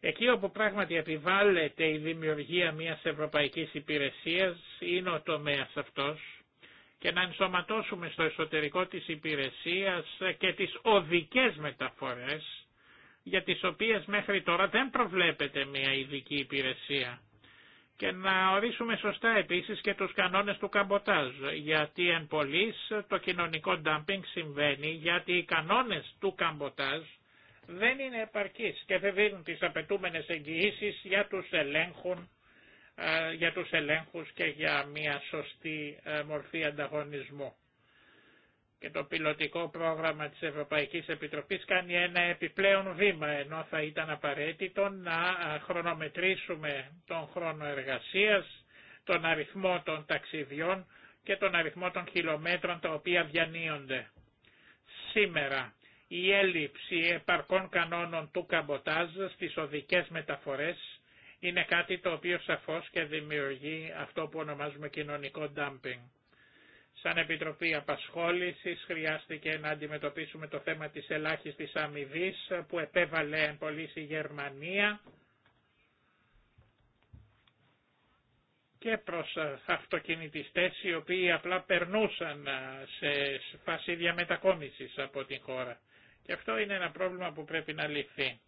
Εκεί όπου πράγματι επιβάλλεται η δημιουργία μιας ευρωπαϊκής υπηρεσίας είναι ο τομέας αυτός και να ενσωματώσουμε στο εσωτερικό της υπηρεσίας και τις οδικές μεταφορές για τις οποίες μέχρι τώρα δεν προβλέπεται μια ειδική υπηρεσία και να ορίσουμε σωστά επίσης και τους κανόνες του καμποτάζ, γιατί εν πολλής το κοινωνικό ντάμπινγκ συμβαίνει, γιατί οι κανόνες του καμποτάζ δεν είναι επαρκείς και δεν δίνουν τις απαιτούμενες εγγυήσεις για τους ελέγχους ε, για τους ελέγχους και για μια σωστή ε, μορφή ανταγωνισμού. Και το πιλωτικό πρόγραμμα της Ευρωπαϊκής Επιτροπής κάνει ένα επιπλέον βήμα, ενώ θα ήταν απαραίτητο να ε, χρονομετρήσουμε τον χρόνο εργασίας, τον αριθμό των ταξιδιών και τον αριθμό των χιλιόμετρων τα οποία διανύονται. Σήμερα η έλλειψη επαρκών κανόνων του καμποτάζ στις οδικές μεταφορές είναι κάτι το οποίο σαφώς και δημιουργεί αυτό που ονομάζουμε κοινωνικό dumping. Σαν Επιτροπή Απασχόλησης χρειάστηκε να αντιμετωπίσουμε το θέμα της ελάχιστης αμοιβή που επέβαλε πολύ η Γερμανία και προς αυτοκινητιστές οι οποίοι απλά περνούσαν σε φάση διαμετακόμισης από την χώρα. Και αυτό είναι ένα πρόβλημα που πρέπει να λυθεί.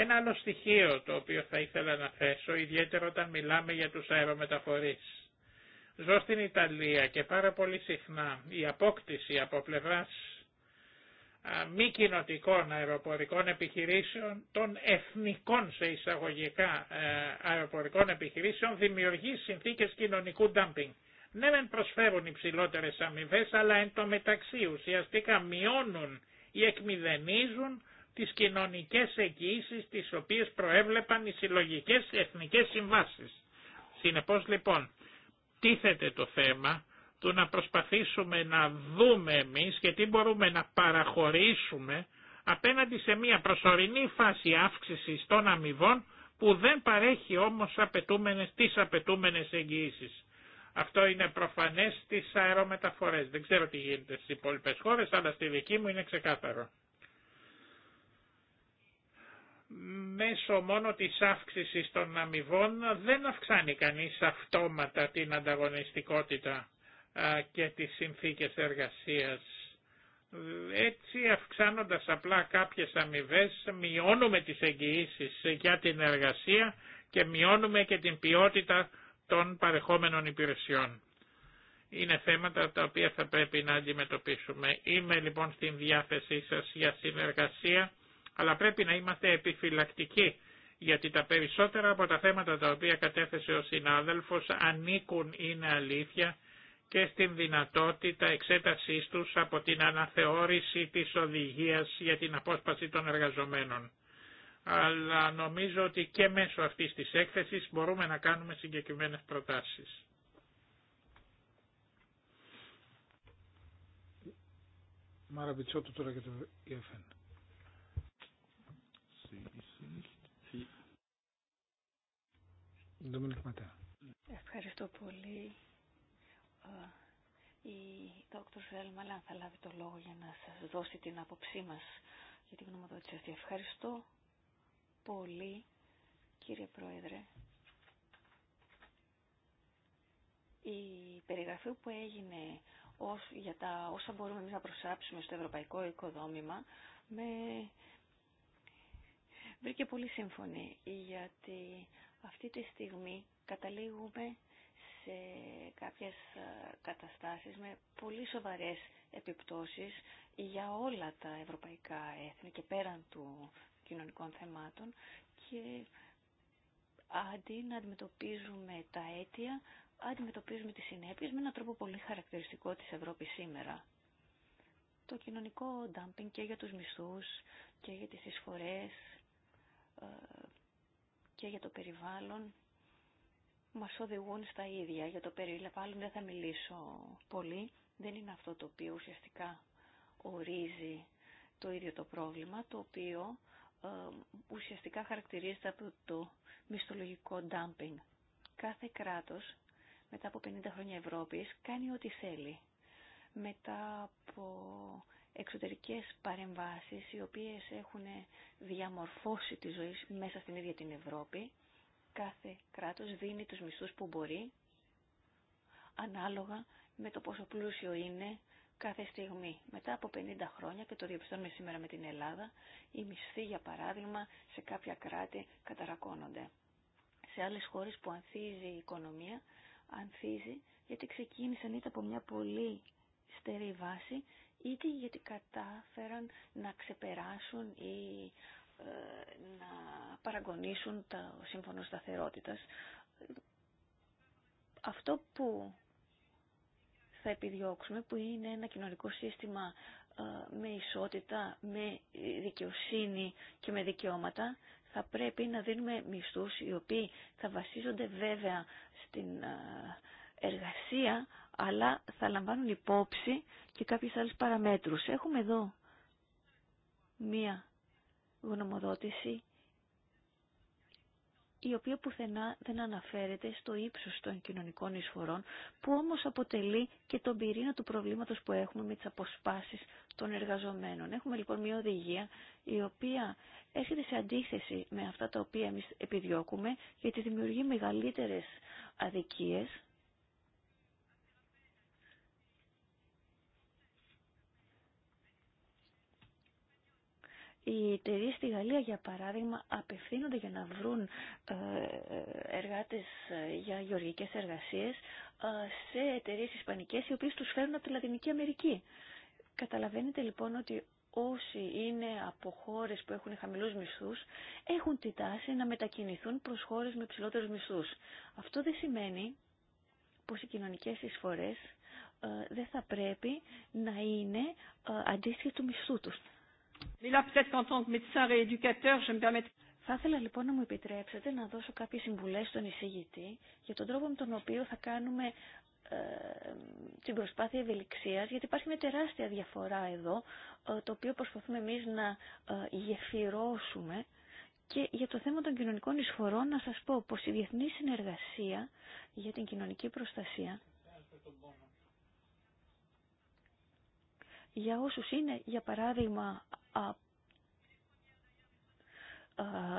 Ένα άλλο στοιχείο το οποίο θα ήθελα να θέσω, ιδιαίτερα όταν μιλάμε για τους αερομεταφορείς. Ζω στην Ιταλία και πάρα πολύ συχνά η απόκτηση από πλευράς μη κοινοτικών αεροπορικών επιχειρήσεων, των εθνικών σε εισαγωγικά ε, αεροπορικών επιχειρήσεων, δημιουργεί συνθήκες κοινωνικού ντάμπινγκ. Ναι, δεν προσφέρουν υψηλότερες αμοιβέ, αλλά εν τω μεταξύ ουσιαστικά μειώνουν ή εκμηδενίζουν τις κοινωνικές εγγυήσεις τις οποίες προέβλεπαν οι συλλογικές εθνικές συμβάσεις. Συνεπώς λοιπόν τίθεται το θέμα του να προσπαθήσουμε να δούμε εμείς και τι μπορούμε να παραχωρήσουμε απέναντι σε μια προσωρινή φάση αύξησης των αμοιβών που δεν παρέχει όμως απαιτούμενες, τις απαιτούμενες εγγυήσεις. Αυτό είναι προφανές στις αερομεταφορές. Δεν ξέρω τι γίνεται στις υπόλοιπες χώρες, αλλά στη δική μου είναι ξεκάθαρο μέσω μόνο της αύξησης των αμοιβών δεν αυξάνει κανείς αυτόματα την ανταγωνιστικότητα και τις συνθήκες εργασίας. Έτσι αυξάνοντας απλά κάποιες αμοιβέ, μειώνουμε τις εγγυήσει για την εργασία και μειώνουμε και την ποιότητα των παρεχόμενων υπηρεσιών. Είναι θέματα τα οποία θα πρέπει να αντιμετωπίσουμε. Είμαι λοιπόν στην διάθεσή σας για συνεργασία αλλά πρέπει να είμαστε επιφυλακτικοί γιατί τα περισσότερα από τα θέματα τα οποία κατέθεσε ο συνάδελφος ανήκουν είναι αλήθεια και στην δυνατότητα εξέτασής τους από την αναθεώρηση της οδηγίας για την απόσπαση των εργαζομένων. Αλλά νομίζω ότι και μέσω αυτής της έκθεσης μπορούμε να κάνουμε συγκεκριμένες προτάσεις. Μπιτσότου τώρα για το Ευχαριστώ πολύ. Ε, η Δόκτωρ Βέλμαλαν θα λάβει το λόγο για να σας δώσει την άποψή μας για την γνωμοδότηση αυτή. Ευχαριστώ πολύ, κύριε Πρόεδρε. Η περιγραφή που έγινε ως, για τα όσα μπορούμε εμείς να προσάψουμε στο ευρωπαϊκό οικοδόμημα με βρήκε πολύ σύμφωνη γιατί αυτή τη στιγμή καταλήγουμε σε κάποιες ε, καταστάσεις με πολύ σοβαρές επιπτώσεις για όλα τα ευρωπαϊκά έθνη και πέραν του κοινωνικών θεμάτων και αντί να αντιμετωπίζουμε τα αίτια, αντιμετωπίζουμε τις συνέπειες με έναν τρόπο πολύ χαρακτηριστικό της Ευρώπης σήμερα. Το κοινωνικό ντάμπινγκ και για τους μισθούς και για τις εισφορές ε, και για το περιβάλλον μας οδηγούν στα ίδια. Για το περιβάλλον δεν θα μιλήσω πολύ. Δεν είναι αυτό το οποίο ουσιαστικά ορίζει το ίδιο το πρόβλημα, το οποίο ε, ουσιαστικά χαρακτηρίζεται από το μισθολογικό dumping. Κάθε κράτος μετά από 50 χρόνια Ευρώπης κάνει ό,τι θέλει. Μετά από εξωτερικές παρεμβάσεις οι οποίες έχουν διαμορφώσει τη ζωή μέσα στην ίδια την Ευρώπη. Κάθε κράτος δίνει τους μισθούς που μπορεί, ανάλογα με το πόσο πλούσιο είναι κάθε στιγμή. Μετά από 50 χρόνια, και το διαπιστώνουμε σήμερα με την Ελλάδα, οι μισθοί, για παράδειγμα, σε κάποια κράτη καταρακώνονται. Σε άλλες χώρες που ανθίζει η οικονομία, ανθίζει γιατί ξεκίνησαν είτε από μια πολύ στερή βάση είτε γιατί κατάφεραν να ξεπεράσουν ή ε, να παραγωνίσουν το σύμφωνο σταθερότητας. Αυτό που θα επιδιώξουμε, που είναι ένα κοινωνικό σύστημα ε, με ισότητα, με δικαιοσύνη και με δικαιώματα, θα πρέπει να δίνουμε μισθούς οι οποίοι θα βασίζονται βέβαια στην ε, εργασία, αλλά θα λαμβάνουν υπόψη και κάποιες άλλες παραμέτρους. Έχουμε εδώ μία γνωμοδότηση η οποία πουθενά δεν αναφέρεται στο ύψος των κοινωνικών εισφορών, που όμως αποτελεί και τον πυρήνα του προβλήματος που έχουμε με τις αποσπάσεις των εργαζομένων. Έχουμε λοιπόν μια οδηγία η οποία έρχεται σε αντίθεση με αυτά τα οποία εμείς επιδιώκουμε, γιατί δημιουργεί μεγαλύτερες αδικίες Οι εταιρείε στη Γαλλία, για παράδειγμα, απευθύνονται για να βρουν ε, εργάτες ε, για γεωργικές εργασίες ε, σε εταιρείε ισπανικές οι οποίες τους φέρουν από τη Λατινική Αμερική. Καταλαβαίνετε λοιπόν ότι όσοι είναι από χώρε που έχουν χαμηλούς μισθούς έχουν τη τάση να μετακινηθούν προς χώρες με ψηλότερους μισθούς. Αυτό δεν σημαίνει πως οι κοινωνικές εισφορές δεν θα πρέπει να είναι αντίστοιχοι του μισθού τους. Θα ήθελα λοιπόν να μου επιτρέψετε να δώσω κάποιες συμβουλές στον εισηγητή για τον τρόπο με τον οποίο θα κάνουμε ε, την προσπάθεια ευελιξίας, γιατί υπάρχει μια τεράστια διαφορά εδώ, ε, το οποίο προσπαθούμε εμείς να ε, γεφυρώσουμε. Και για το θέμα των κοινωνικών εισφορών να σας πω πως η διεθνή συνεργασία για την κοινωνική προστασία για όσους είναι, για παράδειγμα,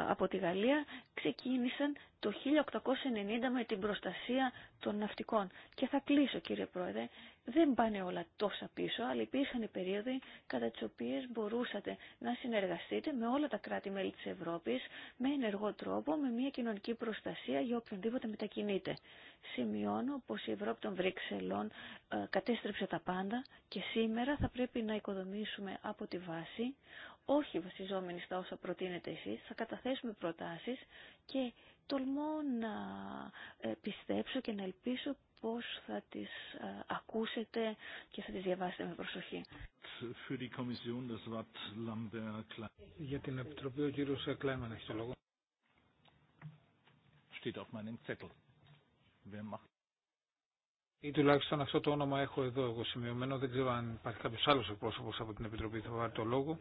από τη Γαλλία ξεκίνησαν το 1890 με την προστασία των ναυτικών. Και θα κλείσω κύριε Πρόεδρε δεν πάνε όλα τόσα πίσω, αλλά υπήρχαν περίοδοι κατά τις οποίες μπορούσατε να συνεργαστείτε με όλα τα κράτη-μέλη της Ευρώπης με ενεργό τρόπο, με μια κοινωνική προστασία για οποιονδήποτε μετακινείτε. Σημειώνω πως η Ευρώπη των Βρυξελών ε, κατέστρεψε τα πάντα και σήμερα θα πρέπει να οικοδομήσουμε από τη βάση, όχι βασιζόμενοι στα όσα προτείνετε εσείς, θα καταθέσουμε προτάσεις και τολμώ να ε, πιστέψω και να ελπίσω πώς θα τις ε, ακούσετε και θα τις διαβάσετε με προσοχή. Για την Επιτροπή ο κύριος Κλέμαν έχει το λόγο. Ή τουλάχιστον αυτό το όνομα έχω εδώ εγώ σημειωμένο. Δεν ξέρω αν υπάρχει κάποιος άλλος εκπρόσωπος από την Επιτροπή θα βάλει το λόγο.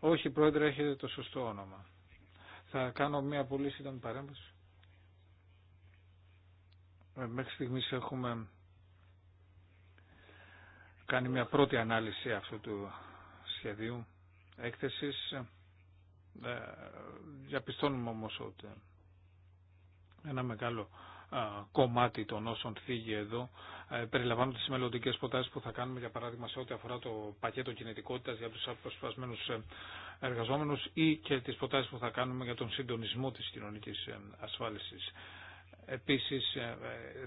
Όχι, Πρόεδρε, έχετε το σωστό όνομα. Θα κάνω μια πολύ σύντομη παρέμβαση. Ε, μέχρι στιγμής έχουμε κάνει μια πρώτη ανάλυση αυτού του σχεδίου έκθεσης. Ε, διαπιστώνουμε όμως ότι ένα μεγάλο κομμάτι των όσων θίγει εδώ. Ε, Περιλαμβάνονται τι μελλοντικέ προτάσει που θα κάνουμε, για παράδειγμα, σε ό,τι αφορά το πακέτο κινητικότητα για του αποσπασμένου ε, εργαζόμενου ή και τι προτάσει που θα κάνουμε για τον συντονισμό τη κοινωνική ε, ασφάλιση. Επίσης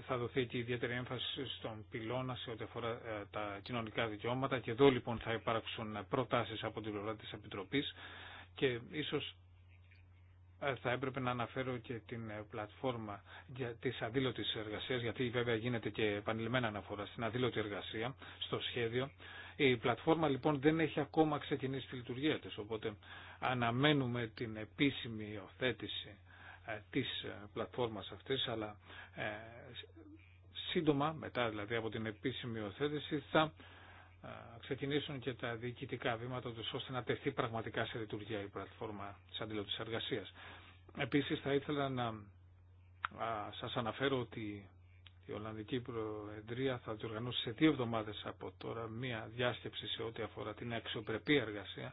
θα δοθεί και ιδιαίτερη έμφαση στον πυλώνα σε ό,τι αφορά τα κοινωνικά δικαιώματα και εδώ λοιπόν θα υπάρξουν προτάσει από την πλευρά τη Επιτροπή και ίσω θα έπρεπε να αναφέρω και την ε, πλατφόρμα για της εργασία, εργασίας, γιατί βέβαια γίνεται και επανειλημμένα αναφορά στην αδήλωτη εργασία, στο σχέδιο. Η πλατφόρμα λοιπόν δεν έχει ακόμα ξεκινήσει τη λειτουργία της, οπότε αναμένουμε την επίσημη υιοθέτηση ε, της ε, πλατφόρμας αυτής, αλλά σύντομα, μετά δηλαδή από την επίσημη υιοθέτηση, θα ξεκινήσουν και τα διοικητικά βήματα τους ώστε να τεθεί πραγματικά σε λειτουργία η πλατφόρμα της αντιλωτής εργασίας. Επίσης θα ήθελα να σας αναφέρω ότι η Ολλανδική Προεδρία θα διοργανώσει σε δύο εβδομάδες από τώρα μία διάσκεψη σε ό,τι αφορά την αξιοπρεπή εργασία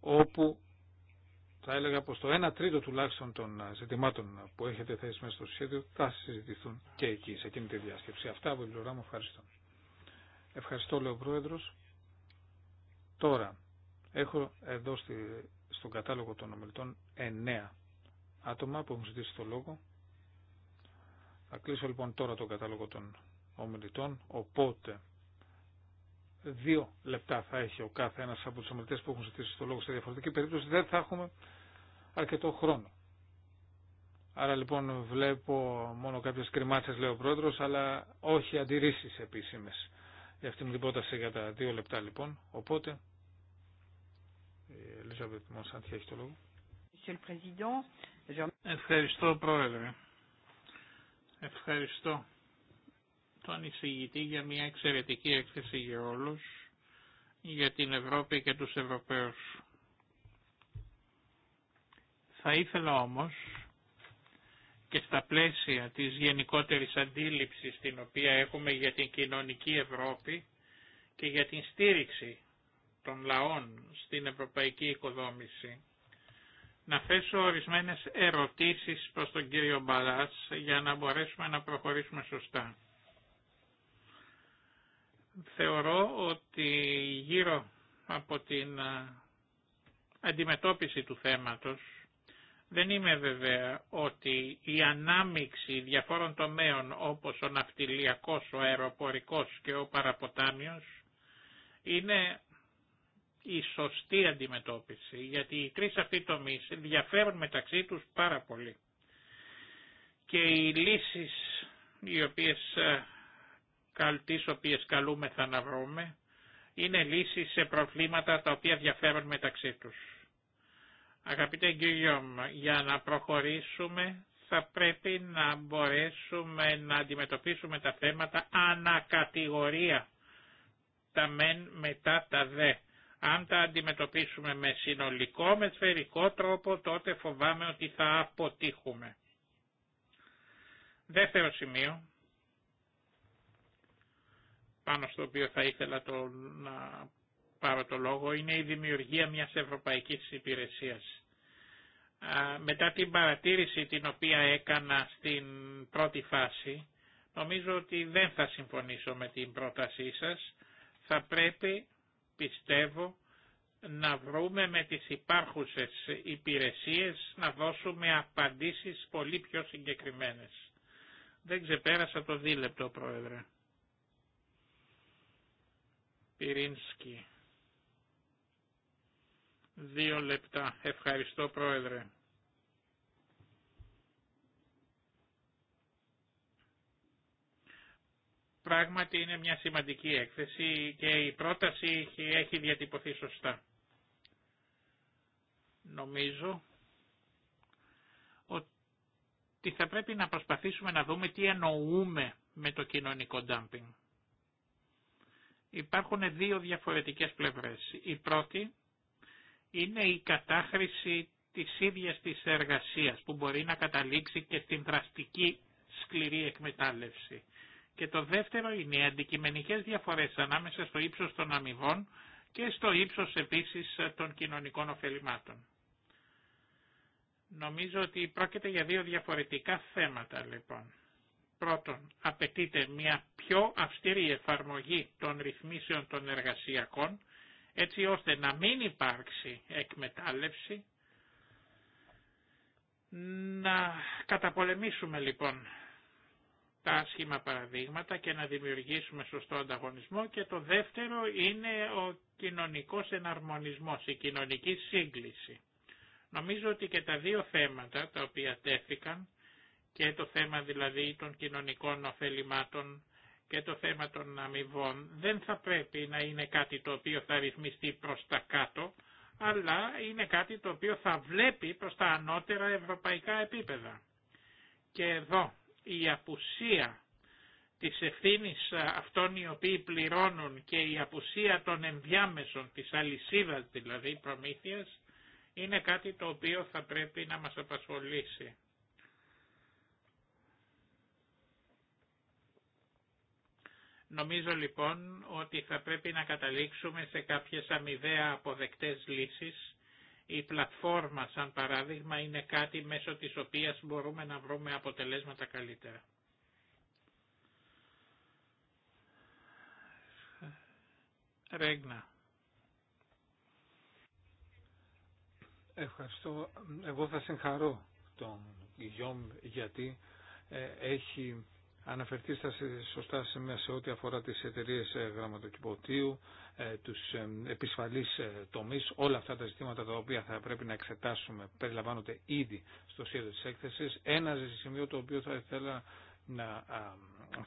όπου θα έλεγα πως το 1 τρίτο τουλάχιστον των ζητημάτων που έχετε θέσει μέσα στο σχέδιο θα συζητηθούν και εκεί, σε εκείνη τη διάσκεψη. Αυτά από την πλευρά μου. Ευχαριστώ. Ευχαριστώ, λέει ο Πρόεδρος. Τώρα, έχω εδώ στη, στον κατάλογο των ομιλητών εννέα άτομα που έχουν ζητήσει το λόγο. Θα κλείσω λοιπόν τώρα τον κατάλογο των ομιλητών, οπότε δύο λεπτά θα έχει ο κάθε ένας από τους ομιλητές που έχουν ζητήσει το λόγο σε διαφορετική περίπτωση, δεν θα έχουμε αρκετό χρόνο. Άρα λοιπόν βλέπω μόνο κάποιες κρυμάτσες λέει ο πρόεδρος, αλλά όχι αντιρρήσεις επίσημες για αυτήν την πρόταση για τα δύο λεπτά λοιπόν. Οπότε, η Ελίζαβετ Μονσάντη έχει το λόγο. Ευχαριστώ Πρόεδρε. Ευχαριστώ τον εισηγητή για μια εξαιρετική έκθεση για όλους, για την Ευρώπη και τους Ευρωπαίους. Θα ήθελα όμως και στα πλαίσια της γενικότερης αντίληψης την οποία έχουμε για την κοινωνική Ευρώπη και για την στήριξη των λαών στην ευρωπαϊκή οικοδόμηση, να θέσω ορισμένες ερωτήσεις προς τον κύριο Μπαλάς για να μπορέσουμε να προχωρήσουμε σωστά. Θεωρώ ότι γύρω από την ε, αντιμετώπιση του θέματος δεν είμαι βέβαια ότι η ανάμιξη διαφόρων τομέων όπως ο ναυτιλιακός, ο αεροπορικός και ο παραποτάμιος είναι η σωστή αντιμετώπιση, γιατί οι τρεις αυτοί τομείς διαφέρουν μεταξύ τους πάρα πολύ. Και οι λύσεις οι οποίες, ε, τις οποίες καλούμεθα να βρούμε είναι λύσεις σε προβλήματα τα οποία διαφέρουν μεταξύ τους. Αγαπητέ για να προχωρήσουμε θα πρέπει να μπορέσουμε να αντιμετωπίσουμε τα θέματα ανακατηγορία, τα μεν μετά τα δε. Αν τα αντιμετωπίσουμε με συνολικό, με σφαιρικό τρόπο, τότε φοβάμαι ότι θα αποτύχουμε. Δεύτερο σημείο, πάνω στο οποίο θα ήθελα το να πάρω το λόγο είναι η δημιουργία μιας ευρωπαϊκής υπηρεσίας. Μετά την παρατήρηση την οποία έκανα στην πρώτη φάση, νομίζω ότι δεν θα συμφωνήσω με την πρότασή σας. Θα πρέπει, πιστεύω, να βρούμε με τις υπάρχουσες υπηρεσίες να δώσουμε απαντήσεις πολύ πιο συγκεκριμένες. Δεν ξεπέρασα το δίλεπτο, Πρόεδρε. Πυρίνσκι. Δύο λεπτά. Ευχαριστώ Πρόεδρε. Πράγματι είναι μια σημαντική έκθεση και η πρόταση έχει διατυπωθεί σωστά. Νομίζω ότι θα πρέπει να προσπαθήσουμε να δούμε τι εννοούμε με το κοινωνικό ντάμπινγκ. Υπάρχουν δύο διαφορετικές πλευρές. Η πρώτη είναι η κατάχρηση της ίδιας της εργασίας που μπορεί να καταλήξει και στην δραστική σκληρή εκμετάλλευση. Και το δεύτερο είναι οι αντικειμενικές διαφορές ανάμεσα στο ύψος των αμοιβών και στο ύψος επίσης των κοινωνικών ωφελημάτων. Νομίζω ότι πρόκειται για δύο διαφορετικά θέματα λοιπόν. Πρώτον, απαιτείται μια πιο αυστηρή εφαρμογή των ρυθμίσεων των εργασιακών έτσι ώστε να μην υπάρξει εκμετάλλευση. Να καταπολεμήσουμε λοιπόν τα άσχημα παραδείγματα και να δημιουργήσουμε σωστό ανταγωνισμό και το δεύτερο είναι ο κοινωνικός εναρμονισμός, η κοινωνική σύγκληση. Νομίζω ότι και τα δύο θέματα τα οποία τέθηκαν και το θέμα δηλαδή των κοινωνικών ωφελημάτων και το θέμα των αμοιβών δεν θα πρέπει να είναι κάτι το οποίο θα ρυθμιστεί προς τα κάτω, αλλά είναι κάτι το οποίο θα βλέπει προς τα ανώτερα ευρωπαϊκά επίπεδα. Και εδώ η απουσία της ευθύνης αυτών οι οποίοι πληρώνουν και η απουσία των ενδιάμεσων, της αλυσίδας δηλαδή προμήθειας, είναι κάτι το οποίο θα πρέπει να μας απασχολήσει. Νομίζω λοιπόν ότι θα πρέπει να καταλήξουμε σε κάποιες αμοιβαία αποδεκτές λύσεις. Η πλατφόρμα σαν παράδειγμα είναι κάτι μέσω της οποίας μπορούμε να βρούμε αποτελέσματα καλύτερα. Ρέγνα. Ευχαριστώ. Εγώ θα συγχαρώ τον Γιώμ γιατί ε, έχει αναφερθεί σωστά σωστά μια σε ό,τι αφορά τις εταιρείε γραμματοκιποτίου, ε, τους ε, επισφαλείς ε, τομείς, όλα αυτά τα ζητήματα τα οποία θα πρέπει να εξετάσουμε περιλαμβάνονται ήδη στο σχέδιο της έκθεσης. Ένα σημείο το οποίο θα ήθελα να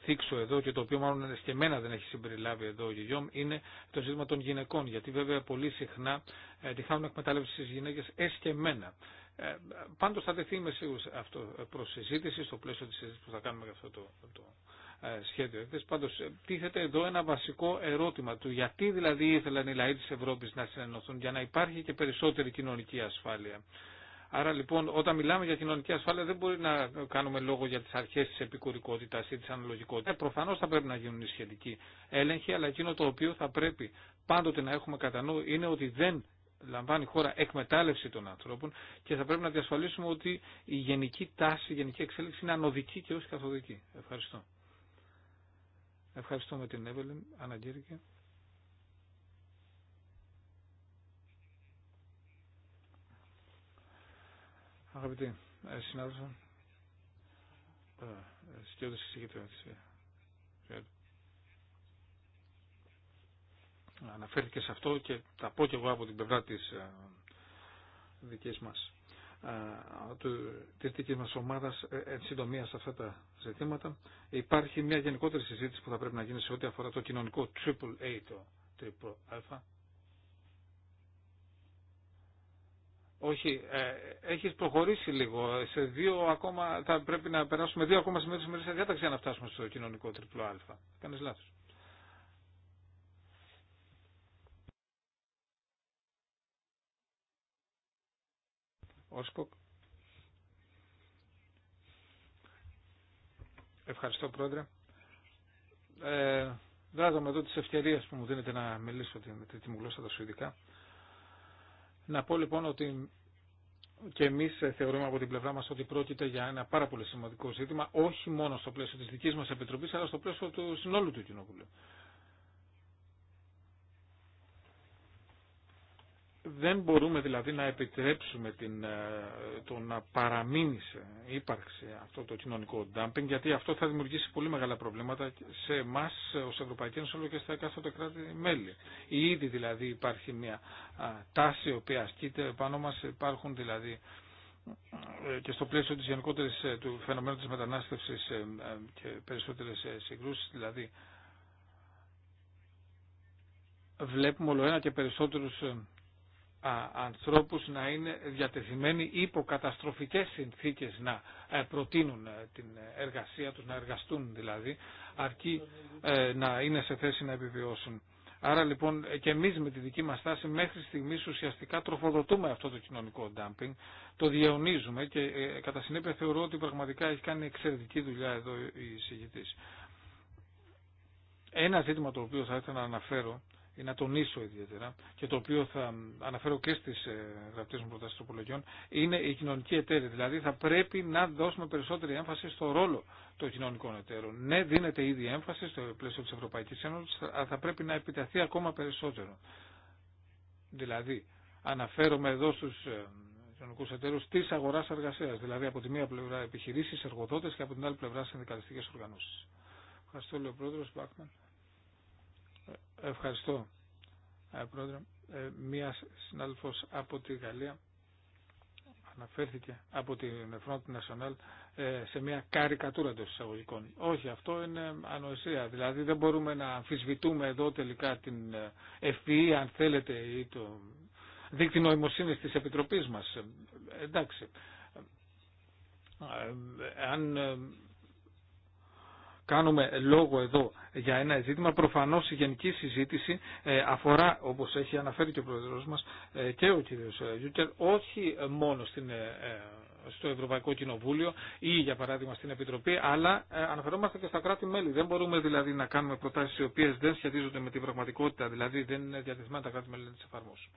θίξω εδώ και το οποίο μάλλον και δεν έχει συμπεριλάβει εδώ ο Γιώμ είναι το ζήτημα των γυναικών γιατί βέβαια πολύ συχνά τυχάνουν εκμετάλλευση στις γυναίκες έσκεμένα. Ε, πάντως θα τεθεί με σίγουρα αυτό προς συζήτηση στο πλαίσιο της συζήτησης που θα κάνουμε για αυτό το, ε, σχέδιο Πάντω Πάντως ε, τίθεται εδώ ένα βασικό ερώτημα του γιατί δηλαδή ήθελαν οι λαοί της Ευρώπης να συνενωθούν για να υπάρχει και περισσότερη κοινωνική ασφάλεια. Άρα λοιπόν όταν μιλάμε για κοινωνική ασφάλεια δεν μπορεί να κάνουμε λόγο για τις αρχές της επικουρικότητας ή της αναλογικότητας. Προφανώς θα πρέπει να γίνουν οι σχετικοί έλεγχοι αλλά εκείνο το οποίο θα πρέπει πάντοτε να έχουμε κατά νου είναι ότι δεν λαμβάνει χώρα εκμετάλλευση των ανθρώπων και θα πρέπει να διασφαλίσουμε ότι η γενική τάση, η γενική εξέλιξη είναι ανωδική και όχι καθοδική. Ευχαριστώ. Ευχαριστώ με την Εύελιν. Αναγκήρυκε. Αγαπητοί ε, συνάδελφοι, ε, σκέφτεσαι και αναφέρθηκε σε αυτό και τα πω και εγώ από την πλευρά της ε, δικής μας ε, της δικής μας ομάδας ε, εν συντομία σε αυτά τα ζητήματα υπάρχει μια γενικότερη συζήτηση που θα πρέπει να γίνει σε ό,τι αφορά το κοινωνικό triple A το triple α όχι, ε, έχεις προχωρήσει λίγο. Σε δύο ακόμα, θα πρέπει να περάσουμε δύο ακόμα σημεία της σε διάταξη για να φτάσουμε στο κοινωνικό τριπλό α. Κάνεις λάθος. Ευχαριστώ πρόεδρε. Ε, δράζομαι εδώ τις ευκαιρίες που μου δίνετε να μιλήσω την τρίτη μου γλώσσα τα Σουηδικά. Να πω λοιπόν ότι και εμεί ε, θεωρούμε από την πλευρά μα ότι πρόκειται για ένα πάρα πολύ σημαντικό ζήτημα, όχι μόνο στο πλαίσιο τη δική μα Επιτροπή, αλλά στο πλαίσιο του συνόλου του Κοινοβουλίου. Δεν μπορούμε δηλαδή να επιτρέψουμε την, ε, το να παραμείνει σε ύπαρξη αυτό το κοινωνικό ντάμπινγκ, γιατί αυτό θα δημιουργήσει πολύ μεγάλα προβλήματα σε εμά ω Ευρωπαϊκή Ένωση όλο και στα εκάστοτε κράτη-μέλη. Ήδη δηλαδή υπάρχει μια τάση η οποία ασκείται πάνω μα, υπάρχουν δηλαδή ε, και στο πλαίσιο της γενικότερης ε, του φαινομένου της μετανάστευσης και περισσότερες συγκρούσεις, δηλαδή βλέπουμε όλο ένα και περισσότερους ανθρώπους να είναι διατεθειμένοι υπό καταστροφικές συνθήκες να ε, προτείνουν ε, την εργασία τους, να εργαστούν δηλαδή, αρκεί ε, να είναι σε θέση να επιβιώσουν. Άρα λοιπόν και εμείς με τη δική μας στάση μέχρι στιγμής ουσιαστικά τροφοδοτούμε αυτό το κοινωνικό ντάμπινγκ, το διαιωνίζουμε και κατά συνέπεια θεωρώ ότι πραγματικά έχει κάνει εξαιρετική δουλειά εδώ η εισηγητής. Ένα ζήτημα το οποίο θα ήθελα να αναφέρω ή να τονίσω ιδιαίτερα και το οποίο θα αναφέρω και στις ε, γραπτέ μου προτάσεις τροπολογιών είναι η κοινωνική εταίρη. Δηλαδή θα πρέπει να δώσουμε περισσότερη έμφαση στο ρόλο των κοινωνικών εταίρων. Ναι, δίνεται ήδη έμφαση στο πλαίσιο τη Ευρωπαϊκή Ένωση, αλλά θα πρέπει να επιταθεί ακόμα περισσότερο. Δηλαδή, αναφέρομαι εδώ στους ε, κοινωνικού εταίρου τη αγορά εργασία. Δηλαδή από τη μία πλευρά επιχειρήσει, εργοδότε και από την άλλη πλευρά συνδικαλιστικέ οργανώσει. Ευχαριστώ, ο Μπάκμαν. Ευχαριστώ, ε, Πρόεδρε. Ε, μία συνάδελφος από τη Γαλλία αναφέρθηκε από την Front National ε, σε μια καρικατούρα των εισαγωγικών. Όχι, αυτό είναι ανοησία. Δηλαδή δεν μπορούμε να αμφισβητούμε εδώ τελικά την ευφυή, αν θέλετε, ή το δίκτυο νοημοσύνης της Επιτροπής μας. Εντάξει κάνουμε λόγο εδώ για ένα ζήτημα, προφανώ η γενική συζήτηση ε, αφορά, όπως έχει αναφέρει και ο Πρόεδρος μας ε, και ο κ. Ε, Γιούκερ, όχι μόνο στην, στο Ευρωπαϊκό Κοινοβούλιο ή για παράδειγμα στην Επιτροπή, αλλά αναφερόμαστε και στα κράτη-μέλη. Δεν μπορούμε δηλαδή να κάνουμε προτάσεις οι οποίε δεν σχετίζονται με την πραγματικότητα, δηλαδή δεν είναι διατεθειμένα τα κράτη-μέλη να τι εφαρμόσουν.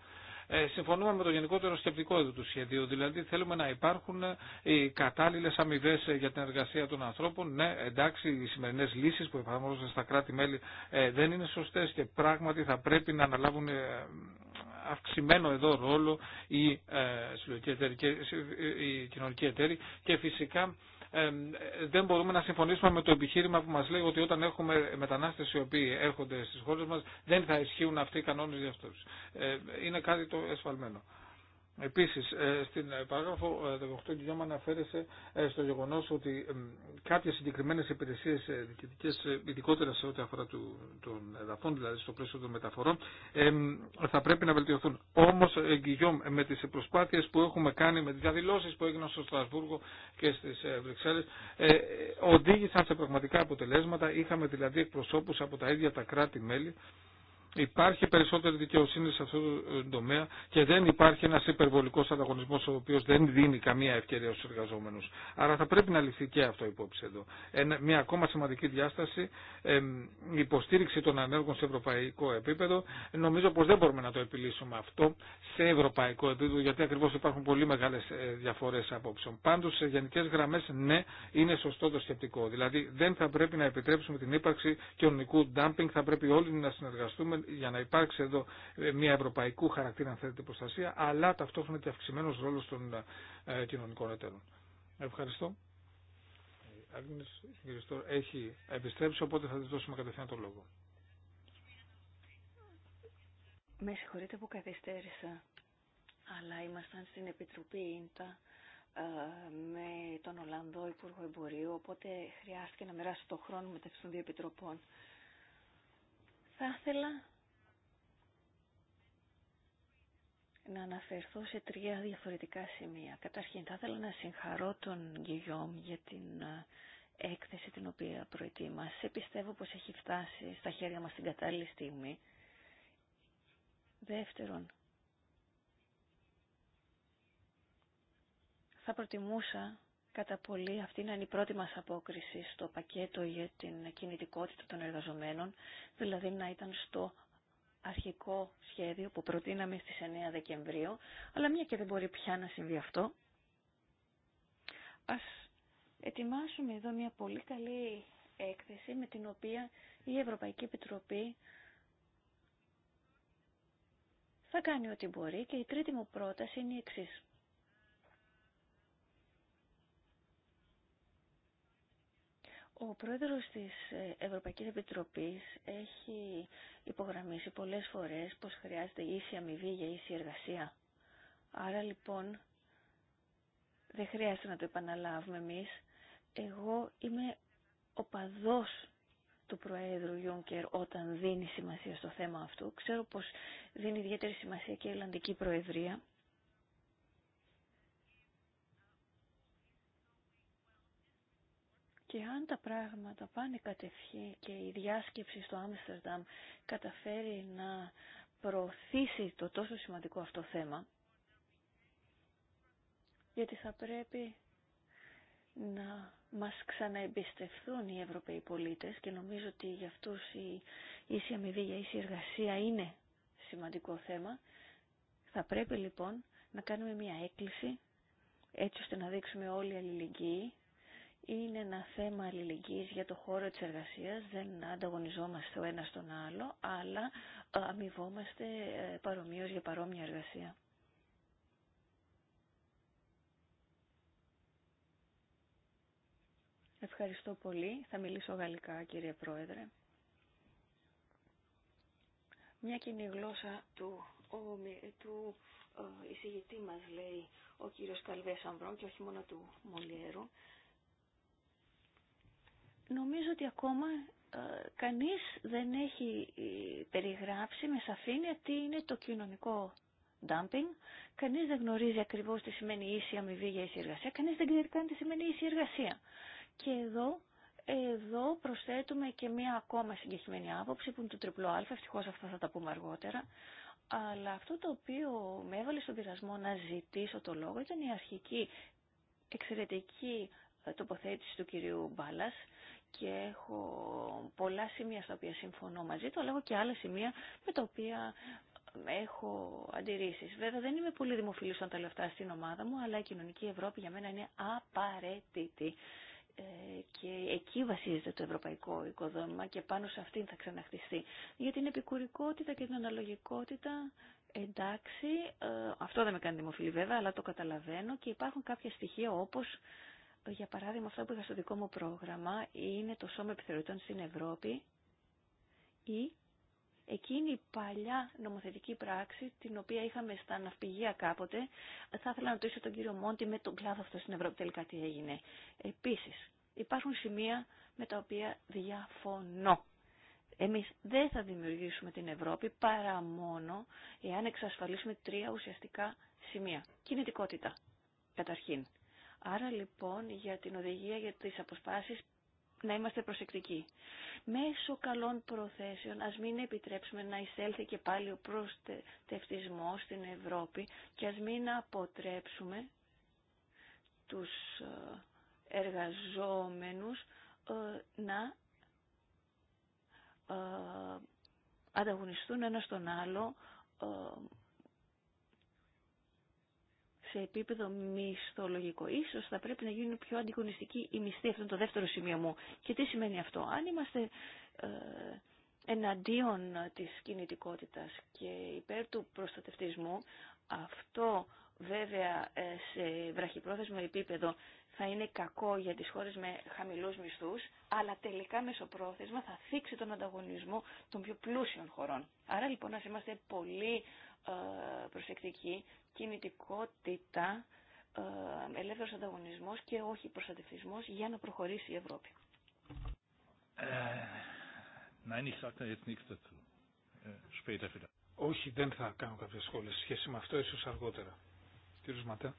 Ε, συμφωνούμε με το γενικότερο σκεπτικό του σχεδίου. Δηλαδή θέλουμε να υπάρχουν ε, οι κατάλληλε αμοιβέ ε, για την εργασία των ανθρώπων. Ναι, εντάξει, οι σημερινέ λύσει που εφαρμόζονται στα κράτη-μέλη δεν είναι σωστέ και πράγματι θα πρέπει να αναλάβουν αυξημένο εδώ ρόλο οι ε, οι κοινωνικοί εταίροι και φυσικά δεν μπορούμε να συμφωνήσουμε με το επιχείρημα που μας λέει ότι όταν έχουμε μετανάστες οι οποίοι έρχονται στις χώρες μας δεν θα ισχύουν αυτοί οι κανόνες για αυτούς. Ε, είναι κάτι το εσφαλμένο. Επίσης, ε, στην ε, παράγραφο 18 ε, Γιώμα αναφέρεσε στο γεγονό ότι κάποιες συγκεκριμένε υπηρεσίες διοικητικές, ειδικότερα σε ό,τι αφορά του, των εδαφών, δηλαδή στο πλαίσιο των μεταφορών, θα πρέπει να βελτιωθούν. Όμως, Γιώμ, με τι προσπάθειε που έχουμε κάνει, με τι διαδηλώσει που έγιναν στο Στρασβούργο και στις Βρυξέλλες, οδήγησαν σε πραγματικά αποτελέσματα. Είχαμε δηλαδή εκπροσώπου από τα ίδια τα κράτη-μέλη υπάρχει περισσότερη δικαιοσύνη σε αυτό το ε, τομέα και δεν υπάρχει ένας υπερβολικός ανταγωνισμός ο οποίος δεν δίνει καμία ευκαιρία στους εργαζόμενους. Άρα θα πρέπει να ληφθεί και αυτό υπόψη εδώ. μια ακόμα σημαντική διάσταση, η υποστήριξη των ανέργων σε ευρωπαϊκό επίπεδο, νομίζω πως δεν μπορούμε να το επιλύσουμε αυτό σε ευρωπαϊκό επίπεδο, γιατί ακριβώς υπάρχουν πολύ μεγάλες ε, διαφορές απόψεων. Πάντως σε γενικέ γραμμές ναι, είναι σωστό το σκεπτικό. Δηλαδή δεν θα πρέπει να επιτρέψουμε την ύπαρξη κοινωνικού ντάμπινγκ, θα πρέπει όλοι να συνεργαστούμε για να υπάρξει εδώ ε, μια ευρωπαϊκού χαρακτήρα αν θέλετε προστασία αλλά ταυτόχρονα και αυξημένο ρόλο των ε, κοινωνικών εταίρων. Ευχαριστώ. Ε, Άγνης έχει επιστρέψει οπότε θα της δώσουμε κατευθείαν τον λόγο. Με συγχωρείτε που καθυστέρησα, αλλά ήμασταν στην Επιτροπή Ίντα με τον Ολλανδό Υπουργό Εμπορίου, οπότε χρειάστηκε να μοιράσω το χρόνο μεταξύ των δύο επιτροπών. Θα ήθελα να αναφερθώ σε τρία διαφορετικά σημεία. Καταρχήν θα ήθελα να συγχαρώ τον Γκυγιόμ για την ε, έκθεση την οποία προετοίμασε. Πιστεύω πως έχει φτάσει στα χέρια μας την κατάλληλη στιγμή. Δεύτερον, θα προτιμούσα κατά πολύ αυτή να είναι η πρώτη μας απόκριση στο πακέτο για την κινητικότητα των εργαζομένων, δηλαδή να ήταν στο αρχικό σχέδιο που προτείναμε στις 9 Δεκεμβρίου, αλλά μια και δεν μπορεί πια να συμβεί αυτό, ας ετοιμάσουμε εδώ μια πολύ καλή έκθεση με την οποία η Ευρωπαϊκή Επιτροπή θα κάνει ό,τι μπορεί και η τρίτη μου πρόταση είναι η εξής. Ο πρόεδρος της ε, Ευρωπαϊκής Επιτροπής έχει υπογραμμίσει πολλές φορές πως χρειάζεται ίση αμοιβή για ίση εργασία. Άρα λοιπόν δεν χρειάζεται να το επαναλάβουμε εμείς. Εγώ είμαι οπαδός του Προέδρου Ιούνκερ όταν δίνει σημασία στο θέμα αυτό. Ξέρω πως δίνει ιδιαίτερη σημασία και η Ολλανδική Προεδρία Και αν τα πράγματα πάνε κατευχή και η διάσκεψη στο Άμστερνταμ καταφέρει να προωθήσει το τόσο σημαντικό αυτό θέμα, γιατί θα πρέπει να μας ξαναεμπιστευθούν οι Ευρωπαίοι πολίτες και νομίζω ότι για αυτούς η ίση αμοιβή για ίση εργασία είναι σημαντικό θέμα. Θα πρέπει λοιπόν να κάνουμε μια έκκληση έτσι ώστε να δείξουμε όλοι αλληλεγγύη είναι ένα θέμα αλληλεγγύης για το χώρο της εργασίας, δεν ανταγωνιζόμαστε ο ένας τον άλλο, αλλά αμοιβόμαστε ε, παρομοίως για παρόμοια εργασία. Ευχαριστώ πολύ. Θα μιλήσω γαλλικά, κύριε Πρόεδρε. Μια κοινή γλώσσα του, του ε, εισηγητή μας, λέει ο κύριος Καλβέ Σαμβρόν, και όχι μόνο του Μολιέρου νομίζω ότι ακόμα ε, κανείς δεν έχει ε, περιγράψει με σαφήνεια τι είναι το κοινωνικό dumping. Κανείς δεν γνωρίζει ακριβώς τι σημαίνει ίση αμοιβή για ίση εργασία. Κανείς δεν ξέρει καν τι σημαίνει ίση εργασία. Και εδώ, εδώ προσθέτουμε και μία ακόμα συγκεκριμένη άποψη που είναι το τριπλό α. Ευτυχώς αυτά θα τα πούμε αργότερα. Αλλά αυτό το οποίο με έβαλε στον πειρασμό να ζητήσω το λόγο ήταν η αρχική εξαιρετική ε, τοποθέτηση του κυρίου Μπάλλας και έχω πολλά σημεία στα οποία συμφωνώ μαζί του, αλλά έχω και άλλα σημεία με τα οποία έχω αντιρρήσει. Βέβαια δεν είμαι πολύ δημοφιλή όταν τα λεφτά στην ομάδα μου, αλλά η κοινωνική Ευρώπη για μένα είναι απαραίτητη. Ε, και εκεί βασίζεται το ευρωπαϊκό οικοδόμημα και πάνω σε αυτήν θα ξαναχτιστεί. Για την επικουρικότητα και την αναλογικότητα εντάξει, ε, αυτό δεν με κάνει δημοφιλή βέβαια, αλλά το καταλαβαίνω και υπάρχουν κάποια στοιχεία όπως για παράδειγμα αυτό που είχα στο δικό μου πρόγραμμα είναι το Σώμα Επιθεωρητών στην Ευρώπη ή εκείνη η παλιά νομοθετική πράξη την οποία είχαμε στα ναυπηγεία κάποτε. Θα ήθελα να ρωτήσω τον κύριο Μόντι με τον κλάδο αυτό στην Ευρώπη τελικά τι έγινε. Επίσης υπάρχουν σημεία με τα οποία διαφωνώ. Εμείς δεν θα δημιουργήσουμε την Ευρώπη παρά μόνο εάν εξασφαλίσουμε τρία ουσιαστικά σημεία. Κινητικότητα, καταρχήν. Άρα λοιπόν για την οδηγία για τις αποσπάσεις να είμαστε προσεκτικοί. Μέσω καλών προθέσεων ας μην επιτρέψουμε να εισέλθει και πάλι ο προστευτισμός στην Ευρώπη και ας μην αποτρέψουμε τους ε, εργαζόμενους ε, να ε, ανταγωνιστούν ένα στον άλλο σε επίπεδο μισθολογικό. Ίσως θα πρέπει να γίνουν πιο αντικονιστικοί οι μισθοί. Αυτό είναι το δεύτερο σημείο μου. Και τι σημαίνει αυτό. Αν είμαστε ε, εναντίον της κινητικότητας και υπέρ του προστατευτισμού, αυτό βέβαια ε, σε βραχυπρόθεσμο επίπεδο θα είναι κακό για τις χώρες με χαμηλούς μισθούς, αλλά τελικά μεσοπρόθεσμα θα θίξει τον ανταγωνισμό των πιο πλούσιων χωρών. Άρα λοιπόν να είμαστε πολύ ε, προσεκτικοί κινητικότητα, ε, ελεύθερος ανταγωνισμός και όχι προστατευτισμός για να προχωρήσει η Ευρώπη. Ε, nein, ich sage da jetzt nichts dazu. Ε, später vielleicht. Όχι, δεν θα κάνω κάποια σχόλια σε σχέση με αυτό, ίσως αργότερα. Κύριος Ματέ.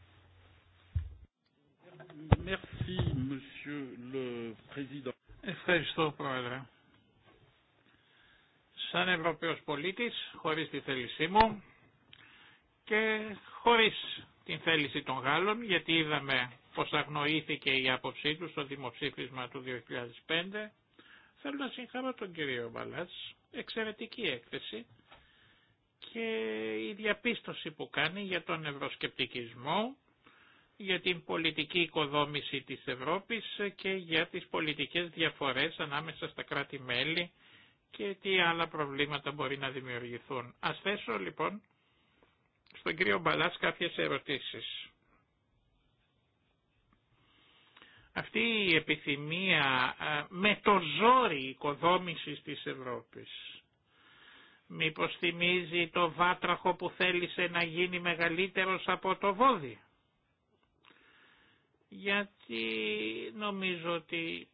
Merci, Monsieur le Président. Ευχαριστώ, Πρόεδρε. Σαν Ευρωπαίος πολίτης, χωρίς τη θέλησή μου, και χωρίς την θέληση των Γάλλων γιατί είδαμε πως αγνοήθηκε η άποψή του στο δημοψήφισμα του 2005. Θέλω να συγχαρώ τον κύριο Μπαλάς, εξαιρετική έκθεση και η διαπίστωση που κάνει για τον ευρωσκεπτικισμό, για την πολιτική οικοδόμηση της Ευρώπης και για τις πολιτικές διαφορές ανάμεσα στα κράτη-μέλη και τι άλλα προβλήματα μπορεί να δημιουργηθούν. Ας θέσω λοιπόν στον κύριο Μπαλάς κάποιες ερωτήσεις. Αυτή η επιθυμία με το ζόρι οικοδόμησης της Ευρώπης. Μήπως θυμίζει το βάτραχο που θέλησε να γίνει μεγαλύτερος από το βόδι. Γιατί νομίζω ότι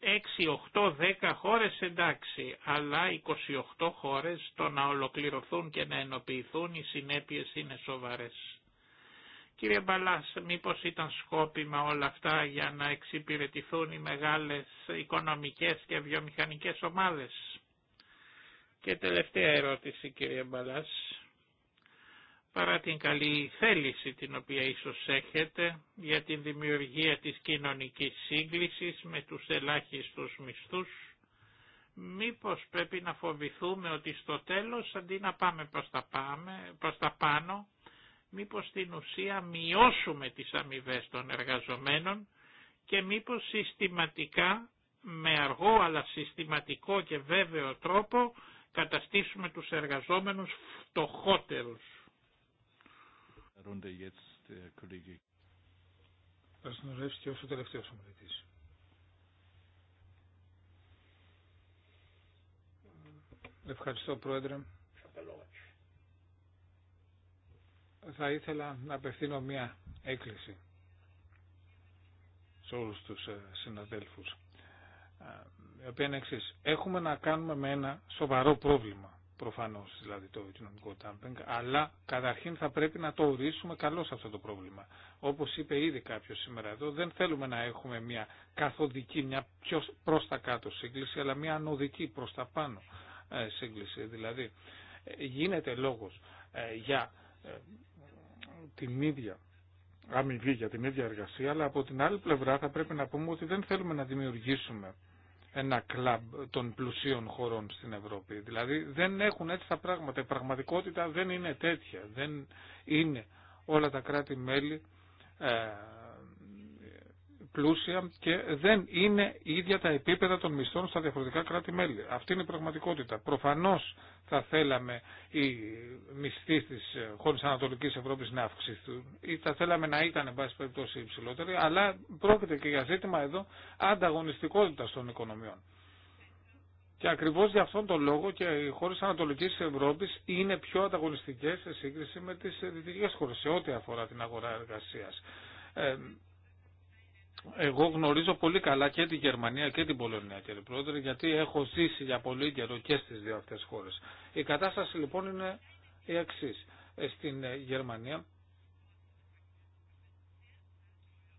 6, 8, 10 χώρες εντάξει, αλλά 28 χώρες το να ολοκληρωθούν και να ενοποιηθούν οι συνέπειες είναι σοβαρές. Κύριε Μπαλάς, μήπως ήταν σκόπιμα όλα αυτά για να εξυπηρετηθούν οι μεγάλες οικονομικές και βιομηχανικές ομάδες. Και τελευταία ερώτηση κύριε Μπαλάς παρά την καλή θέληση την οποία ίσως έχετε για την δημιουργία της κοινωνικής σύγκλησης με τους ελάχιστους μισθούς, μήπως πρέπει να φοβηθούμε ότι στο τέλος αντί να πάμε προς τα, πάμε, τα πάνω, μήπως στην ουσία μειώσουμε τις αμοιβέ των εργαζομένων και μήπως συστηματικά, με αργό αλλά συστηματικό και βέβαιο τρόπο, καταστήσουμε τους εργαζόμενους φτωχότερους. Runde jetzt der Kollege. τελευταίος Ευχαριστώ Πρόεδρε. Θα ήθελα να απευθύνω μία έκκληση σε όλους τους ε, συναδέλφους. Ε, η οποία είναι εξής. Έχουμε να κάνουμε με ένα σοβαρό πρόβλημα Προφανώ δηλαδή το κοινωνικό τάμπινγκ, αλλά καταρχήν θα πρέπει να το ορίσουμε καλώ αυτό το πρόβλημα. Όπω είπε ήδη κάποιο σήμερα εδώ, δεν θέλουμε να έχουμε μια καθοδική, μια πιο προ τα κάτω σύγκληση, αλλά μια ανωδική προ τα πάνω ε, σύγκληση. Δηλαδή γίνεται λόγος ε, για ε, την ίδια αμοιβή, για την ίδια εργασία, αλλά από την άλλη πλευρά θα πρέπει να πούμε ότι δεν θέλουμε να δημιουργήσουμε ένα κλαμπ των πλουσίων χωρών στην Ευρώπη. Δηλαδή δεν έχουν έτσι τα πράγματα. Η πραγματικότητα δεν είναι τέτοια. Δεν είναι όλα τα κράτη-μέλη ε, πλούσια και δεν είναι ίδια τα επίπεδα των μισθών στα διαφορετικά κράτη-μέλη. Αυτή είναι η πραγματικότητα. Προφανώς θα θέλαμε οι μισθοί της χώρε Ανατολικής Ευρώπης να αυξηθούν ή θα θέλαμε να ήταν, εν πάση περιπτώσει, υψηλότεροι, αλλά πρόκειται και για ζήτημα εδώ ανταγωνιστικότητας των οικονομιών. Και ακριβώ για αυτόν τον λόγο και οι χώρε Ανατολική Ευρώπη είναι πιο ανταγωνιστικέ σε σύγκριση με τις χώρες, τι δυτικέ χώρε σε ό,τι αφορά την αγορά εργασία. Ε, εγώ γνωρίζω πολύ καλά και τη Γερμανία και την Πολωνία κύριε Πρόεδρε γιατί έχω ζήσει για πολύ καιρό και στις δύο αυτές χώρες. Η κατάσταση λοιπόν είναι η εξή. Ε, στην ε, Γερμανία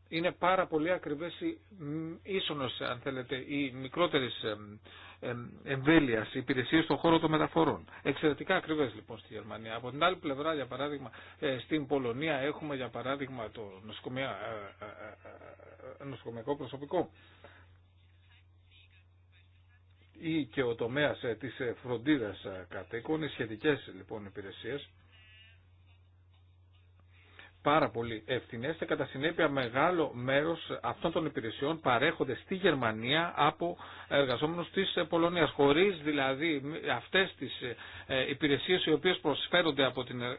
είναι πάρα πολύ ακριβές οι ίσονος αν θέλετε οι μικρότερες ε, εμβέλειας υπηρεσίες στον χώρο των μεταφορών. Εξαιρετικά ακριβές λοιπόν στη Γερμανία. Από την άλλη πλευρά για παράδειγμα στην Πολωνία έχουμε για παράδειγμα το νοσοκομείο νοσοκομιακό προσωπικό. Ή και ο τομέας ε, της ε, φροντίδας ε, κατοίκων, οι σχετικές λοιπόν υπηρεσίες, πάρα πολύ ευθυνές και κατά συνέπεια μεγάλο μέρος αυτών των υπηρεσιών παρέχονται στη Γερμανία από εργαζόμενους της Πολωνίας χωρίς δηλαδή αυτές τις ε, υπηρεσίες οι οποίες προσφέρονται από την ε, ε,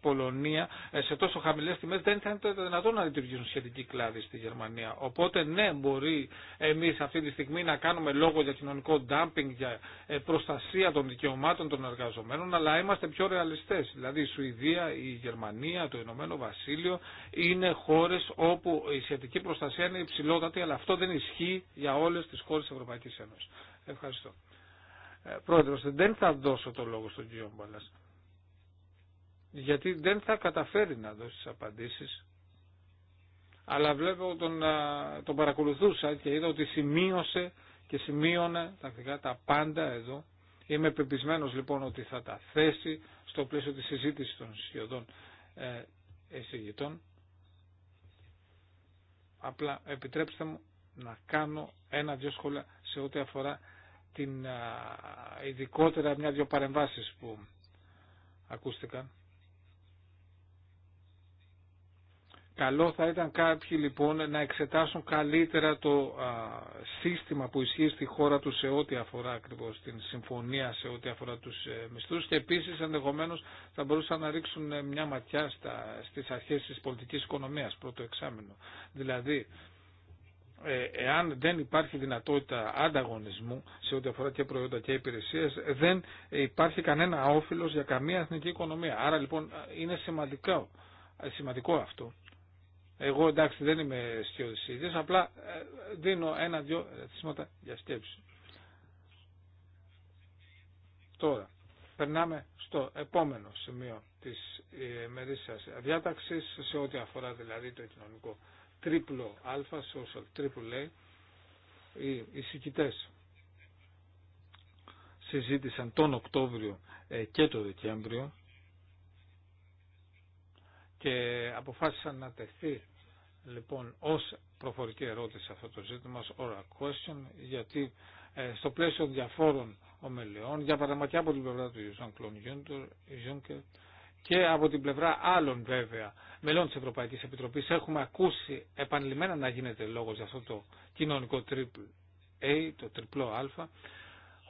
Πολωνία σε τόσο χαμηλές τιμές δεν θα είναι δυνατόν να λειτουργήσουν σχετικοί κλάδοι στη Γερμανία οπότε ναι μπορεί εμείς αυτή τη στιγμή να κάνουμε λόγο για κοινωνικό dumping για προστασία των δικαιωμάτων των εργαζομένων αλλά είμαστε πιο ρεαλιστές δηλαδή η Σουηδία, η Γερμανία, το Ηνωμένο Βασίλειο είναι χώρε όπου η σχετική προστασία είναι υψηλότατη, αλλά αυτό δεν ισχύει για όλε τι χώρε τη Ευρωπαϊκή Ένωση. Ευχαριστώ. Ε, Πρόεδρο, δεν θα δώσω το λόγο στον κύριο Μπαλά. γιατί δεν θα καταφέρει να δώσει τι απαντήσει. Αλλά βλέπω τον, τον παρακολουθούσα και είδα ότι σημείωσε και σημείωνε τακτικά τα πάντα εδώ. Είμαι πεπισμένος λοιπόν ότι θα τα θέσει στο πλαίσιο της συζήτησης των σχεδόν εισηγητών. Απλά επιτρέψτε μου να κάνω ένα-δυο σχόλια σε ό,τι αφορά την ειδικότερα μια-δυο παρεμβάσεις που ακούστηκαν. Καλό θα ήταν κάποιοι λοιπόν να εξετάσουν καλύτερα το σύστημα που ισχύει στη χώρα του σε ό,τι αφορά ακριβώ την συμφωνία, σε ό,τι αφορά του ε, μισθού και επίση ενδεχομένω θα μπορούσαν να ρίξουν ε, μια ματιά στι αρχέ τη πολιτική οικονομία, πρώτο εξάμεινο. Δηλαδή, ε, εάν δεν υπάρχει δυνατότητα ανταγωνισμού σε ό,τι αφορά και προϊόντα και υπηρεσίε, δεν υπάρχει κανένα όφελο για καμία εθνική οικονομία. Άρα λοιπόν είναι σημαντικό, σημαντικό αυτό εγώ εντάξει δεν είμαι ίδιος, απλά ε, δίνω ένα-δυο θυσμότα για σκέψη. Τώρα, περνάμε στο επόμενο σημείο της ε, ημερήσιας διάταξης σε ό,τι αφορά δηλαδή το κοινωνικό τρίπλο α, social triple A, οι εισηγητέ συζήτησαν τον Οκτώβριο ε, και τον Δεκέμβριο και αποφάσισαν να τεθεί λοιπόν ως προφορική ερώτηση σε αυτό το ζήτημα, ως question, γιατί ε, στο πλαίσιο διαφόρων ομιλιών, για και από την πλευρά του Ιωσάν Κλον Γιούνκερ και από την πλευρά άλλων βέβαια μελών της Ευρωπαϊκής Επιτροπής έχουμε ακούσει επανειλημμένα να γίνεται λόγος για αυτό το κοινωνικό triple A, το τριπλό α,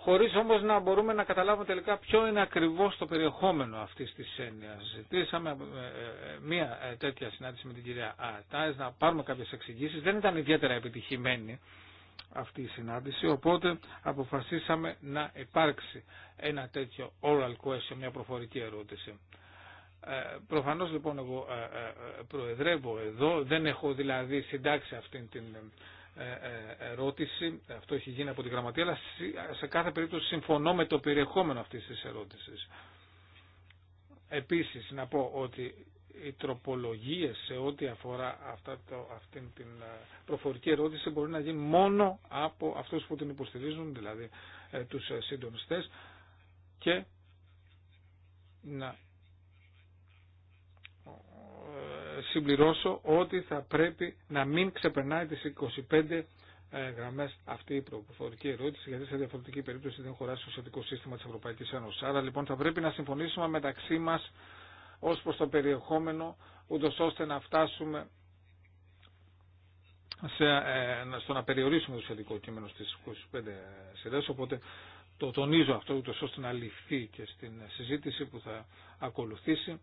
χωρίς όμως να μπορούμε να καταλάβουμε τελικά ποιο είναι ακριβώς το περιεχόμενο αυτής της έννοιας. Ζητήσαμε ε, ε, μία ε, τέτοια συνάντηση με την κυρία Τάις να πάρουμε κάποιες εξηγήσεις. Δεν ήταν ιδιαίτερα επιτυχημένη αυτή η συνάντηση, οπότε αποφασίσαμε να υπάρξει ένα τέτοιο oral question, μια προφορική ερώτηση. Ε, προφανώς λοιπόν εγώ προεδρεύω εδώ, δεν έχω δηλαδή συντάξει αυτήν την ε, ε, ερώτηση, αυτό έχει γίνει από τη γραμματεία, αλλά σε κάθε περίπτωση συμφωνώ με το περιεχόμενο αυτής της ερώτησης. Επίσης, να πω ότι οι τροπολογίες σε ό,τι αφορά αυτά το, αυτήν την ε, προφορική ερώτηση μπορεί να γίνει μόνο από αυτούς που την υποστηρίζουν, δηλαδή ε, τους συντονιστές και να συμπληρώσω ότι θα πρέπει να μην ξεπερνάει τις 25 ε, γραμμές αυτή η προφορική ερώτηση, γιατί σε διαφορετική περίπτωση δεν χωράσει στο σχετικό σύστημα της Ευρωπαϊκής Ένωσης. Άρα λοιπόν θα πρέπει να συμφωνήσουμε μεταξύ μας ως προς το περιεχόμενο, ούτω ώστε να φτάσουμε σε, ε, στο να περιορίσουμε το σχετικό κείμενο στις 25 ε, σειρές. Οπότε το τονίζω αυτό, ούτως ώστε να ληφθεί και στην συζήτηση που θα ακολουθήσει.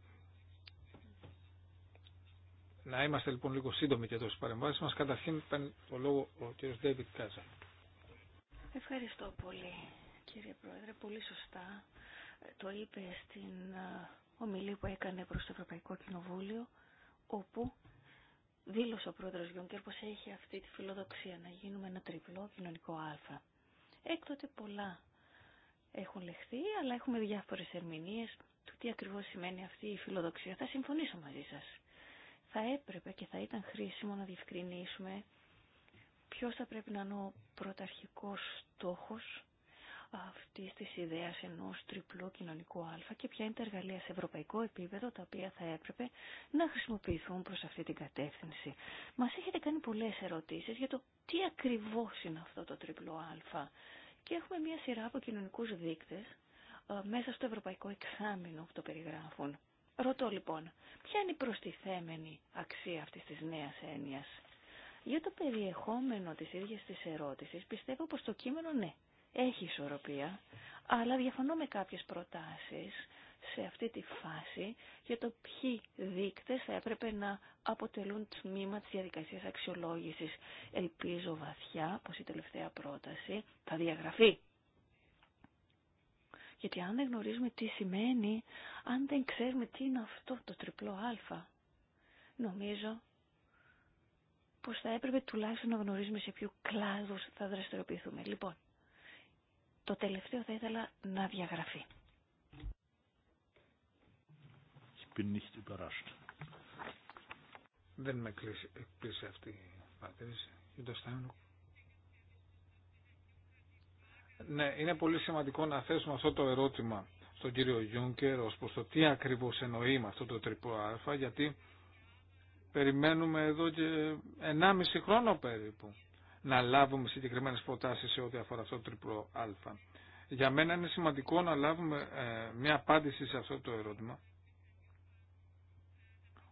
Να είμαστε λοιπόν λίγο σύντομοι και εδώ στις παρεμβάσεις μας. Καταρχήν ήταν το λόγο ο κ. Ντέιβιτ Κάζα. Ευχαριστώ πολύ κύριε Πρόεδρε. Πολύ σωστά ε, το είπε στην ε, ομιλή που έκανε προς το Ευρωπαϊκό Κοινοβούλιο όπου δήλωσε ο πρόεδρος Γιονκέρ πως έχει αυτή τη φιλοδοξία να γίνουμε ένα τριπλό κοινωνικό α. Έκτοτε πολλά έχουν λεχθεί, αλλά έχουμε διάφορες ερμηνείες του τι ακριβώς σημαίνει αυτή η φιλοδοξία. Θα συμφωνήσω μαζί σας θα έπρεπε και θα ήταν χρήσιμο να διευκρινίσουμε ποιος θα πρέπει να είναι ο πρωταρχικός στόχος αυτή τη ιδέα ενό τριπλού κοινωνικού Α και ποια είναι τα εργαλεία σε ευρωπαϊκό επίπεδο τα οποία θα έπρεπε να χρησιμοποιηθούν προ αυτή την κατεύθυνση. Μα έχετε κάνει πολλέ ερωτήσει για το τι ακριβώ είναι αυτό το τριπλό Α και έχουμε μία σειρά από κοινωνικού δείκτε ε, μέσα στο ευρωπαϊκό εξάμεινο που το περιγράφουν. Ρωτώ λοιπόν, ποια είναι η προστιθέμενη αξία αυτής της νέας έννοιας. Για το περιεχόμενο της ίδιας της ερώτησης πιστεύω πως το κείμενο ναι, έχει ισορροπία, αλλά διαφωνώ με κάποιες προτάσεις σε αυτή τη φάση για το ποιοι δείκτες θα έπρεπε να αποτελούν τμήμα της διαδικασίας αξιολόγησης. Ελπίζω βαθιά πως η τελευταία πρόταση θα διαγραφεί γιατί αν δεν γνωρίζουμε τι σημαίνει, αν δεν ξέρουμε τι είναι αυτό το τριπλό α, νομίζω πως θα έπρεπε τουλάχιστον να γνωρίζουμε σε ποιο κλάδος θα δραστηριοποιηθούμε. Λοιπόν, το τελευταίο θα ήθελα να διαγραφεί. Δεν με κλείσει αυτή η παρατήρηση. Ναι, είναι πολύ σημαντικό να θέσουμε αυτό το ερώτημα στον κύριο Γιούνκερ ως προς το τι ακριβώς εννοεί με αυτό το τριπλό α, γιατί περιμένουμε εδώ και 1,5 χρόνο περίπου να λάβουμε συγκεκριμένες προτάσεις σε ό,τι αφορά αυτό το τρυπό α. Για μένα είναι σημαντικό να λάβουμε ε, μια απάντηση σε αυτό το ερώτημα,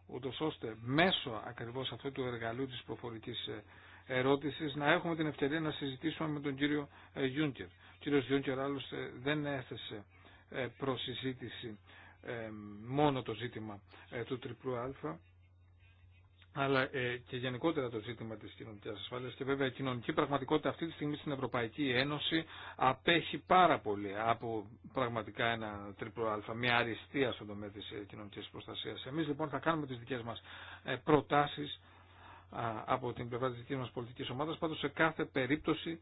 ούτως ώστε μέσω ακριβώς αυτού του εργαλείου της προφορικής ε, ερώτησης να έχουμε την ευκαιρία να συζητήσουμε με τον κύριο ε, Γιούνκερ. Ο κύριος Γιούνκερ άλλωστε δεν έθεσε ε, προσυζήτηση ε, μόνο το ζήτημα του τριπλού α, αλλά και γενικότερα το ζήτημα της κοινωνικής ασφάλειας και βέβαια η κοινωνική πραγματικότητα αυτή τη στιγμή στην Ευρωπαϊκή Ένωση απέχει πάρα πολύ από πραγματικά ένα τρίπλο α, μια αριστεία στον τομέα της κοινωνικής προστασίας. Εμείς λοιπόν θα κάνουμε τις δικές μας προτάσεις από την πλευρά της δικής μας πολιτικής ομάδας. Πάντως σε κάθε περίπτωση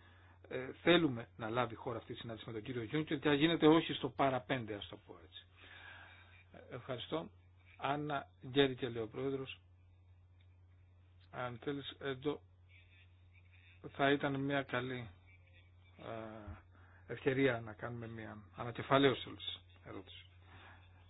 ε, θέλουμε να λάβει χώρα αυτή η συνάντηση με τον κύριο Γιούνκερ και γίνεται όχι στο παραπέντε ας το πω έτσι. Ευχαριστώ. Άννα και λέει ο Πρόεδρος. Αν θέλεις εδώ θα ήταν μια καλή ευκαιρία να κάνουμε μια ανακεφαλαίωση ερώτηση.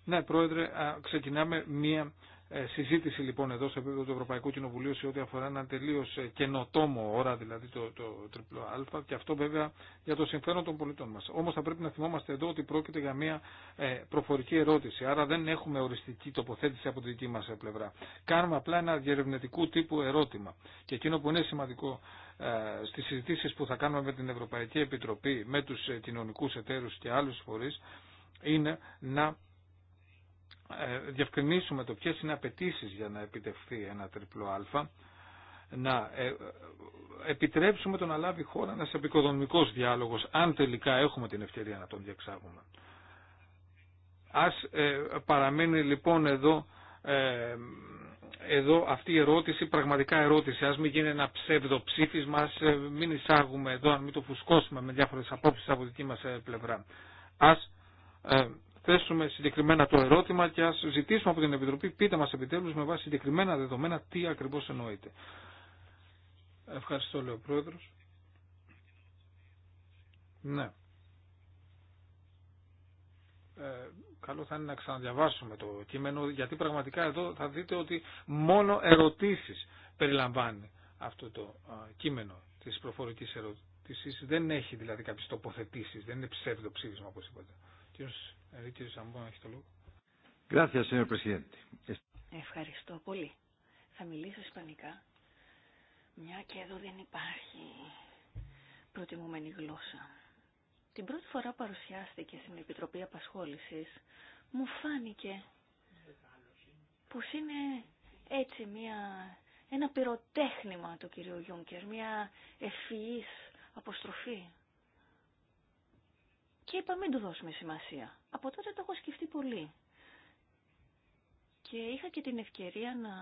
Ναι, Πρόεδρε, ξεκινάμε μια ε, συζήτηση λοιπόν εδώ σε επίπεδο του Ευρωπαϊκού Κοινοβουλίου σε ό,τι αφορά ένα τελείω ε, καινοτόμο ώρα, δηλαδή το, το τριπλό α, και αυτό βέβαια για το συμφέρον των πολιτών μα. Όμω θα πρέπει να θυμόμαστε εδώ ότι πρόκειται για μια ε, προφορική ερώτηση, άρα δεν έχουμε οριστική τοποθέτηση από τη δική μα πλευρά. Κάνουμε απλά ένα διερευνητικού τύπου ερώτημα. Και εκείνο που είναι σημαντικό στι συζητήσει που θα κάνουμε με την Ευρωπαϊκή Επιτροπή, με του κοινωνικού εταίρου και άλλου φορεί, είναι να ε, διευκρινίσουμε το ποιες είναι απαιτήσει για να επιτευχθεί ένα τριπλό α, να ε, επιτρέψουμε το να λάβει χώρα ένας επικοδομικός διάλογος, αν τελικά έχουμε την ευκαιρία να τον διεξάγουμε. Ας ε, παραμένει λοιπόν εδώ εδώ αυτή η ερώτηση, πραγματικά ερώτηση, ας μην γίνει ένα ψεύδο ψήφισμα, ας μην εισάγουμε εδώ, αν μην το φουσκώσουμε με διάφορες απόψεις από δική μας πλευρά. Ας θέσουμε συγκεκριμένα το ερώτημα και ας ζητήσουμε από την Επιτροπή πείτε μας επιτέλους με βάση συγκεκριμένα δεδομένα τι ακριβώς εννοείται. Ευχαριστώ λέει ο Πρόεδρος. Ναι. Ε, καλό θα είναι να ξαναδιαβάσουμε το κείμενο γιατί πραγματικά εδώ θα δείτε ότι μόνο ερωτήσεις περιλαμβάνει αυτό το κείμενο της προφορικής ερώτησης. Δεν έχει δηλαδή κάποιες τοποθετήσεις, δεν είναι ψεύδο ψήφισμα όπως είπατε. Ε, Ευχαριστώ πολύ. Θα μιλήσω ισπανικά, μια και εδώ δεν υπάρχει προτιμούμενη γλώσσα. Την πρώτη φορά παρουσιάστηκε στην Επιτροπή Απασχόλησης, μου φάνηκε πως είναι έτσι μια, ένα πυροτέχνημα του κυρίου Γιούνκερ, μια ευφυής αποστροφή. Και είπα μην του δώσουμε σημασία. Από τότε το έχω σκεφτεί πολύ. Και είχα και την ευκαιρία να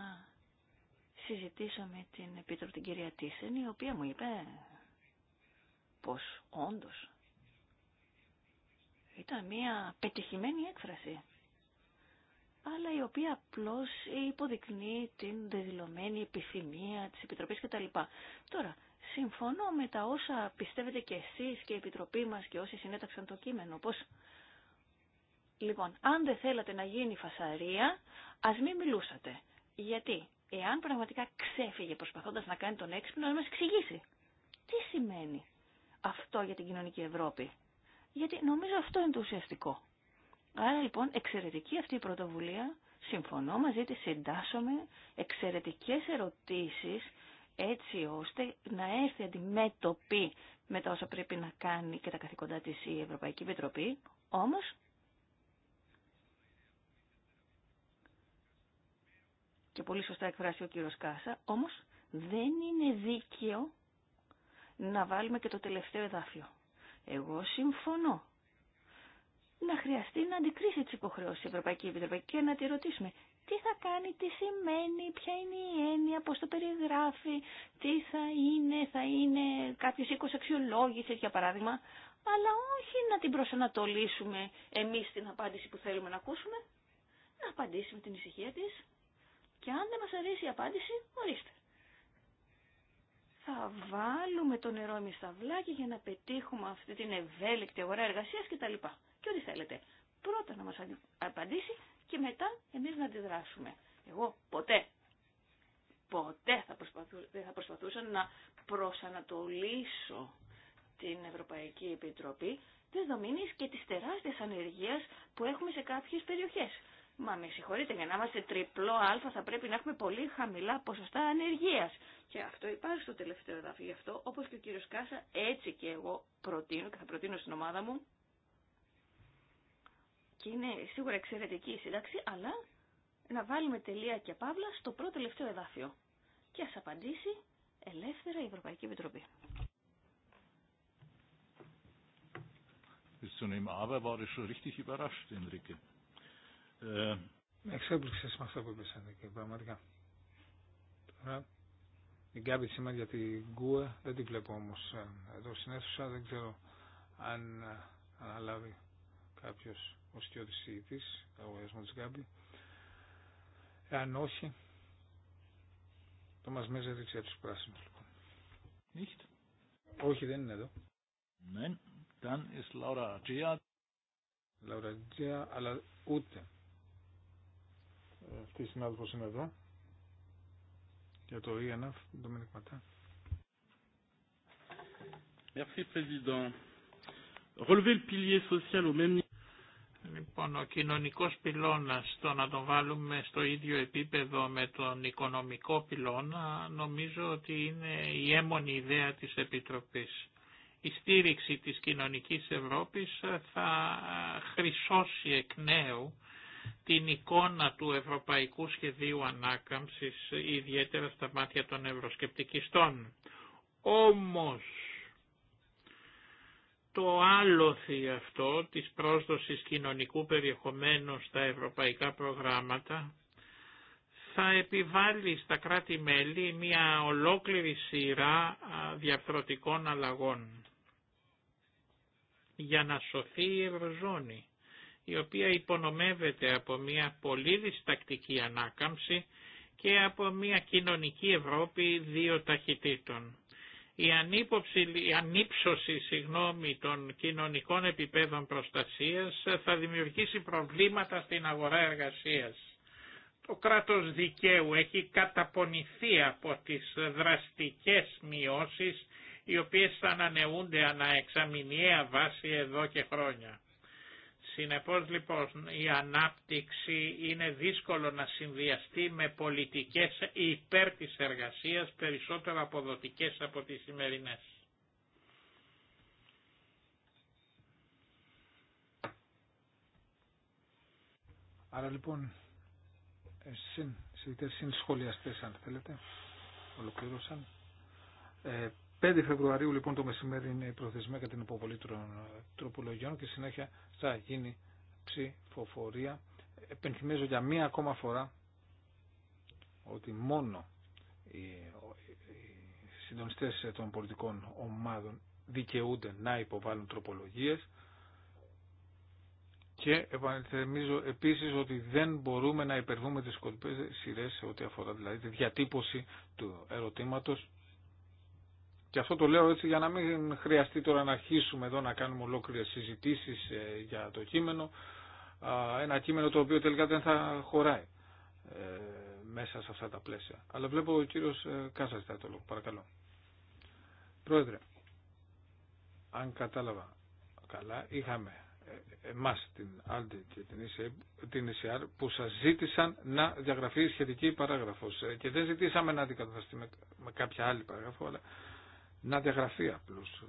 συζητήσω με την Επίτροπη την κυρία Τίσεν, η οποία μου είπε πως όντως ήταν μια πετυχημένη έκφραση αλλά η οποία απλώς υποδεικνύει την δεδηλωμένη επιθυμία της Επιτροπής κτλ. Τώρα, συμφωνώ με τα όσα πιστεύετε και εσείς και η Επιτροπή μας και όσοι συνέταξαν το κείμενο, Λοιπόν, αν δεν θέλατε να γίνει φασαρία, ας μην μιλούσατε. Γιατί, εάν πραγματικά ξέφυγε προσπαθώντας να κάνει τον έξυπνο, να μας εξηγήσει. Τι σημαίνει αυτό για την κοινωνική Ευρώπη. Γιατί νομίζω αυτό είναι το ουσιαστικό. Άρα λοιπόν εξαιρετική αυτή η πρωτοβουλία, συμφωνώ μαζί της, συντάσσομαι, εξαιρετικές ερωτήσεις έτσι ώστε να έρθει αντιμέτωπη με τα όσα πρέπει να κάνει και τα καθήκοντά της η Ευρωπαϊκή Επιτροπή, όμως και πολύ σωστά εκφράσει ο κύριος Κάσα, όμως δεν είναι δίκαιο να βάλουμε και το τελευταίο εδάφιο. Εγώ συμφωνώ να χρειαστεί να αντικρίσει τις υποχρεώσεις η Ευρωπαϊκή Επιτροπή και να τη ρωτήσουμε τι θα κάνει, τι σημαίνει, ποια είναι η έννοια, πώς το περιγράφει, τι θα είναι, θα είναι κάποιος οίκος αξιολόγηση για παράδειγμα, αλλά όχι να την προσανατολίσουμε εμείς την απάντηση που θέλουμε να ακούσουμε, να απαντήσουμε την ησυχία της και αν δεν μας αρέσει η απάντηση, ορίστε. Θα βάλουμε το νερό εμείς στα βλάκια για να πετύχουμε αυτή την ευέλικτη αγορά εργασίας κτλ. Και ό,τι θέλετε. Πρώτα να μας απαντήσει και μετά εμείς να αντιδράσουμε. Εγώ ποτέ, ποτέ θα δεν θα προσπαθούσα να προσανατολίσω την Ευρωπαϊκή Επιτροπή δεδομήνης και της τεράστιας ανεργίας που έχουμε σε κάποιες περιοχές. Μα με συγχωρείτε, για να είμαστε τριπλό α θα πρέπει να έχουμε πολύ χαμηλά ποσοστά ανεργίας. Και αυτό υπάρχει στο τελευταίο εδάφιο. Γι' αυτό, όπως και ο κύριος Κάσα, έτσι και εγώ προτείνω και θα προτείνω στην ομάδα μου. Και είναι σίγουρα εξαιρετική η σύνταξη, αλλά να βάλουμε τελεία και παύλα στο πρώτο τελευταίο εδάφιο. Και α απαντήσει ελεύθερα η Ευρωπαϊκή Επιτροπή. Bis zu dem Aber war ich schon richtig überrascht, Enrique. Ε, εξέπληξε με αυτό που σαν και πραγματικά. Τώρα, η Γκάμπη σήμερα για την Γκουε δεν την βλέπω όμω ε, εδώ στην αίθουσα, δεν ξέρω αν ε, αναλάβει κάποιος ο σκιώτης ο αγωγό τη Γκάμπη. Εάν όχι, το μας μέσα δεξιά του πράσινου λοιπόν. Νίχτ. Όχι, δεν είναι εδώ. Ναι, ήταν η Τζιά; αλλά ούτε αυτή η συνάδελφο είναι εδώ για το ΙΕΝΑΦ, Ντομίνικ Ματά. Merci, Président. Relever le pilier social au même Λοιπόν, ο κοινωνικό πυλώνα, το να τον βάλουμε στο ίδιο επίπεδο με τον οικονομικό πυλώνα, νομίζω ότι είναι η έμονη ιδέα της Επιτροπή. Η στήριξη της κοινωνική Ευρώπη θα χρυσώσει εκ νέου την εικόνα του Ευρωπαϊκού Σχεδίου Ανάκαμψης, ιδιαίτερα στα μάτια των ευρωσκεπτικιστών. Όμως, το άλοθη αυτό της πρόσδοσης κοινωνικού περιεχομένου στα ευρωπαϊκά προγράμματα θα επιβάλλει στα κράτη-μέλη μια ολόκληρη σειρά διαφθρωτικών αλλαγών για να σωθεί η Ευρωζώνη η οποία υπονομεύεται από μια πολύ διστακτική ανάκαμψη και από μια κοινωνική Ευρώπη δύο ταχυτήτων. Η, η ανύψωση συγγνώμη, των κοινωνικών επιπέδων προστασίας θα δημιουργήσει προβλήματα στην αγορά εργασίας. Το κράτος δικαίου έχει καταπονηθεί από τις δραστικές μειώσεις οι οποίες θα ανανεούνται αναεξαμηνιαία βάση εδώ και χρόνια. Συνεπώς λοιπόν η ανάπτυξη είναι δύσκολο να συνδυαστεί με πολιτικές υπέρ της εργασίας περισσότερο αποδοτικές από τις σημερινές. Άρα λοιπόν, ε, συν, συν σχολιαστές αν θέλετε, ολοκλήρωσαν. Ε, 5 Φεβρουαρίου λοιπόν το μεσημέρι είναι η προθεσμία για την υποβολή των ε, τροπολογιών και συνέχεια θα γίνει ψηφοφορία. Επενθυμίζω για μία ακόμα φορά ότι μόνο οι συντονιστές των πολιτικών ομάδων δικαιούνται να υποβάλουν τροπολογίες και επανθυμίζω επίσης ότι δεν μπορούμε να υπερβούμε τις κολπές σειρές σε ό,τι αφορά δηλαδή τη διατύπωση του ερωτήματος και αυτό το λέω έτσι για να μην χρειαστεί τώρα να αρχίσουμε εδώ να κάνουμε ολόκληρες συζητήσεις ε, για το κείμενο. Ένα κείμενο το οποίο τελικά δεν θα χωράει ε, μέσα σε αυτά τα πλαίσια. Αλλά βλέπω ο κύριος ε, Κάσας θα το λόγο. Παρακαλώ. Πρόεδρε, αν κατάλαβα καλά, είχαμε εμάς την Άλντι και την ΕΣΥΑΡ που σας ζήτησαν να διαγραφεί σχετική παράγραφος και δεν ζητήσαμε να αντικαταστήσουμε με κάποια άλλη παράγραφο αλλά να διαγραφεί απλώς.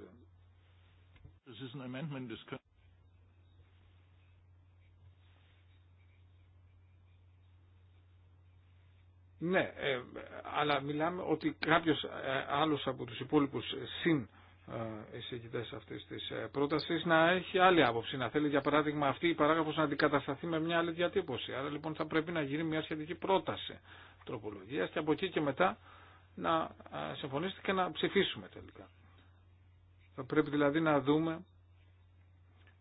Ναι, ε, αλλά μιλάμε ότι κάποιος ε, άλλος από τους υπόλοιπους συν ε, εισηγητές αυτής της ε, πρότασης να έχει άλλη άποψη, να θέλει για παράδειγμα αυτή η παράγραφος να αντικατασταθεί με μια άλλη διατύπωση. Άρα λοιπόν θα πρέπει να γίνει μια σχετική πρόταση τροπολογία και από εκεί και μετά να συμφωνήσετε και να ψηφίσουμε τελικά. Θα πρέπει δηλαδή να δούμε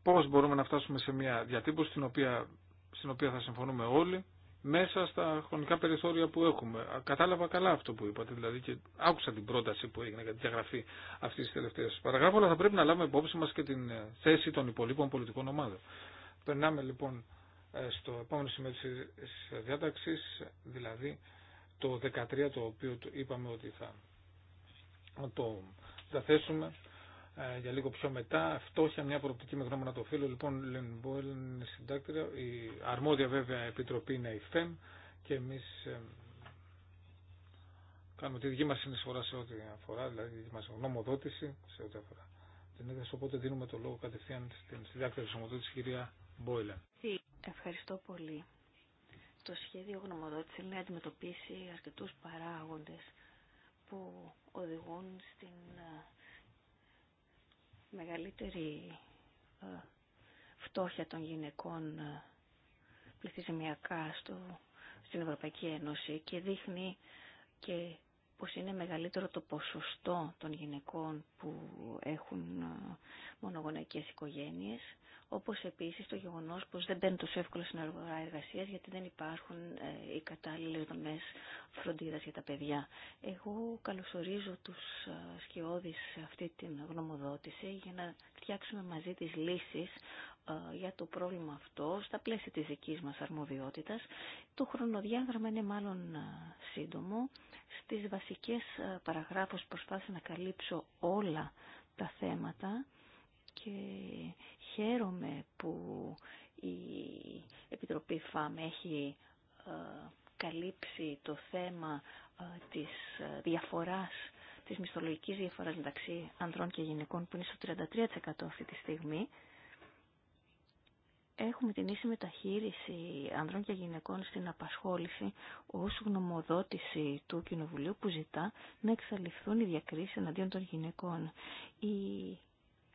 πώς μπορούμε να φτάσουμε σε μια διατύπωση στην οποία, στην οποία θα συμφωνούμε όλοι μέσα στα χρονικά περιθώρια που έχουμε. Κατάλαβα καλά αυτό που είπατε, δηλαδή και άκουσα την πρόταση που έγινε για τη διαγραφή αυτή τη τελευταία παραγράφου, αλλά θα πρέπει να λάβουμε υπόψη μα και την ε, θέση των υπολείπων πολιτικών ομάδων. Περνάμε λοιπόν ε, στο επόμενο σημείο τη διάταξη, δηλαδή το 13 το οποίο είπαμε ότι θα το διαθέσουμε ε, για λίγο πιο μετά. Φτώχεια, μια προοπτική με γνώμονα το φίλο. Λοιπόν, Λεν είναι συντάκτρια. Η αρμόδια βέβαια επιτροπή είναι η ΦΕΜ και εμείς ε, κάνουμε τη δική μας συνεισφορά σε ό,τι αφορά, δηλαδή τη δική μας γνωμοδότηση σε ό,τι αφορά την ένταση. Οπότε δίνουμε το λόγο κατευθείαν στην συντάκτρια της γνωμοδότησης κυρία Μπόιλεν. Ευχαριστώ πολύ το σχέδιο γνωμοδότηση είναι να αντιμετωπίσει αρκετούς παράγοντες που οδηγούν στην ε, μεγαλύτερη ε, φτώχεια των γυναικών ε, πληθυσμιακά στο, στην Ευρωπαϊκή Ένωση και δείχνει και πως είναι μεγαλύτερο το ποσοστό των γυναικών που έχουν ε, μονογονεϊκές οικογένειες, όπως επίσης το γεγονός πως δεν μπαίνουν τόσο εύκολα στην αγορά εργασίας γιατί δεν υπάρχουν ε, οι κατάλληλες δομές φροντίδας για τα παιδιά. Εγώ καλωσορίζω τους ε, σκιώδεις σε αυτή την γνωμοδότηση για να φτιάξουμε μαζί τις λύσεις για το πρόβλημα αυτό στα πλαίσια της δικής μας αρμοδιότητας. Το χρονοδιάγραμμα είναι μάλλον σύντομο. Στις βασικές ε, παραγράφους προσπάθησα να καλύψω όλα τα θέματα και χαίρομαι που η Επιτροπή ΦΑΜ έχει ε, καλύψει το θέμα ε, της διαφοράς της μισθολογικής διαφοράς μεταξύ ανδρών και γυναικών που είναι στο 33% αυτή τη στιγμή έχουμε την ίση μεταχείριση ανδρών και γυναικών στην απασχόληση ως γνωμοδότηση του Κοινοβουλίου που ζητά να εξαλειφθούν οι διακρίσεις εναντίον των γυναικών. Η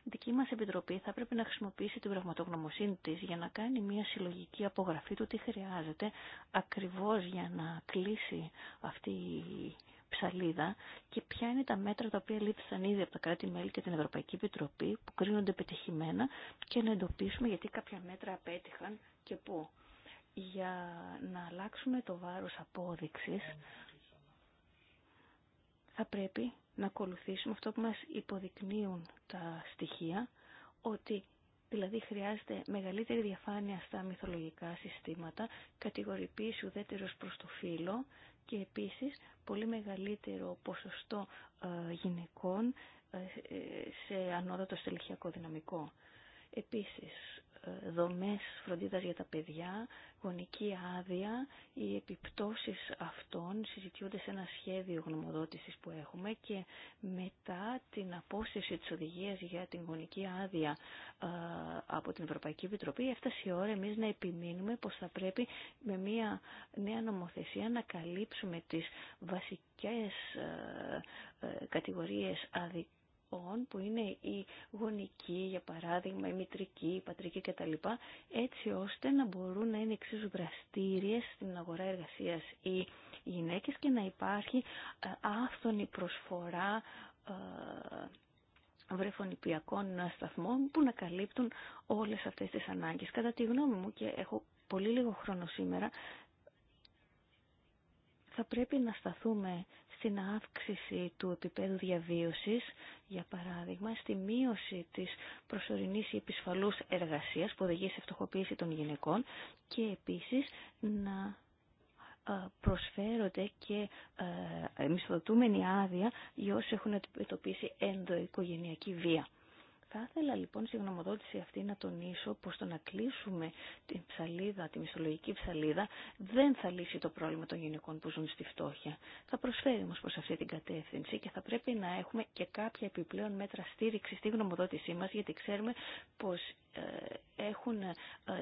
δική μας Επιτροπή θα πρέπει να χρησιμοποιήσει την πραγματογνωμοσύνη της για να κάνει μια συλλογική απογραφή του τι χρειάζεται ακριβώς για να κλείσει αυτή η ψαλίδα και ποια είναι τα μέτρα τα οποία λήφθησαν ήδη από τα κράτη-μέλη και την Ευρωπαϊκή Επιτροπή που κρίνονται πετυχημένα και να εντοπίσουμε γιατί κάποια μέτρα απέτυχαν και πού. Για να αλλάξουμε το βάρος απόδειξης θα πρέπει να ακολουθήσουμε αυτό που μας υποδεικνύουν τα στοιχεία ότι Δηλαδή χρειάζεται μεγαλύτερη διαφάνεια στα μυθολογικά συστήματα, κατηγορηποίηση ουδέτερος προς το φύλλο και επίσης πολύ μεγαλύτερο ποσοστό ε, γυναικών ε, ε, σε ανώτατο στελεχειακό δυναμικό. Επίσης, ε, δομές φροντίδας για τα παιδιά, γονική άδεια, οι επιπτώσεις αυτών συζητιούνται σε ένα σχέδιο γνωμοδότησης που έχουμε και μετά την απόσυρση της οδηγίας για την γονική άδεια ε, από την Ευρωπαϊκή Επιτροπή έφτασε η ώρα εμείς να επιμείνουμε πως θα πρέπει με μια νέα νομοθεσία να καλύψουμε τις βασικές ε, κατηγορίες αδικών που είναι η γονική, για παράδειγμα, η μητρική, η πατρική κτλ. έτσι ώστε να μπορούν να είναι εξίσου στην αγορά εργασίας οι γυναίκες και να υπάρχει ε, άφθονη προσφορά ε, βρεφονιπιακών σταθμών που να καλύπτουν όλες αυτές τις ανάγκες. Κατά τη γνώμη μου και έχω πολύ λίγο χρόνο σήμερα, θα πρέπει να σταθούμε στην αύξηση του επίπεδου διαβίωσης, για παράδειγμα, στη μείωση της προσωρινής ή επισφαλούς εργασίας που οδηγεί σε φτωχοποίηση των γυναικών και επίσης να ε, προσφέρονται και ε, μισθοδοτούμενη άδεια για όσους έχουν αντιμετωπίσει ενδοοικογενειακή βία. Θα ήθελα λοιπόν στη γνωμοδότηση αυτή να τονίσω πως το να κλείσουμε την ψαλίδα, τη μισθολογική ψαλίδα δεν θα λύσει το πρόβλημα των γυναικών που ζουν στη φτώχεια. Θα προσφέρει όμως προς αυτή την κατεύθυνση και θα πρέπει να έχουμε και κάποια επιπλέον μέτρα στήριξη στη γνωμοδότησή μας γιατί ξέρουμε πως ε, έχουν ε,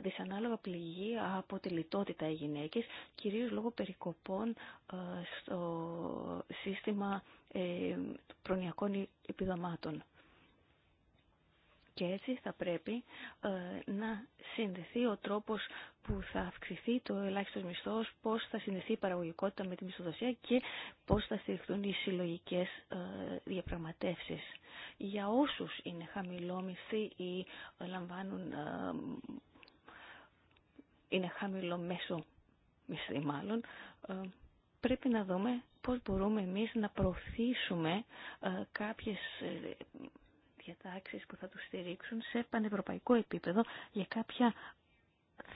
δυσανάλογα πληγή από τη λιτότητα οι γυναίκες, κυρίως λόγω περικοπών ε, στο σύστημα προνοιακών επιδομάτων. Και έτσι θα πρέπει ε, να συνδεθεί ο τρόπος που θα αυξηθεί το ελάχιστο μισθό, πώς θα συνδεθεί η παραγωγικότητα με τη μισθοδοσία και πώς θα στηριχθούν οι συλλογικές ε, διαπραγματεύσεις. Για όσους είναι χαμηλόμισθοι ή λαμβάνουν ε, είναι χαμηλό μέσο μισθή μάλλον, πρέπει να δούμε πώς μπορούμε εμείς να προωθήσουμε κάποιες διατάξεις που θα τους στηρίξουν σε πανευρωπαϊκό επίπεδο για κάποια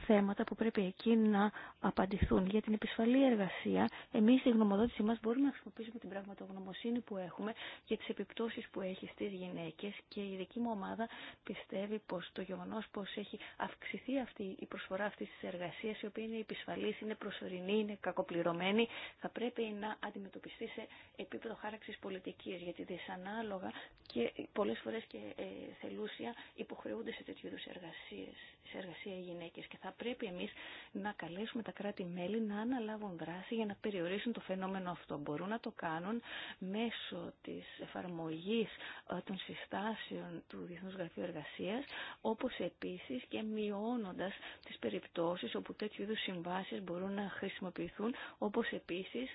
θέματα που πρέπει εκεί να απαντηθούν. Για την επισφαλή εργασία, Εμεί στη γνωμοδότησή μα μπορούμε να χρησιμοποιήσουμε την πραγματογνωμοσύνη που έχουμε και τι επιπτώσει που έχει στι γυναίκε και η δική μου ομάδα πιστεύει πω το γεγονό πω έχει αυξηθεί αυτή η προσφορά αυτή τη εργασία, η οποία είναι επισφαλή, είναι προσωρινή, είναι κακοπληρωμένη, θα πρέπει να αντιμετωπιστεί σε επίπεδο χάραξη πολιτική. γιατί δυσανάλογα και πολλέ φορέ και ε, θελούσια υποχρεούνται σε τέτοιου είδου εργασίε, σε εργασία οι γυναίκε θα πρέπει εμείς να καλέσουμε τα κράτη-μέλη να αναλάβουν δράση για να περιορίσουν το φαινόμενο αυτό. Μπορούν να το κάνουν μέσω της εφαρμογής ε, των συστάσεων του Διεθνούς Γραφείου Εργασίας, όπως επίσης και μειώνοντας τις περιπτώσεις όπου τέτοιου είδους συμβάσεις μπορούν να χρησιμοποιηθούν, όπως επίσης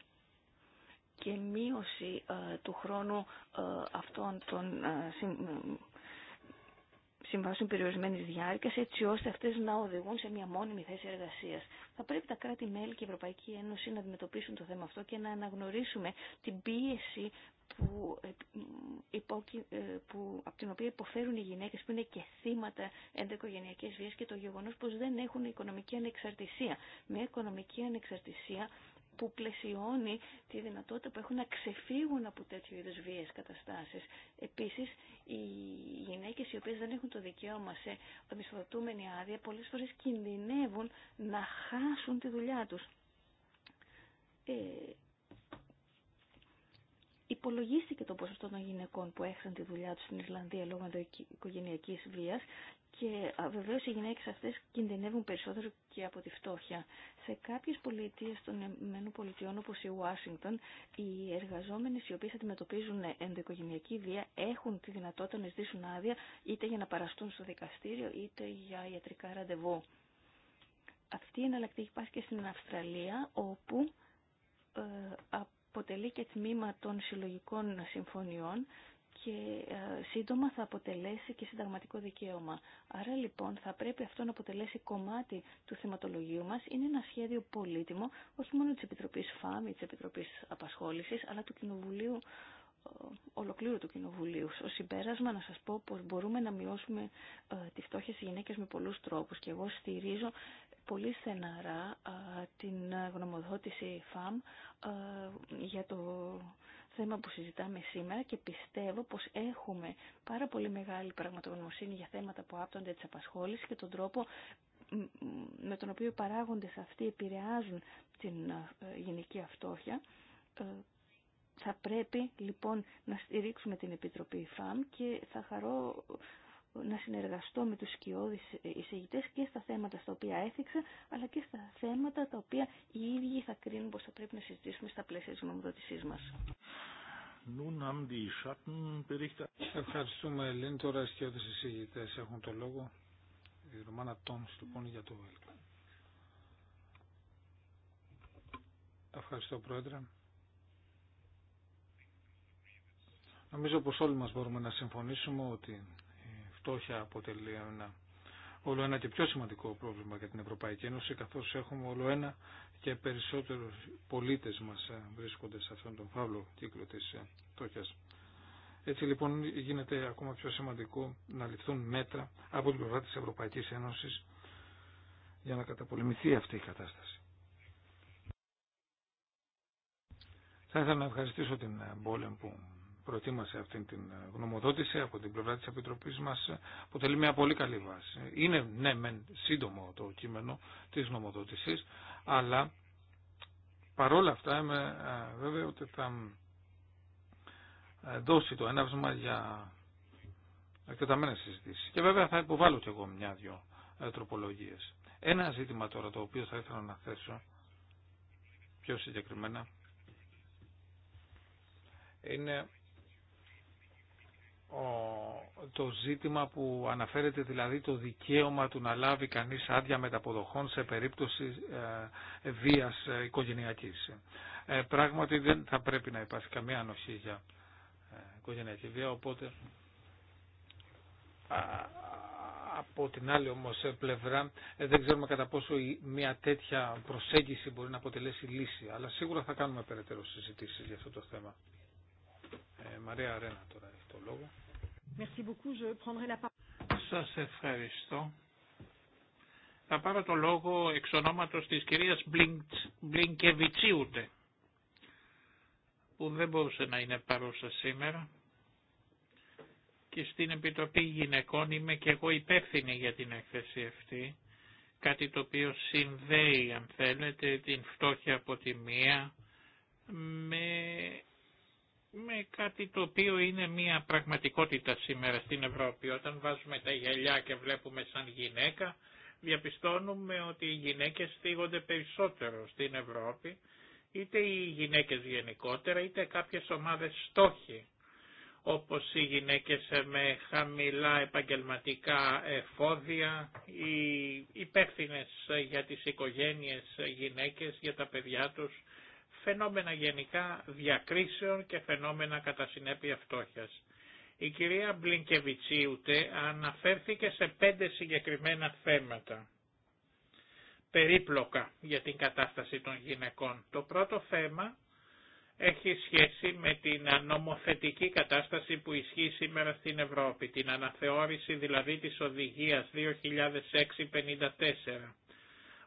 και μείωση ε, του χρόνου ε, αυτών των συμβάσουν περιορισμένη διάρκεια, έτσι ώστε αυτέ να οδηγούν σε μια μόνιμη θέση εργασία. Θα πρέπει τα κράτη-μέλη και η Ευρωπαϊκή Ένωση να αντιμετωπίσουν το θέμα αυτό και να αναγνωρίσουμε την πίεση που, ε, ε, που, από την οποία υποφέρουν οι γυναίκε που είναι και θύματα ενδοοικογενειακή βίας και το γεγονό πω δεν έχουν οικονομική ανεξαρτησία. Μια οικονομική ανεξαρτησία που πλαισιώνει τη δυνατότητα που έχουν να ξεφύγουν από τέτοιου είδους βίες καταστάσεις. Επίσης, οι γυναίκες οι οποίες δεν έχουν το δικαίωμα σε μισθοδοτούμενη άδεια πολλές φορές κινδυνεύουν να χάσουν τη δουλειά τους. Ε, υπολογίστηκε το ποσοστό των γυναικών που έχασαν τη δουλειά τους στην Ισλανδία λόγω οικογενειακής βίας και βεβαίω οι γυναίκε αυτέ κινδυνεύουν περισσότερο και από τη φτώχεια. Σε κάποιε πολιτείε των ΗΠΑ, όπω η Ουάσιγκτον, οι εργαζόμενε οι οποίε αντιμετωπίζουν ενδοοικογενειακή βία έχουν τη δυνατότητα να ζητήσουν άδεια είτε για να παραστούν στο δικαστήριο είτε για ιατρικά ραντεβού. Αυτή η εναλλακτική υπάρχει και στην Αυστραλία, όπου ε, αποτελεί και τμήμα των συλλογικών συμφωνιών και ε, σύντομα θα αποτελέσει και συνταγματικό δικαίωμα. Άρα λοιπόν θα πρέπει αυτό να αποτελέσει κομμάτι του θεματολογίου μας. Είναι ένα σχέδιο πολύτιμο, όχι μόνο της Επιτροπής ΦΑΜ ή της Επιτροπής Απασχόλησης, αλλά του Κοινοβουλίου ε, ολοκλήρου του Κοινοβουλίου. Στο συμπέρασμα να σας πω πως μπορούμε να μειώσουμε ε, τη φτώχεια στις γυναίκες με πολλούς τρόπους και εγώ στηρίζω πολύ στεναρά την γνωμοδότηση ΦΑΜ για το θέμα που συζητάμε σήμερα και πιστεύω πως έχουμε πάρα πολύ μεγάλη πραγματογνωμοσύνη για θέματα που άπτονται της απασχόλησης και τον τρόπο με τον οποίο οι παράγοντες αυτοί επηρεάζουν την ε, γενική αυτόχεια. Ε, θα πρέπει λοιπόν να στηρίξουμε την Επιτροπή ΦΑΜ και θα χαρώ να συνεργαστώ με τους σκιώδεις εισηγητές και στα θέματα στα οποία έθιξα, αλλά και στα θέματα τα οποία οι ίδιοι θα κρίνουν πως θα πρέπει να συζητήσουμε στα πλαίσια της γνωμοδότησής μας. Ευχαριστούμε, Ελένη. Τώρα οι σκιώδεις εισηγητές έχουν το λόγο. Η Ρωμάνα Τόμς, λοιπόν, για το Βέλγιο. Ευχαριστώ, Πρόεδρε. Νομίζω πως όλοι μας μπορούμε να συμφωνήσουμε ότι φτώχεια αποτελεί ένα όλο ένα και πιο σημαντικό πρόβλημα για την Ευρωπαϊκή Ένωση, καθώς έχουμε όλο ένα και περισσότερους πολίτες μας ε, βρίσκονται σε αυτόν τον φαύλο κύκλο της ε, φτώχειας. Έτσι λοιπόν γίνεται ακόμα πιο σημαντικό να ληφθούν μέτρα από την πλευρά της Ευρωπαϊκής Ένωσης για να καταπολεμηθεί αυτή η κατάσταση. Θα ήθελα να ευχαριστήσω την ε, Μπόλεμ που προετοίμασε αυτή την ε, γνωμοδότηση από την πλευρά της Επιτροπής μας ε, αποτελεί μια πολύ καλή βάση. Είναι ναι μεν σύντομο το κείμενο της γνωμοδότησης αλλά παρόλα αυτά είμαι ε, βέβαιο ότι θα δώσει το έναυσμα για εκτεταμένες συζητήσεις. Και βέβαια θα υποβάλω κι εγώ μια-δυο τροπολογίες. Ένα ζήτημα τώρα το οποίο θα ήθελα να θέσω πιο συγκεκριμένα είναι το ζήτημα που αναφέρεται δηλαδή το δικαίωμα του να λάβει κανείς άδεια μεταποδοχών σε περίπτωση ε, βίας ε, οικογενειακής. Ε, πράγματι δεν θα πρέπει να υπάρχει καμία ανοχή για οικογενειακή βία, οπότε από την άλλη όμως πλευρά δεν ξέρουμε κατά πόσο μια τέτοια προσέγγιση μπορεί να αποτελέσει λύση, αλλά σίγουρα θα κάνουμε περαιτέρω συζητήσεις για αυτό το θέμα. Μαρία Αρένα τώρα έχει το λόγο. Merci Σας ευχαριστώ. Θα πάρω το λόγο εξ ονόματος της κυρίας Μπλινκεβιτσίουτε που δεν μπορούσε να είναι παρούσα σήμερα και στην Επιτροπή Γυναικών είμαι και εγώ υπεύθυνη για την έκθεση αυτή κάτι το οποίο συνδέει αν θέλετε την φτώχεια από τη μία με με κάτι το οποίο είναι μια πραγματικότητα σήμερα στην Ευρώπη. Όταν βάζουμε τα γυαλιά και βλέπουμε σαν γυναίκα, διαπιστώνουμε ότι οι γυναίκες στίγονται περισσότερο στην Ευρώπη, είτε οι γυναίκες γενικότερα, είτε κάποιες ομάδες στόχοι, όπως οι γυναίκες με χαμηλά επαγγελματικά εφόδια, οι υπεύθυνε για τις οικογένειες γυναίκες, για τα παιδιά τους, φαινόμενα γενικά διακρίσεων και φαινόμενα κατά συνέπεια φτώχειας. Η κυρία Μπλινκεβιτσίουτε αναφέρθηκε σε πέντε συγκεκριμένα θέματα περίπλοκα για την κατάσταση των γυναικών. Το πρώτο θέμα έχει σχέση με την νομοθετική κατάσταση που ισχύει σήμερα στην Ευρώπη, την αναθεώρηση δηλαδή της οδηγίας 2006-54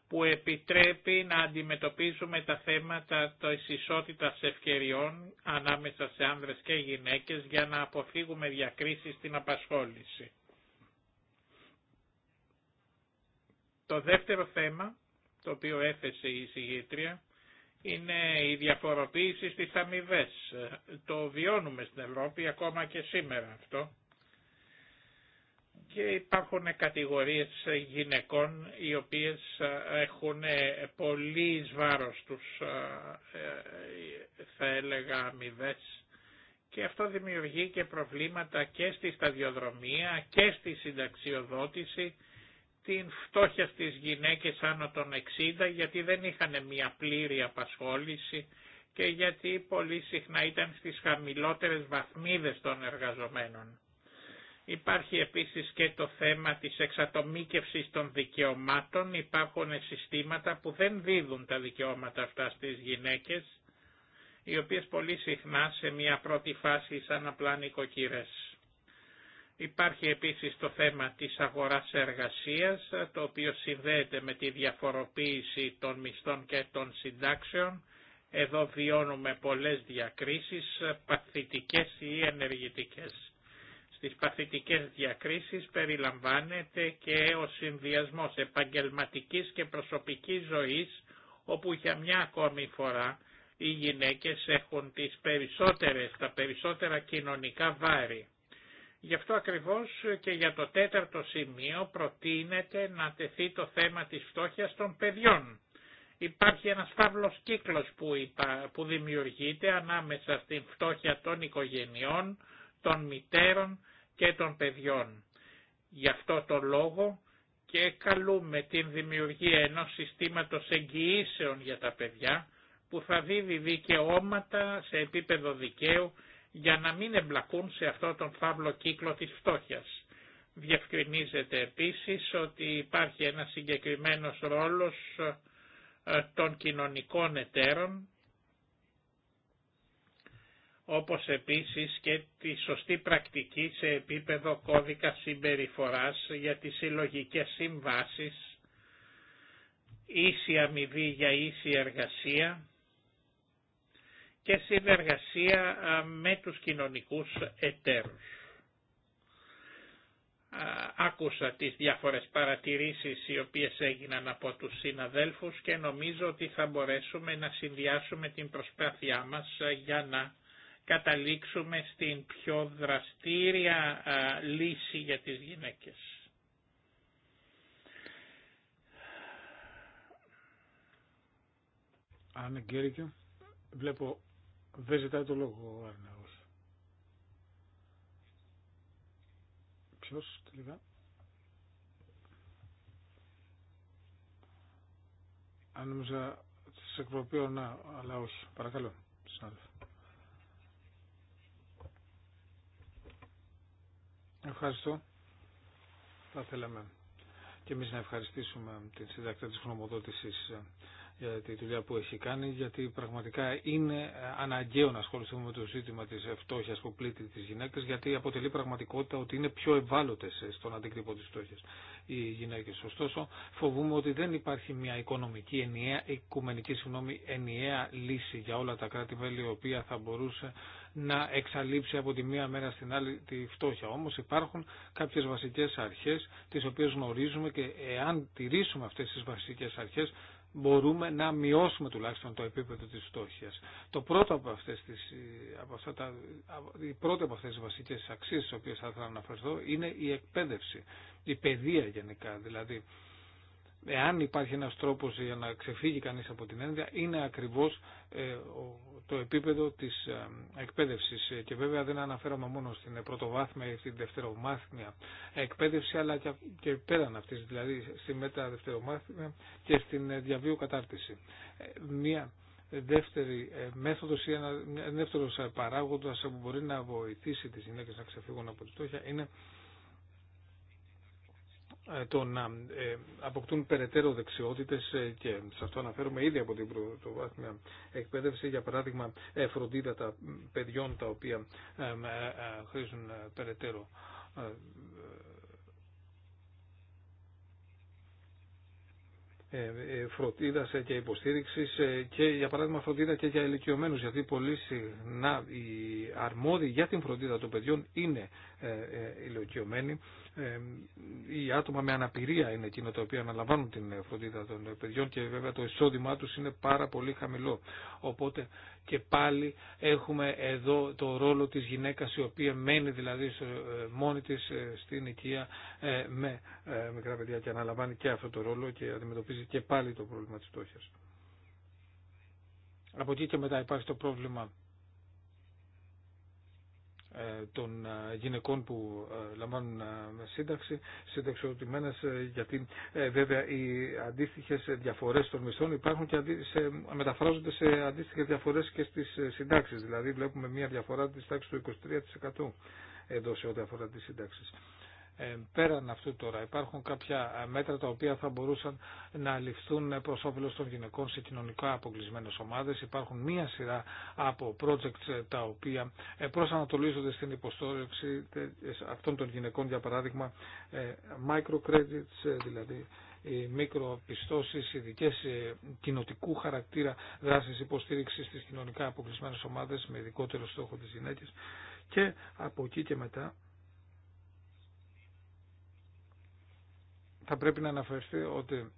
που επιτρέπει να αντιμετωπίζουμε τα θέματα της ισότητας ευκαιριών ανάμεσα σε άνδρες και γυναίκες για να αποφύγουμε διακρίσεις στην απασχόληση. Το δεύτερο θέμα, το οποίο έθεσε η συγγήτρια, είναι η διαφοροποίηση στις αμοιβέ. Το βιώνουμε στην Ευρώπη ακόμα και σήμερα αυτό και υπάρχουν κατηγορίες γυναικών οι οποίες ε, έχουν πολύ εις βάρος τους ε, ε, θα έλεγα αμοιβέ. και αυτό δημιουργεί και προβλήματα και στη σταδιοδρομία και στη συνταξιοδότηση την φτώχεια στις γυναίκες άνω των 60 γιατί δεν είχαν μια πλήρη απασχόληση και γιατί πολύ συχνά ήταν στις χαμηλότερες βαθμίδες των εργαζομένων. Υπάρχει επίσης και το θέμα της εξατομίκευσης των δικαιωμάτων. Υπάρχουν συστήματα που δεν δίδουν τα δικαιώματα αυτά στις γυναίκες, οι οποίες πολύ συχνά σε μια πρώτη φάση σαν απλά Υπάρχει επίσης το θέμα της αγοράς εργασίας, το οποίο συνδέεται με τη διαφοροποίηση των μισθών και των συντάξεων. Εδώ βιώνουμε πολλές διακρίσεις, παθητικές ή ενεργητικές. Στις παθητικές διακρίσεις περιλαμβάνεται και ο συνδυασμός επαγγελματικής και προσωπικής ζωής, όπου για μια ακόμη φορά οι γυναίκες έχουν τις περισσότερες, τα περισσότερα κοινωνικά βάρη. Γι' αυτό ακριβώς και για το τέταρτο σημείο προτείνεται να τεθεί το θέμα της φτώχειας των παιδιών. Υπάρχει ένας φαύλος κύκλος που, που δημιουργείται ανάμεσα στην φτώχεια των οικογενειών, των μητέρων και των παιδιών. Γι' αυτό το λόγο και καλούμε την δημιουργία ενός συστήματος εγγυήσεων για τα παιδιά που θα δίδει δικαιώματα σε επίπεδο δικαίου για να μην εμπλακούν σε αυτό τον φαύλο κύκλο της φτώχειας. Διευκρινίζεται επίσης ότι υπάρχει ένα συγκεκριμένος ρόλος ε, των κοινωνικών εταίρων όπως επίσης και τη σωστή πρακτική σε επίπεδο κώδικα συμπεριφοράς για τις συλλογικέ συμβάσεις, ίση αμοιβή για ίση εργασία και συνεργασία με τους κοινωνικούς εταίρους. Άκουσα τις διάφορες παρατηρήσεις οι οποίες έγιναν από τους συναδέλφους και νομίζω ότι θα μπορέσουμε να συνδυάσουμε την προσπάθειά μας για να καταλήξουμε στην πιο δραστήρια λύση για τις γυναίκες. Αν εγκαίρικε, βλέπω δεν ζητάει το λόγο ο Αρναός. Ποιος τελικά. Αν νόμιζα σε να, αλλά όχι. Παρακαλώ, Ευχαριστώ. Θα θέλαμε και εμείς να ευχαριστήσουμε την συντακτή της γνωμοδότησης για τη δουλειά που έχει κάνει, γιατί πραγματικά είναι αναγκαίο να ασχοληθούμε με το ζήτημα τη φτώχεια που πλήττει τι γυναίκε, γιατί αποτελεί πραγματικότητα ότι είναι πιο ευάλωτε στον αντίκτυπο τη φτώχεια οι γυναίκε. Ωστόσο, φοβούμαι ότι δεν υπάρχει μια οικονομική ενιαία, οικουμενική συγγνώμη, ενιαία λύση για όλα τα κράτη-μέλη, η οποία θα μπορούσε να εξαλείψει από τη μία μέρα στην άλλη τη φτώχεια. Όμω υπάρχουν κάποιε βασικέ αρχέ, τι οποίε γνωρίζουμε και εάν τηρήσουμε αυτέ τι βασικέ αρχέ, μπορούμε να μειώσουμε τουλάχιστον το επίπεδο της φτώχειας. Το πρώτο από αυτές τις, από αυτά τα, η πρώτη από αυτές τις βασικές αξίες στις οποίες θα ήθελα να αναφερθώ είναι η εκπαίδευση, η παιδεία γενικά. Δηλαδή εάν υπάρχει ένας τρόπος για να ξεφύγει κανείς από την ένδια, είναι ακριβώς ε, το επίπεδο της ε, εκπαίδευσης. Και βέβαια δεν αναφέρομαι μόνο στην πρωτοβάθμια ή στην δευτερομάθμια εκπαίδευση, αλλά και πέραν αυτής, δηλαδή στη μεταδευτερομάθμια και στην ε, διαβίου κατάρτιση. Μία δεύτερη μέθοδος ή ένα δεύτερος παράγοντας που μπορεί να βοηθήσει τις γυναίκες να ξεφύγουν από τη φτώχεια είναι ε, το να ε, αποκτούν περαιτέρω δεξιότητες ε, και σε αυτό αναφέρομαι ήδη από την πρωτοβάθμια εκπαίδευση, για παράδειγμα φροντίδα τα παιδιών τα οποία χρήζουν περαιτέρω φροντίδα και υποστήριξη και για παράδειγμα φροντίδα και για ηλικιωμένου. Γιατί πολύ συχνά οι αρμόδιοι για την φροντίδα των παιδιών είναι ηλικιωμένοι ε, οι άτομα με αναπηρία είναι εκείνο τα οποία αναλαμβάνουν την φροντίδα των παιδιών και βέβαια το εισόδημά τους είναι πάρα πολύ χαμηλό. Οπότε και πάλι έχουμε εδώ το ρόλο της γυναίκας η οποία μένει δηλαδή ε, μόνη της ε, στην οικία με μικρά παιδιά και αναλαμβάνει και αυτό το ρόλο και αντιμετωπίζει και πάλι το πρόβλημα της φτώχειας. Από εκεί και μετά υπάρχει το πρόβλημα ε, των ε, γυναικών που ε, λαμβάνουν σύνταξη, συνταξιοδοτημένες γιατί βέβαια οι αντίστοιχες διαφορές των μισθών υπάρχουν και σε, μεταφράζονται σε αντίστοιχες διαφορές και στις συντάξεις. Δηλαδή βλέπουμε μια διαφορά της τάξης του 23% εδώ σε ό,τι αφορά τις συντάξεις. Ε, πέραν αυτού τώρα υπάρχουν κάποια ε, μέτρα τα οποία θα μπορούσαν να ληφθούν ε, προ όφελο των γυναικών σε κοινωνικά αποκλεισμένε ομάδε. Υπάρχουν μία σειρά από projects τα οποία προσανατολίζονται στην υποστόρευση αυτών των γυναικών, για παράδειγμα microcredits, δηλαδή οι μικροπιστώσεις, ειδικέ κοινοτικού χαρακτήρα δράσεις υποστήριξης στις κοινωνικά αποκλεισμένες ομάδες με ειδικότερο στόχο τις γυναίκες και από εκεί και μετά θα πρέπει να αναφερθεί ότι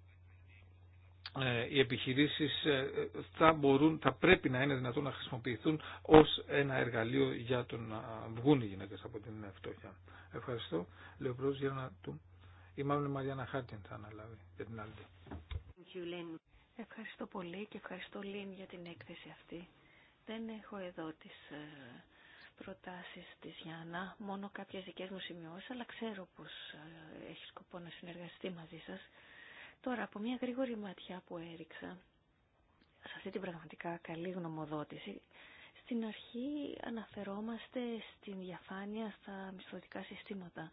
ε, οι επιχειρήσεις ε, θα, μπορούν, θα πρέπει να είναι δυνατόν να χρησιμοποιηθούν ως ένα εργαλείο για τον να βγουν οι γυναίκες από την φτώχεια. Ευχαριστώ. Λέω πρώτος για να του. Η μάμη Μαριάννα Χάρτιν θα αναλάβει για την άλλη. Ευχαριστώ πολύ και ευχαριστώ Λίν για την έκθεση αυτή. Δεν έχω εδώ τις ε, προτάσεις της Γιάννα, μόνο κάποιες δικές μου σημειώσεις, αλλά ξέρω πως ε, έχει σκοπό να συνεργαστεί μαζί σας. Τώρα, από μια γρήγορη ματιά που έριξα, σε αυτή την πραγματικά καλή γνωμοδότηση, στην αρχή αναφερόμαστε στην διαφάνεια στα μισθωτικά συστήματα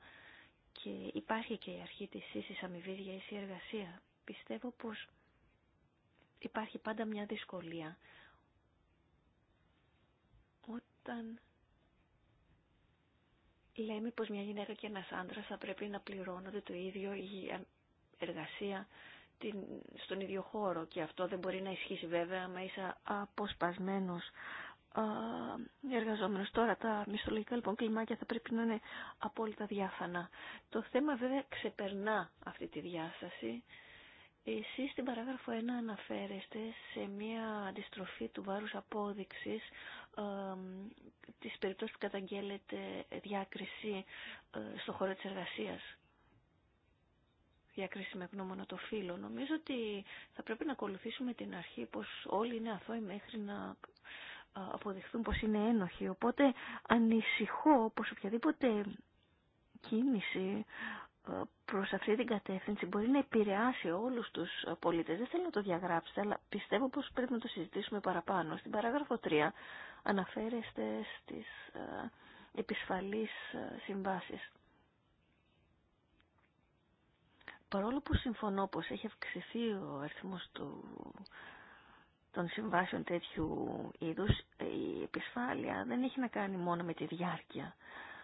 και υπάρχει και η αρχή της ίσης αμοιβή για ίση εργασία. Πιστεύω πως υπάρχει πάντα μια δυσκολία όταν λέμε πως μια γυναίκα και ένας άντρας θα πρέπει να πληρώνονται το ίδιο η εργασία στον ίδιο χώρο και αυτό δεν μπορεί να ισχύσει βέβαια άμα είσαι αποσπασμένο εργαζόμενο. Τώρα τα μισθολογικά λοιπόν κλιμάκια θα πρέπει να είναι απόλυτα διάφανα. Το θέμα βέβαια ξεπερνά αυτή τη διάσταση Εσεί, στην παράγραφο 1 αναφέρεστε σε μια αντιστροφή του βάρους απόδειξη τη της περιπτώσης που καταγγέλλεται διάκριση στον ε, στο χώρο τη εργασία, Διάκριση με γνώμονα το φύλλο. Νομίζω ότι θα πρέπει να ακολουθήσουμε την αρχή πως όλοι είναι αθώοι μέχρι να ε, αποδειχθούν πως είναι ένοχοι. Οπότε ανησυχώ πως οποιαδήποτε κίνηση προς αυτή την κατεύθυνση μπορεί να επηρεάσει όλους τους πολίτες. Δεν θέλω να το διαγράψετε, αλλά πιστεύω πως πρέπει να το συζητήσουμε παραπάνω. Στην παράγραφο 3 αναφέρεστε στις ε, επισφαλείς ε, συμβάσεις. Παρόλο που συμφωνώ πως έχει αυξηθεί ο αριθμός των συμβάσεων τέτοιου είδους, η επισφάλεια δεν έχει να κάνει μόνο με τη διάρκεια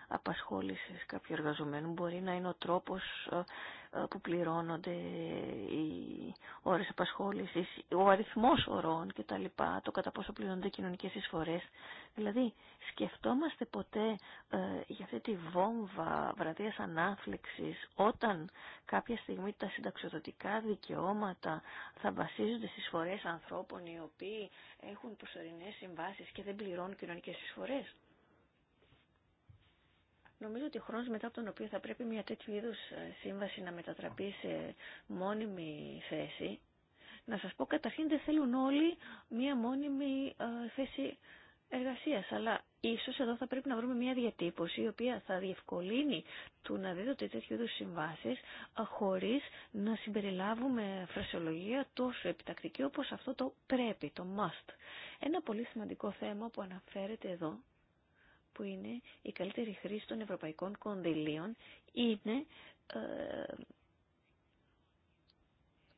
απασχόλησης κάποιου εργαζομένου μπορεί να είναι ο τρόπος ε, ε, που πληρώνονται οι ώρες απασχόλησης, ο αριθμός ωρών και τα λοιπά, το κατά πόσο πληρώνονται κοινωνικές εισφορές. Δηλαδή, σκεφτόμαστε ποτέ ε, για αυτή τη βόμβα βραδίας ανάφλεξης όταν κάποια στιγμή τα συνταξιοδοτικά δικαιώματα θα βασίζονται στις φορές ανθρώπων οι οποίοι έχουν προσωρινές συμβάσεις και δεν πληρώνουν κοινωνικές εισφορές. Νομίζω ότι ο χρόνος μετά από τον οποίο θα πρέπει μια τέτοιου είδους ε, σύμβαση να μετατραπεί σε μόνιμη θέση, να σας πω καταρχήν δεν θέλουν όλοι μια μόνιμη ε, θέση εργασίας, αλλά ίσως εδώ θα πρέπει να βρούμε μια διατύπωση η οποία θα διευκολύνει του να δίδονται τέτοιου είδους συμβάσεις ε, χωρίς να συμπεριλάβουμε φρασιολογία τόσο επιτακτική όπως αυτό το πρέπει, το must. Ένα πολύ σημαντικό θέμα που αναφέρεται εδώ που είναι η καλύτερη χρήση των ευρωπαϊκών κονδυλίων είναι ε,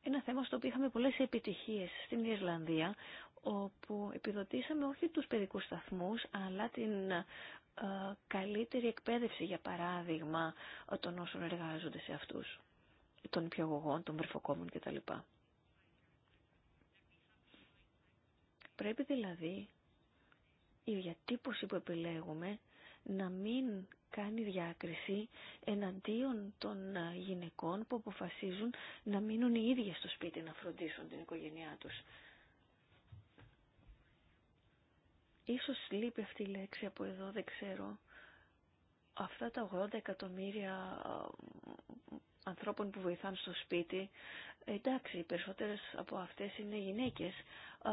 ένα θέμα στο οποίο είχαμε πολλές επιτυχίες στην Ιρλανδία όπου επιδοτήσαμε όχι τους παιδικούς σταθμούς αλλά την ε, καλύτερη εκπαίδευση για παράδειγμα των όσων εργάζονται σε αυτούς των πιογωγών, των βρεφοκόμων κτλ. Πρέπει δηλαδή η διατύπωση που επιλέγουμε να μην κάνει διάκριση εναντίον των ε, γυναικών που αποφασίζουν να μείνουν οι ίδιες στο σπίτι να φροντίσουν την οικογένειά τους. Ίσως λείπει αυτή η λέξη από εδώ, δεν ξέρω αυτά τα 80 εκατομμύρια ανθρώπων που βοηθάνε στο σπίτι, εντάξει, οι περισσότερες από αυτές είναι γυναίκες.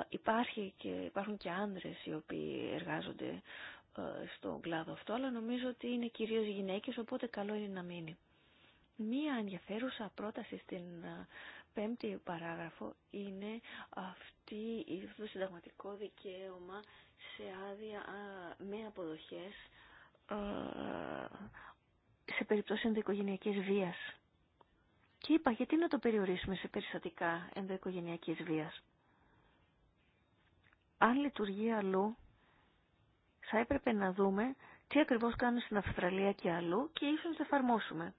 Υπάρχει και, υπάρχουν και άνδρες οι οποίοι εργάζονται στον κλάδο αυτό, αλλά νομίζω ότι είναι κυρίως γυναίκες, οπότε καλό είναι να μείνει. Μία ενδιαφέρουσα πρόταση στην πέμπτη παράγραφο είναι αυτή, αυτό το συνταγματικό δικαίωμα σε άδεια με αποδοχές ε, σε περίπτωση ενδοοικογενειακής βίας. Και είπα, γιατί να το περιορίσουμε σε περιστατικά ενδοοικογενειακής βίας. Αν λειτουργεί αλλού, θα έπρεπε να δούμε τι ακριβώς κάνουν στην Αυστραλία και αλλού και ίσως να εφαρμόσουμε.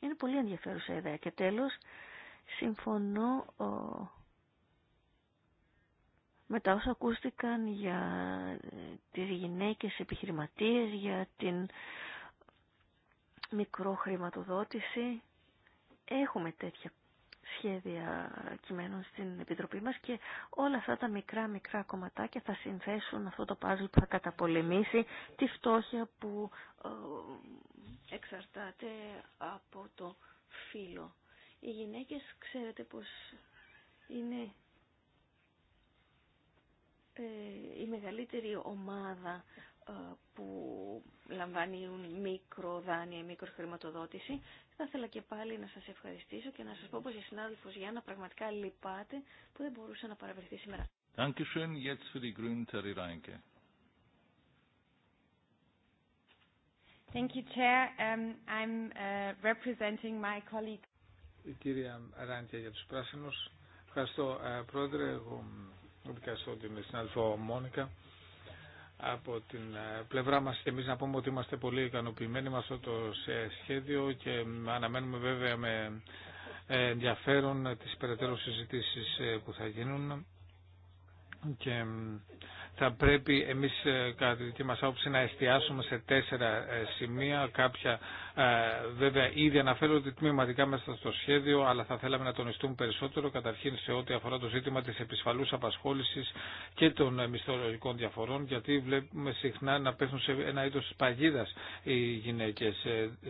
Είναι πολύ ενδιαφέρουσα ιδέα. Και τέλος, συμφωνώ μετά όσα ακούστηκαν για ε, τις γυναίκες επιχειρηματίες, για την μικροχρηματοδότηση. Έχουμε τέτοια σχέδια κειμένων στην Επιτροπή μας και όλα αυτά τα μικρά μικρά κομματάκια θα συνθέσουν αυτό το πάζλ που θα καταπολεμήσει τη φτώχεια που ε, εξαρτάται από το φύλλο. Οι γυναίκες ξέρετε πως είναι ε, η μεγαλύτερη ομάδα ε, που λαμβάνει μικροδάνεια ή μικροχρηματοδότηση. Θα ήθελα και πάλι να σας ευχαριστήσω και να σας πω πως η συνάδελφος Γιάννα πραγματικά λυπάται που δεν μπορούσε να παραβρεθεί σήμερα. Thank you, Chair. Um, I'm uh, representing my colleague. Η κυρία Ράντια για τους πράσινους. Ευχαριστώ, ε, Πρόεδρε. Εγώ Ευχαριστώ την συνάδελφο Μόνικα. Από την ε, πλευρά μας και εμείς να πούμε ότι είμαστε πολύ ικανοποιημένοι με αυτό το σχέδιο και αναμένουμε βέβαια με ε, ενδιαφέρον τις περαιτέρω συζητήσεις ε, που θα γίνουν θα πρέπει εμείς ε, κατά τη δική μας άποψη να εστιάσουμε σε τέσσερα ε, σημεία. Κάποια ε, βέβαια ήδη αναφέρονται τμήματικά μέσα στο σχέδιο, αλλά θα θέλαμε να τονιστούμε περισσότερο καταρχήν σε ό,τι αφορά το ζήτημα της επισφαλούς απασχόλησης και των μισθολογικών διαφορών, γιατί βλέπουμε συχνά να πέφτουν σε ένα είδος παγίδας οι γυναίκες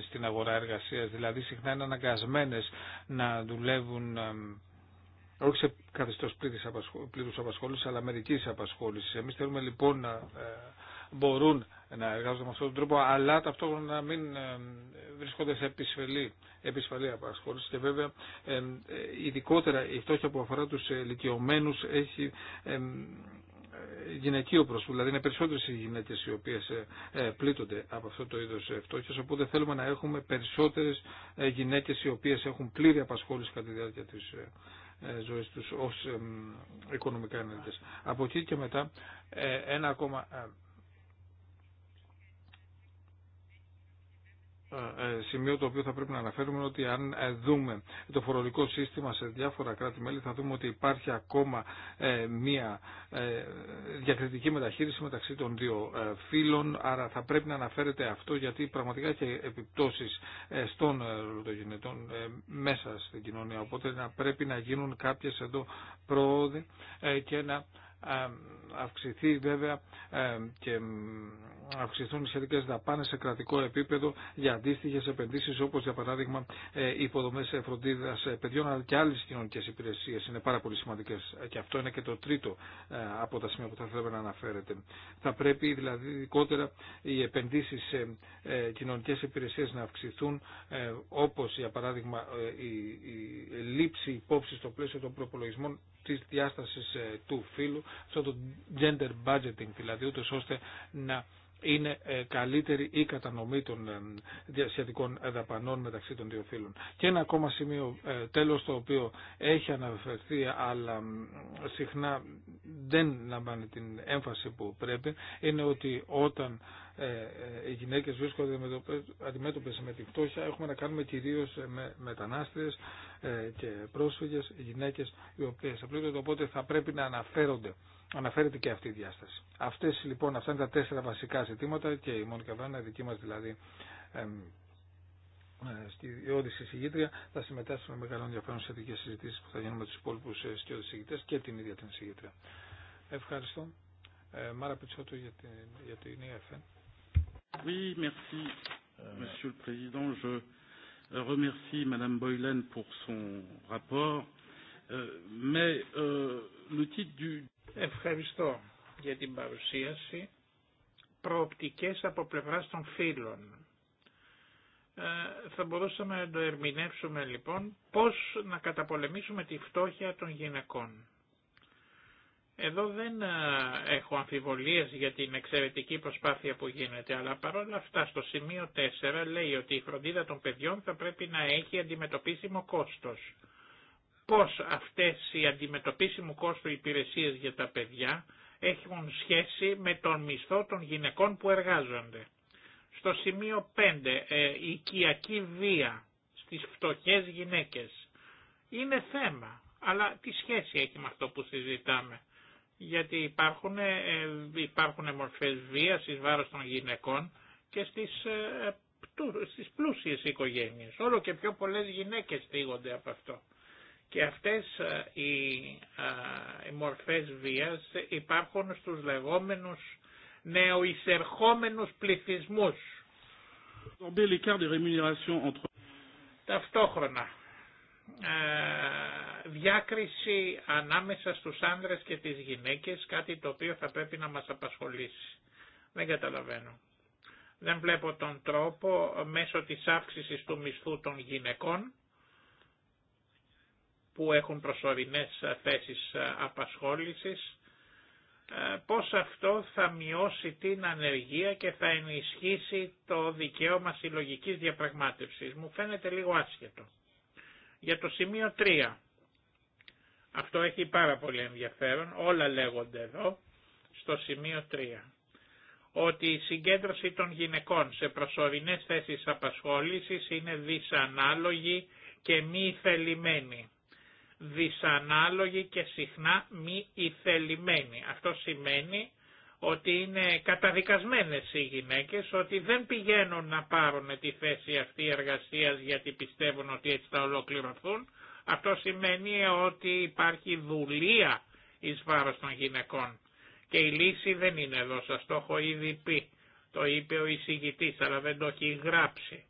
στην αγορά εργασίας, δηλαδή συχνά είναι αναγκασμένες να δουλεύουν όχι σε καθεστώ πλήρου απασχόληση, αλλά μερική απασχόληση. Εμεί θέλουμε λοιπόν να ε, μπορούν να εργάζονται με αυτόν τον τρόπο, αλλά ταυτόχρονα να μην ε, βρίσκονται σε επισφαλή, επισφαλή απασχόληση. Και βέβαια, ε, ειδικότερα η φτώχεια που αφορά του ηλικιωμένου έχει γυναικείο προσφύλλο. Δηλαδή, είναι περισσότερε οι γυναίκε οι οποίε πλήττονται από αυτό το είδο φτώχεια. Οπότε θέλουμε να έχουμε περισσότερε γυναίκε οι οποίε έχουν πλήρη απασχόληση κατά τη διάρκεια τη ε, ζωής τους ως οικονομικά ενέργειες. Από εκεί και μετά ε, ένα ακόμα ε, Ε, σημείο το οποίο θα πρέπει να αναφέρουμε είναι ότι αν ε, δούμε το φορολογικό σύστημα σε διάφορα κράτη-μέλη θα δούμε ότι υπάρχει ακόμα ε, μία διακριτική μεταχείριση μεταξύ των δύο φύλων άρα θα πρέπει να αναφέρεται αυτό γιατί πραγματικά έχει επιπτώσεις στον ρολογινετών μέσα στην κοινωνία οπότε να πρέπει να γίνουν κάποιες εδώ πρόοδοι και να αυξηθεί βέβαια και αυξηθούν οι σχετικέ δαπάνε σε κρατικό επίπεδο για αντίστοιχε επενδύσει όπω για παράδειγμα ε, υποδομέ φροντίδα ε, παιδιών αλλά και άλλε κοινωνικέ υπηρεσίε. Είναι πάρα πολύ σημαντικέ ε, και αυτό είναι και το τρίτο από τα σημεία που θα θέλαμε να αναφέρετε. Θα πρέπει δηλαδή ειδικότερα οι επενδύσει σε κοινωνικέ υπηρεσίε να αυξηθούν όπω για παράδειγμα η λήψη υπόψη στο πλαίσιο των προπολογισμών της διάστασης ε, του φύλου, αυτό το gender budgeting δηλαδή, ούτως ώστε να είναι ε, καλύτερη η κατανομή των ε, σχετικών δαπανών μεταξύ των δύο φύλων. Και ένα ακόμα σημείο τέλος το οποίο έχει αναφερθεί αλλά συχνά δεν λαμβάνει την έμφαση που πρέπει είναι ότι όταν ε, ε, οι γυναίκες βρίσκονται αντιμέτωπες με την φτώχεια. Έχουμε να κάνουμε κυρίως ε, με μετανάστες και πρόσφυγες, γυναίκες οι οποίες απλούνται οπότε θα πρέπει να αναφέρονται. Αναφέρεται και αυτή η διάσταση. Αυτές λοιπόν, αυτά είναι τα τέσσερα βασικά ζητήματα και η Μόνικα Βάνα, δική μας δηλαδή στη Όδηση Συγγήτρια θα συμμετάσχει με μεγάλο ενδιαφέρον σε ειδικέ συζητήσει που θα γίνουν με του υπόλοιπου σκιώδη συγγητέ και την ίδια την συγγήτρια. Ευχαριστώ. Ε, Μάρα Πιτσότου για την, για e Oui, euh, Monsieur le Président. Je remercie Madame Boylan pour son rapport. Euh, euh, Ευχαριστώ για την παρουσίαση. Προοπτικές από πλευρά των φίλων. Ε, θα μπορούσαμε να το ερμηνεύσουμε λοιπόν πώς να καταπολεμήσουμε τη φτώχεια των γυναικών. Εδώ δεν ε, έχω αμφιβολίες για την εξαιρετική προσπάθεια που γίνεται, αλλά παρόλα αυτά στο σημείο 4 λέει ότι η φροντίδα των παιδιών θα πρέπει να έχει αντιμετωπίσιμο κόστος. Πώς αυτές οι αντιμετωπίσιμου κόστου υπηρεσίες για τα παιδιά έχουν σχέση με τον μισθό των γυναικών που εργάζονται. Στο σημείο 5, ε, η οικιακή βία στις φτωχές γυναίκες είναι θέμα, αλλά τι σχέση έχει με αυτό που συζητάμε γιατί υπάρχουν, ε, ε, υπάρχουν μορφές βίας εις βάρος των γυναικών και στις, ε, στις πλούσιες οικογένειες. Όλο και πιο πολλές γυναίκες στήγονται από αυτό. Και αυτές οι, οι μορφές βίας υπάρχουν στους λεγόμενους νεοεισερχόμενους πληθυσμούς. Ταυτόχρονα ε, διάκριση ανάμεσα στους άνδρες και τις γυναίκες, κάτι το οποίο θα πρέπει να μας απασχολήσει. Δεν καταλαβαίνω. Δεν βλέπω τον τρόπο μέσω της αύξησης του μισθού των γυναικών που έχουν προσωρινές θέσεις απασχόλησης, ε, πώς αυτό θα μειώσει την ανεργία και θα ενισχύσει το δικαίωμα συλλογικής διαπραγμάτευσης. Μου φαίνεται λίγο άσχετο. Για το σημείο 3. Αυτό έχει πάρα πολύ ενδιαφέρον, όλα λέγονται εδώ, στο σημείο 3. Ότι η συγκέντρωση των γυναικών σε προσωρινές θέσεις απασχόλησης είναι δυσανάλογη και μη θελημένη. Δυσανάλογη και συχνά μη θελημένη, Αυτό σημαίνει ότι είναι καταδικασμένες οι γυναίκες, ότι δεν πηγαίνουν να πάρουν τη θέση αυτή εργασίας γιατί πιστεύουν ότι έτσι θα ολοκληρωθούν. Αυτό σημαίνει ότι υπάρχει δουλεία εις βάρος των γυναικών. Και η λύση δεν είναι εδώ, σας το έχω ήδη πει. Το είπε ο εισηγητής, αλλά δεν το έχει γράψει.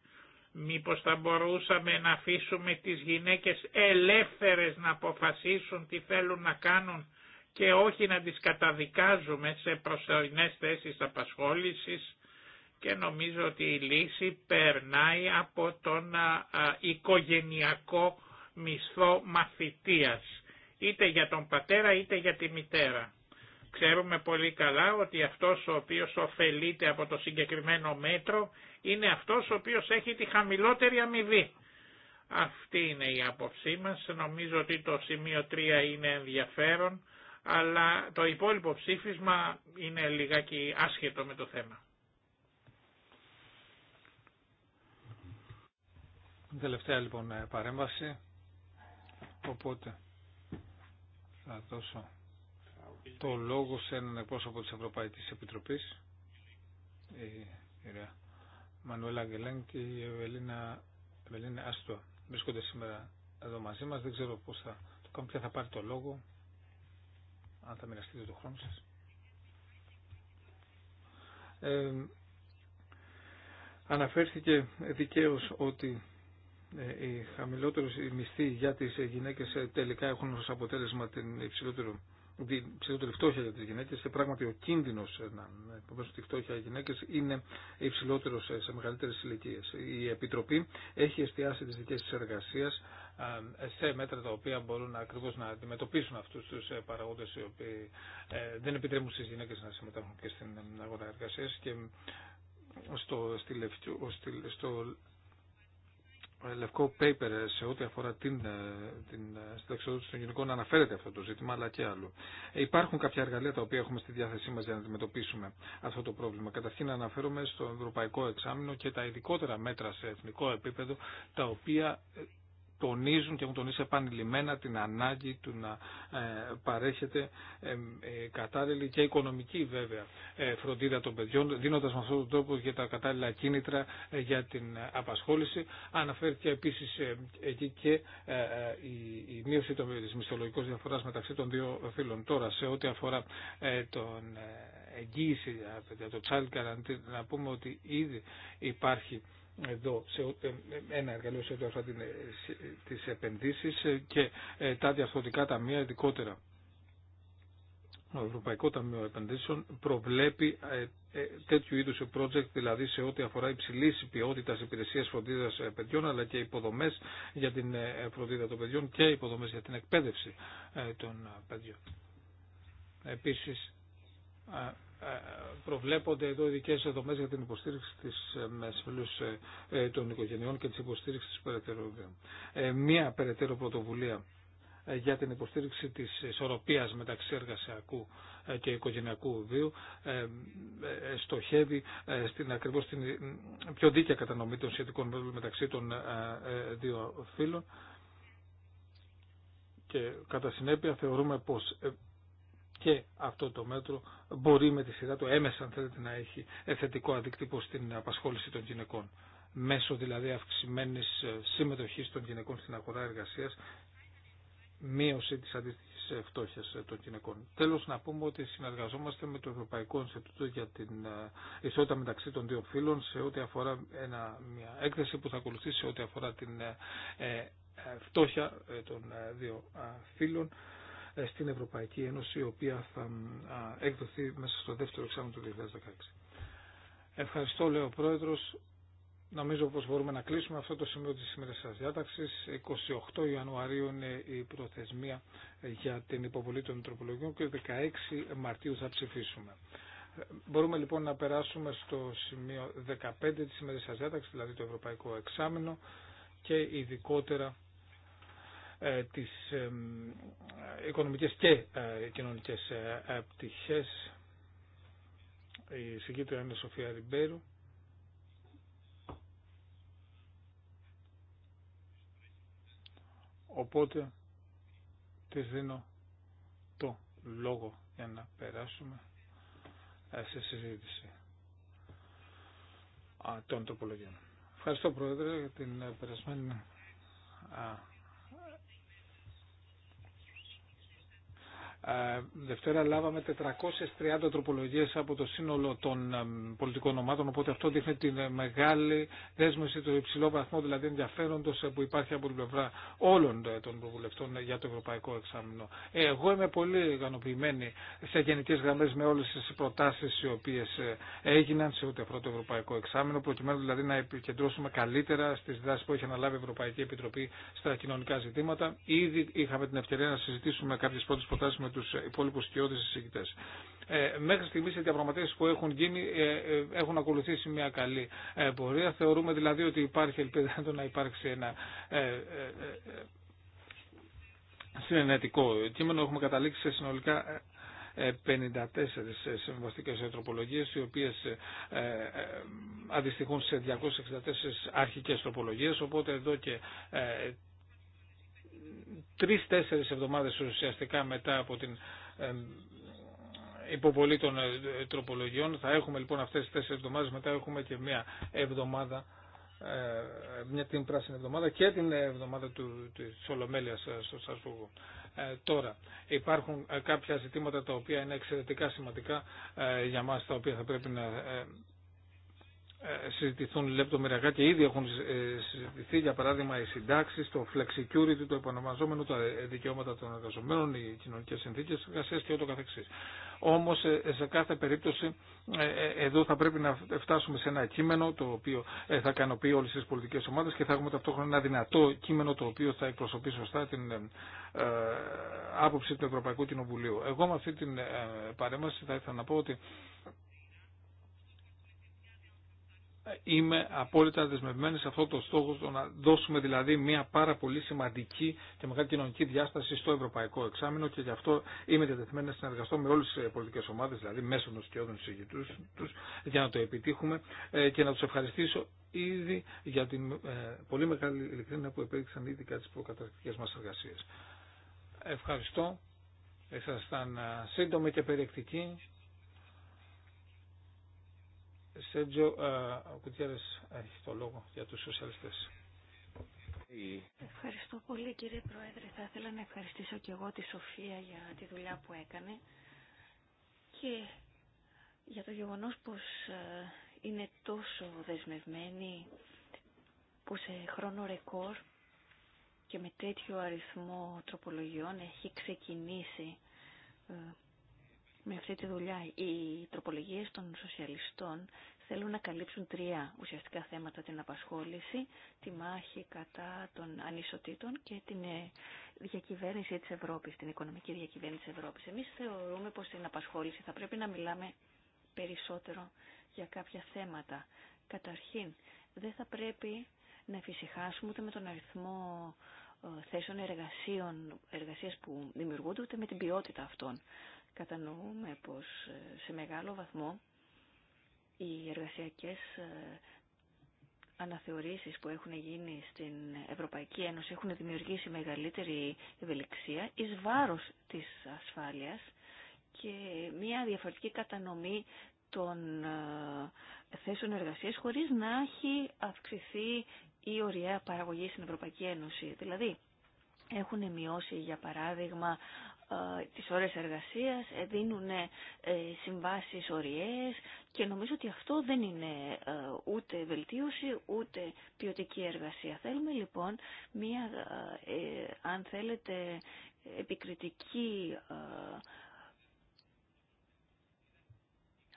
Μήπως θα μπορούσαμε να αφήσουμε τις γυναίκες ελεύθερες να αποφασίσουν τι θέλουν να κάνουν και όχι να τις καταδικάζουμε σε προσωρινές θέσεις απασχόλησης και νομίζω ότι η λύση περνάει από τον οικογενειακό μισθό μαθητείας, είτε για τον πατέρα είτε για τη μητέρα. Ξέρουμε πολύ καλά ότι αυτός ο οποίος ωφελείται από το συγκεκριμένο μέτρο είναι αυτός ο οποίος έχει τη χαμηλότερη αμοιβή. Αυτή είναι η άποψή μας. Νομίζω ότι το σημείο 3 είναι ενδιαφέρον αλλά το υπόλοιπο ψήφισμα είναι λιγάκι άσχετο με το θέμα. Τελευταία λοιπόν παρέμβαση, οπότε θα δώσω το λόγο σε έναν εκπρόσωπο της Ευρωπαϊκής Επιτροπής, η κυρία Μανουέλα Αγγελέν και η Ευελίνα, Ευελίνα Άστο. Βρίσκονται σήμερα εδώ μαζί μας, δεν ξέρω πώς θα το κάνουμε, θα πάρει το λόγο αν θα μοιραστείτε το χρόνο σας. Ε, αναφέρθηκε δικαίως ότι ε, οι χαμηλότεροι μισθοί για τις γυναίκες ε, τελικά έχουν ως αποτέλεσμα την υψηλότερο ότι ψηλότερη φτώχεια για τι γυναίκε και πράγματι ο κίνδυνο ε, να υπομένουν τη φτώχεια οι γυναίκε είναι υψηλότερο σε μεγαλύτερε ηλικίε. Η Επιτροπή έχει εστιάσει τι δικέ τη εργασίε ε, σε μέτρα τα οποία μπορούν ακριβώ να αντιμετωπίσουν αυτού του ε, παραγόντε οι οποίοι δεν επιτρέπουν στι γυναίκε να συμμετέχουν και στην αγορά εργασία. Και στο, στη, στο λευκό paper σε ό,τι αφορά την, ε, την ε, συνταξιοδότηση των γενικών, αναφέρεται αυτό το ζήτημα, αλλά και άλλο. Υπάρχουν κάποια εργαλεία τα οποία έχουμε στη διάθεσή μα για να αντιμετωπίσουμε αυτό το πρόβλημα. Καταρχήν αναφέρομαι στο ευρωπαϊκό εξάμεινο και τα ειδικότερα μέτρα σε εθνικό επίπεδο, τα οποία ε, τονίζουν και έχουν τονίσει επανειλημμένα την ανάγκη του να ε, παρέχεται ε, ε, κατάλληλη και οικονομική βέβαια φροντίδα των παιδιών, δίνοντας με αυτόν τον τρόπο για τα κατάλληλα κίνητρα για την απασχόληση. Αναφέρθηκε επίσης εκεί και η μείωση της μισθολογική διαφοράς μεταξύ των δύο φύλων. Τώρα σε ό,τι αφορά τον εγγύηση για το child guarantee, να πούμε ότι ήδη υπάρχει εδώ σε ε, ε, ένα εργαλείο σε ό,τι αφορά ε, τις επενδύσεις και τα διαφθορτικά ταμεία ειδικότερα. Το Ευρωπαϊκό Ταμείο Επενδύσεων προβλέπει τέτοιου είδους project, δηλαδή σε ό,τι αφορά υψηλή ποιότητα υπηρεσίας φροντίδας παιδιών, αλλά και υποδομές για την φροντίδα των παιδιών και υποδομές για την εκπαίδευση των παιδιών. Επίσης, προβλέπονται εδώ ειδικέ δομέ για την υποστήριξη τη ε, ασφαλού ε, ε, των οικογενειών και τη υποστήριξη τη περαιτέρω. Μία περαιτέρω πρωτοβουλία για την υποστήριξη της ισορροπίας μεταξύ εργασιακού και οικογενειακού βίου στοχεύει στην ακριβώς την πιο δίκαια κατανομή των σχετικών μεταξύ των δύο φύλων και κατά συνέπεια θεωρούμε πως και αυτό το μέτρο μπορεί με τη σειρά του έμεσα αν θέλετε να έχει θετικό αντίκτυπο στην απασχόληση των γυναικών μέσω δηλαδή αυξημένης ε, συμμετοχής των γυναικών στην αγορά εργασίας μείωση της αντίστοιχης ε, φτώχειας ε, των γυναικών. Τέλος να πούμε ότι συνεργαζόμαστε με το Ευρωπαϊκό Ινστιτούτο για την ισότητα μεταξύ των δύο φύλων σε ό,τι αφορά μια έκθεση που θα ακολουθήσει σε ό,τι αφορά την φτώχεια των δύο φύλων ε, στην Ευρωπαϊκή Ένωση, η οποία θα εκδοθεί μέσα στο δεύτερο εξάμεινο του 2016. Ευχαριστώ, λέει ο Πρόεδρος. Νομίζω πως μπορούμε να κλείσουμε αυτό το σημείο της σήμερα σας διάταξης. 28 Ιανουαρίου είναι η προθεσμία για την υποβολή των τροπολογιών και 16 Μαρτίου θα ψηφίσουμε. Μπορούμε λοιπόν να περάσουμε στο σημείο 15 της σημερινής σας διάταξης, δηλαδή το Ευρωπαϊκό Εξάμεινο και ειδικότερα ε, τις ε, οικονομικές και ε, κοινωνικές πτυχές η συγκήτρια είναι Σοφία Ριμπέρου οπότε της δίνω το λόγο για να περάσουμε σε συζήτηση των τροπολογιών. Ευχαριστώ Πρόεδρε για την περασμένη Δευτέρα λάβαμε 430 τροπολογίες από το σύνολο των πολιτικών ομάδων, οπότε αυτό δείχνει τη μεγάλη δέσμευση, του υψηλό βαθμό δηλαδή ενδιαφέροντος ε, που υπάρχει από την πλευρά όλων ε, των προβουλευτών ε, για το Ευρωπαϊκό Εξάμεινο. Εγώ είμαι πολύ ικανοποιημένη σε γενικές γραμμές με όλες τις προτάσεις οι οποίες έγιναν σε ό,τι αφορά το Ευρωπαϊκό Εξάμεινο, προκειμένου δηλαδή να επικεντρώσουμε καλύτερα στις δράσει που έχει αναλάβει η Ευρωπαϊκή Επιτροπή στα κοινωνικά ζητήματα. Ήδη είχαμε την ευκαιρία να συζητήσουμε κάποιε πρώτε προτάσει με τους υπόλοιπους σκιώδεις εισηγητές. Ε, μέχρι στιγμή οι διαπραγματεύσει που έχουν γίνει ε, ε, έχουν ακολουθήσει μια καλή ε, πορεία. Θεωρούμε δηλαδή ότι υπάρχει ελπίδα να υπάρξει ένα συνενετικό κείμενο. Έχουμε καταλήξει σε συνολικά 54 συμβαστικές τροπολογίες οι οποίες αντιστοιχούν σε 264 αρχικές τροπολογίες οπότε εδώ και τρεις-τέσσερις εβδομάδες ουσιαστικά μετά από την ε, υποβολή των ε, τροπολογιών. Θα έχουμε λοιπόν αυτές τις τέσσερις εβδομάδες, μετά έχουμε και μια εβδομάδα ε, μια την πράσινη εβδομάδα και την εβδομάδα του, της Ολομέλειας στο Στρασβούργο. τώρα, υπάρχουν κάποια ζητήματα τα οποία είναι εξαιρετικά σημαντικά για μας, τα οποία θα πρέπει να ε, συζητηθούν λεπτομεριακά και ήδη έχουν ε, συζητηθεί για παράδειγμα οι συντάξει, το flexicurity, το επανομαζόμενο, τα δικαιώματα των εργαζομένων, οι κοινωνικέ συνθήκε εργασία και ούτω καθεξής. Όμω ε, σε κάθε περίπτωση εδώ θα πρέπει να φτάσουμε σε ένα κείμενο το οποίο θα ικανοποιεί όλε τι πολιτικέ ομάδε και θα έχουμε ταυτόχρονα ένα δυνατό κείμενο το οποίο θα εκπροσωπεί σωστά την άποψη του Ευρωπαϊκού Κοινοβουλίου. Εγώ με αυτή την παρέμβαση θα ήθελα να πω ότι είμαι απόλυτα δεσμευμένη σε αυτό το στόχο να δώσουμε δηλαδή μια πάρα πολύ σημαντική και μεγάλη κοινωνική διάσταση στο ευρωπαϊκό εξάμεινο και γι' αυτό είμαι διατεθειμένη να συνεργαστώ με όλε τι ε, πολιτικέ ομάδε, δηλαδή μέσω των σκιώδων συζητητού του, για να το επιτύχουμε ε, και να του ευχαριστήσω ήδη για την ε, πολύ μεγάλη ειλικρίνεια που επέδειξαν ήδη κατά τι προκαταρκτικέ μα εργασίε. Ευχαριστώ. Ήσασταν σύντομοι και περιεκτικοί Σέντζο ε, Κουτιέρες έχει το λόγο για τους σοσιαλιστές. Ευχαριστώ πολύ κύριε Πρόεδρε. Θα ήθελα να ευχαριστήσω και εγώ τη Σοφία για τη δουλειά που έκανε και για το γεγονός πως ε, είναι τόσο δεσμευμένη που σε χρόνο ρεκόρ και με τέτοιο αριθμό τροπολογιών έχει ξεκινήσει ε, με αυτή τη δουλειά. Οι τροπολογίες των σοσιαλιστών θέλουν να καλύψουν τρία ουσιαστικά θέματα, την απασχόληση, τη μάχη κατά των ανισοτήτων και την ε, διακυβέρνηση της Ευρώπης, την οικονομική διακυβέρνηση της Ευρώπης. Εμείς θεωρούμε πως την απασχόληση θα πρέπει να μιλάμε περισσότερο για κάποια θέματα. Καταρχήν, δεν θα πρέπει να εφησυχάσουμε ούτε με τον αριθμό ε, θέσεων εργασίων, εργασίες που δημιουργούνται, ούτε με την ποιότητα αυτών κατανοούμε πως ε, σε μεγάλο βαθμό οι εργασιακές ε, αναθεωρήσεις που έχουν γίνει στην Ευρωπαϊκή Ένωση έχουν δημιουργήσει μεγαλύτερη ευελιξία εις βάρος της ασφάλειας και μια διαφορετική κατανομή των ε, θέσεων εργασίας χωρίς να έχει αυξηθεί η ωριά παραγωγή στην Ευρωπαϊκή Ένωση. Δηλαδή, έχουν μειώσει για παράδειγμα ε, τις ώρες εργασίας, ε, δίνουν ε, συμβάσεις ωριές και νομίζω ότι αυτό δεν είναι ούτε βελτίωση ούτε ποιοτική εργασία. Θέλουμε λοιπόν μία, αν θέλετε, επικριτική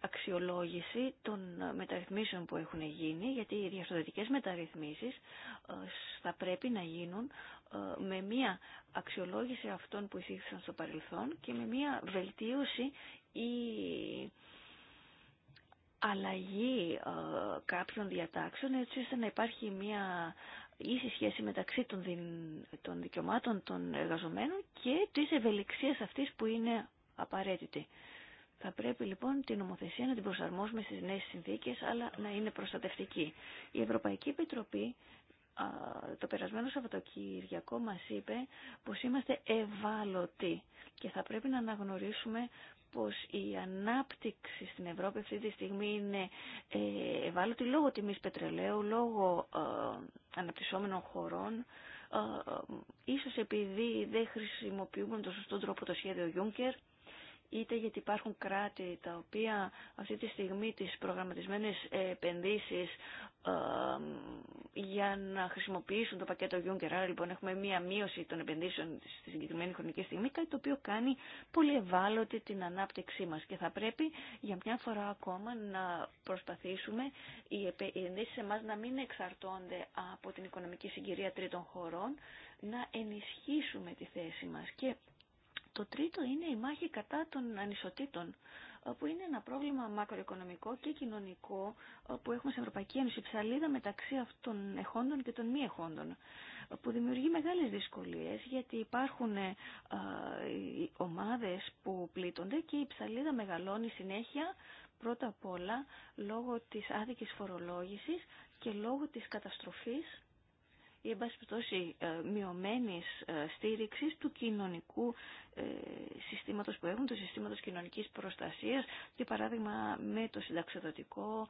αξιολόγηση των μεταρρυθμίσεων που έχουν γίνει, γιατί οι διαστοδετικές μεταρρυθμίσεις θα πρέπει να γίνουν ε, με μία αξιολόγηση αυτών που εισήχθησαν στο παρελθόν και με μία βελτίωση ή αλλαγή ε, κάποιων διατάξεων έτσι ώστε να υπάρχει μία ίση σχέση μεταξύ των δικαιωμάτων των εργαζομένων και της ευελιξίας αυτής που είναι απαραίτητη. Θα πρέπει λοιπόν την νομοθεσία να την προσαρμόσουμε στις νέες συνθήκες, αλλά να είναι προστατευτική. Η Ευρωπαϊκή Επιτροπή το περασμένο Σαββατοκύριακο μας είπε πως είμαστε ευάλωτοι και θα πρέπει να αναγνωρίσουμε πως η ανάπτυξη στην Ευρώπη αυτή τη στιγμή είναι ε, ευάλωτη λόγω τιμής πετρελαίου, λόγω ε, αναπτυσσόμενων χωρών, ε, ίσως επειδή δεν χρησιμοποιούμε τον σωστό τρόπο το σχέδιο Juncker, είτε γιατί υπάρχουν κράτη τα οποία αυτή τη στιγμή τις προγραμματισμένες επενδύσεις για να χρησιμοποιήσουν το πακέτο Juncker. Άρα λοιπόν έχουμε μία μείωση των επενδύσεων στη συγκεκριμένη χρονική στιγμή, κάτι το οποίο κάνει πολύ ευάλωτη την ανάπτυξή μας και θα πρέπει για μια φορά ακόμα να προσπαθήσουμε οι επενδύσεις σε εμάς να μην εξαρτώνται από την οικονομική συγκυρία τρίτων χωρών, να ενισχύσουμε τη θέση μας. Και το τρίτο είναι η μάχη κατά των ανισοτήτων που είναι ένα πρόβλημα μακροοικονομικό και κοινωνικό ε, που έχουμε στην Ευρωπαϊκή Ένωση, ψαλίδα μεταξύ αυτών των εχόντων και των μη εχόντων, ε, που δημιουργεί μεγάλες δυσκολίες γιατί υπάρχουν ε, ομάδες που πλήττονται και η ψαλίδα μεγαλώνει συνέχεια πρώτα απ' όλα λόγω της άδικης φορολόγησης και λόγω της καταστροφής ή εν πάση περιπτώσει ε, μειωμένης ε, στήριξης του κοινωνικού ε, συστήματος που έχουν, του συστήματος κοινωνικής προστασίας και παράδειγμα με το συνταξιδοτικό,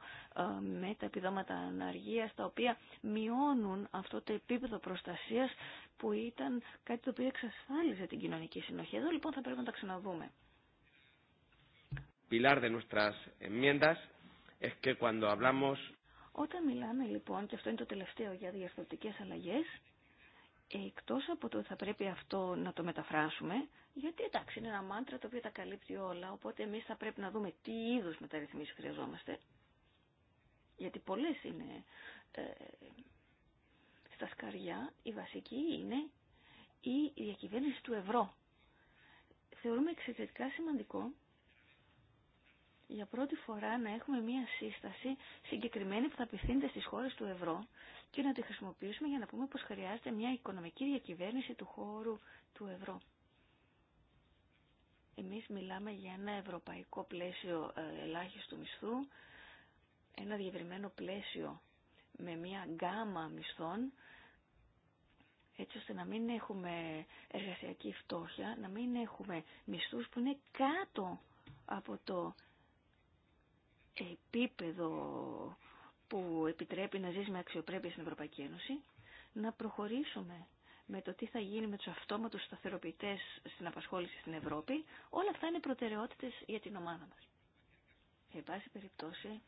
με τα επιδόματα αναργίας, τα οποία μειώνουν αυτό το επίπεδο προστασίας που ήταν κάτι το οποίο εξασφάλιζε την κοινωνική συνοχή. Εδώ λοιπόν θα πρέπει να τα ξαναδούμε. Pilar de nuestras enmiendas es que cuando hablamos όταν μιλάμε λοιπόν, και αυτό είναι το τελευταίο για διαρθρωτικές αλλαγές, εκτός από το ότι θα πρέπει αυτό να το μεταφράσουμε, γιατί εντάξει είναι ένα μάντρα το οποίο τα καλύπτει όλα, οπότε εμείς θα πρέπει να δούμε τι είδους μεταρρυθμίσεις χρειαζόμαστε, γιατί πολλές είναι ε, στα σκαριά, η βασική είναι η διακυβέρνηση του ευρώ. Θεωρούμε εξαιρετικά σημαντικό για πρώτη φορά να έχουμε μία σύσταση συγκεκριμένη που θα απευθύνεται στις χώρες του ευρώ και να τη χρησιμοποιήσουμε για να πούμε πως χρειάζεται μια οικονομική διακυβέρνηση του χώρου του ευρώ. Εμείς μιλάμε για ένα ευρωπαϊκό πλαίσιο ε, ελάχιστου μισθού, ένα διευρυμένο πλαίσιο με μια γκάμα μισθών, έτσι ώστε να μην έχουμε εργασιακή φτώχεια, να μην έχουμε μισθούς που είναι κάτω από το επίπεδο που επιτρέπει να ζήσει με αξιοπρέπεια στην Ευρωπαϊκή Ένωση, να προχωρήσουμε με το τι θα γίνει με τους αυτόματους σταθεροποιητές στην απασχόληση στην Ευρώπη, όλα αυτά είναι προτεραιότητες για την ομάδα μας. Εν πάση περιπτώσει,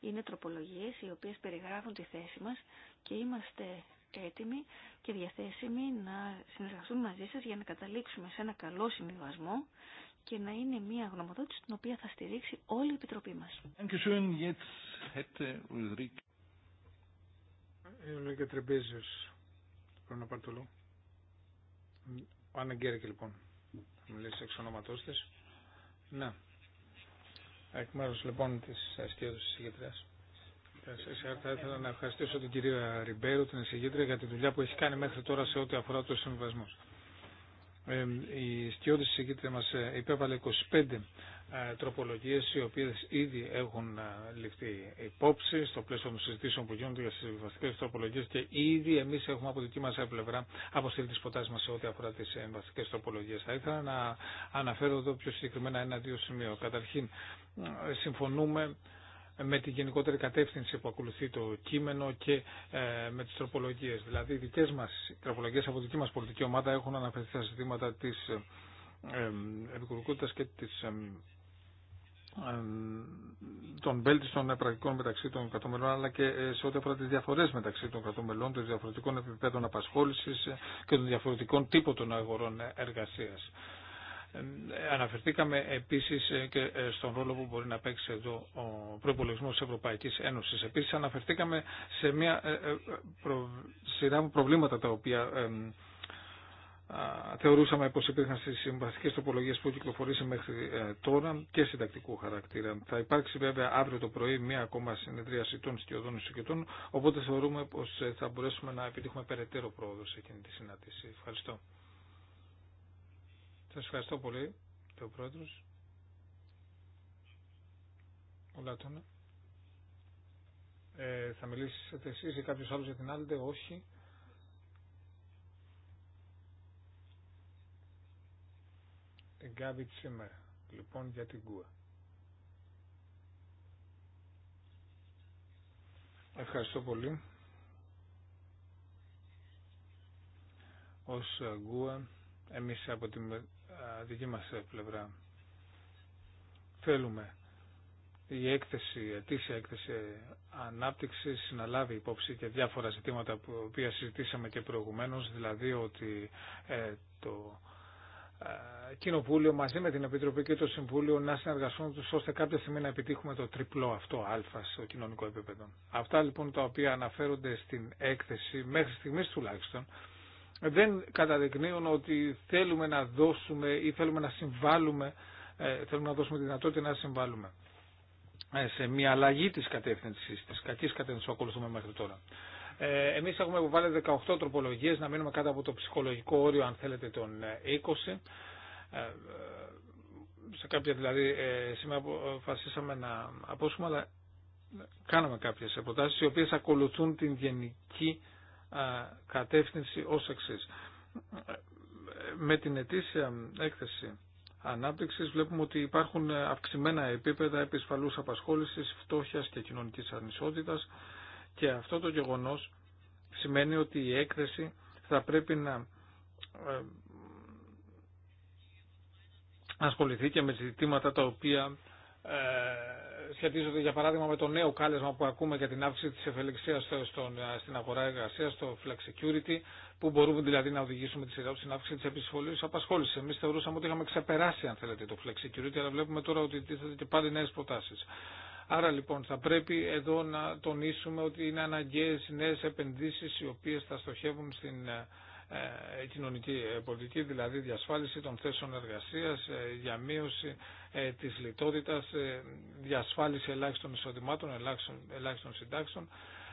είναι τροπολογίες οι οποίες περιγράφουν τη θέση μας και είμαστε έτοιμοι και διαθέσιμοι να συνεργαστούμε μαζί σας για να καταλήξουμε σε ένα καλό συμβιβασμό και να είναι μια γνωμοδότηση την οποία θα στηρίξει όλη η Επιτροπή μας. Ο Άννα λοιπόν θα μιλήσει εξ ονόματός της. Ναι. Εκ μέρους λοιπόν της αστείωσης της ηγετρίας. Θα ήθελα να ευχαριστήσω την κυρία Ριμπέρου, την εισηγήτρια, για τη δουλειά που έχει κάνει μέχρι τώρα σε ό,τι αφορά τους συμβασμούς η σκιώδη συγκήτρια μας ε, υπέβαλε 25 ε, τροπολογίες οι οποίες ήδη έχουν ε, ληφθεί υπόψη στο πλαίσιο των συζητήσεων που γίνονται για τις εμβαστικές τροπολογίες και ήδη εμείς έχουμε από δική μας πλευρά αποστείλει τις προτάσεις μας σε ό,τι αφορά τις εμβαστικές τροπολογίες. Θα ήθελα να αναφέρω εδώ πιο συγκεκριμένα ένα-δύο σημείο. Καταρχήν, συμφωνούμε με τη γενικότερη κατεύθυνση που ακολουθεί το κείμενο και ε, με τις τροπολογίες. Δηλαδή οι δικές μας τροπολογίες από δική μας πολιτική ομάδα έχουν αναφερθεί στα ζητήματα της ε, επικουρικότητας και της των βέλτιστων πρακτικών μεταξύ των κρατομελών αλλά και ε, σε ό,τι αφορά τις διαφορές μεταξύ των κρατομελών, των διαφορετικών επιπέδων απασχόληση και των διαφορετικών τύπων των αγορών εργασία. Αναφερθήκαμε επίση και ε, στον ρόλο που μπορεί να παίξει εδώ ο προπολογισμό τη Ευρωπαϊκή Ένωση. Επίση, αναφερθήκαμε σε μια ε, ε, σειρά από προβλήματα τα οποία θεωρούσαμε πως υπήρχαν στις συμβαστικές τοπολογίες που κυκλοφορήσει μέχρι τώρα και συντακτικού χαρακτήρα. Θα υπάρξει βέβαια αύριο το πρωί μία ακόμα συνεδρίαση των σκιωδών εισηγητών, οπότε θεωρούμε πως θα μπορέσουμε να επιτύχουμε περαιτέρω πρόοδο σε εκείνη τη συνάντηση. Ευχαριστώ. Σας ευχαριστώ πολύ, το Πρόεδρος. Ο Λάτωνα. Ε, θα μιλήσετε εσείς ή κάποιος άλλος για την άλλη, όχι. Εγκάβιτ σήμερα, λοιπόν, για την Κούα. Ευχαριστώ πολύ. Ως Γκούα, εμείς από την δική μας πλευρά. Θέλουμε η έκθεση, η ετήσια έκθεση ανάπτυξη συναλάβει υπόψη και διάφορα ζητήματα που οποία συζητήσαμε και προηγουμένως, δηλαδή ότι ε, το ε, Κοινοβούλιο μαζί με την Επιτροπή και το Συμβούλιο να συνεργαστούν του ώστε κάποια στιγμή να επιτύχουμε το τριπλό αυτό α στο κοινωνικό επίπεδο. Αυτά λοιπόν τα οποία αναφέρονται στην έκθεση μέχρι στιγμής τουλάχιστον δεν καταδεικνύουν ότι θέλουμε να δώσουμε ή θέλουμε να συμβάλλουμε, ε, θέλουμε να δώσουμε τη δυνατότητα να συμβάλλουμε ε, σε μια αλλαγή της κατεύθυνσης, της κακής κατεύθυνσης που ακολουθούμε μέχρι τώρα. Ε, εμείς έχουμε βάλει 18 τροπολογίες, να μείνουμε κάτω από το ψυχολογικό όριο, αν θέλετε, των 20. Ε, σε κάποια δηλαδή, σήμερα αποφασίσαμε να απόσχουμε, αλλά κάναμε κάποιες προτάσεις, οι οποίες ακολουθούν την γενική κατεύθυνση ως εξής. Με την ετήσια έκθεση ανάπτυξης βλέπουμε ότι υπάρχουν αυξημένα επίπεδα επισφαλούς απασχόλησης, φτώχειας και κοινωνικής ανισότητας και αυτό το γεγονός σημαίνει ότι η έκθεση θα πρέπει να ε, ασχοληθεί και με ζητήματα τα οποία ε, σχετίζονται για παράδειγμα με το νέο κάλεσμα που ακούμε για την αύξηση της ευελιξίας στην αγορά εργασία, στο Flex Security, που μπορούμε δηλαδή να οδηγήσουμε τη σειρά στην αύξηση της επισφολής απασχόλησης. Εμείς θεωρούσαμε ότι είχαμε ξεπεράσει αν θέλετε το Flex Security, αλλά βλέπουμε τώρα ότι τίθεται και πάλι νέες προτάσεις. Άρα λοιπόν θα πρέπει εδώ να τονίσουμε ότι είναι αναγκαίες νέες επενδύσεις οι οποίες θα στοχεύουν στην ε, ε, κοινωνική ε, πολιτική, δηλαδή διασφάλιση των θέσεων εργασίας, για ε, της λιτότητας, ε, διασφάλιση ελάχιστων εισοδημάτων, ελάχιστων, ελάχιστων συντάξεων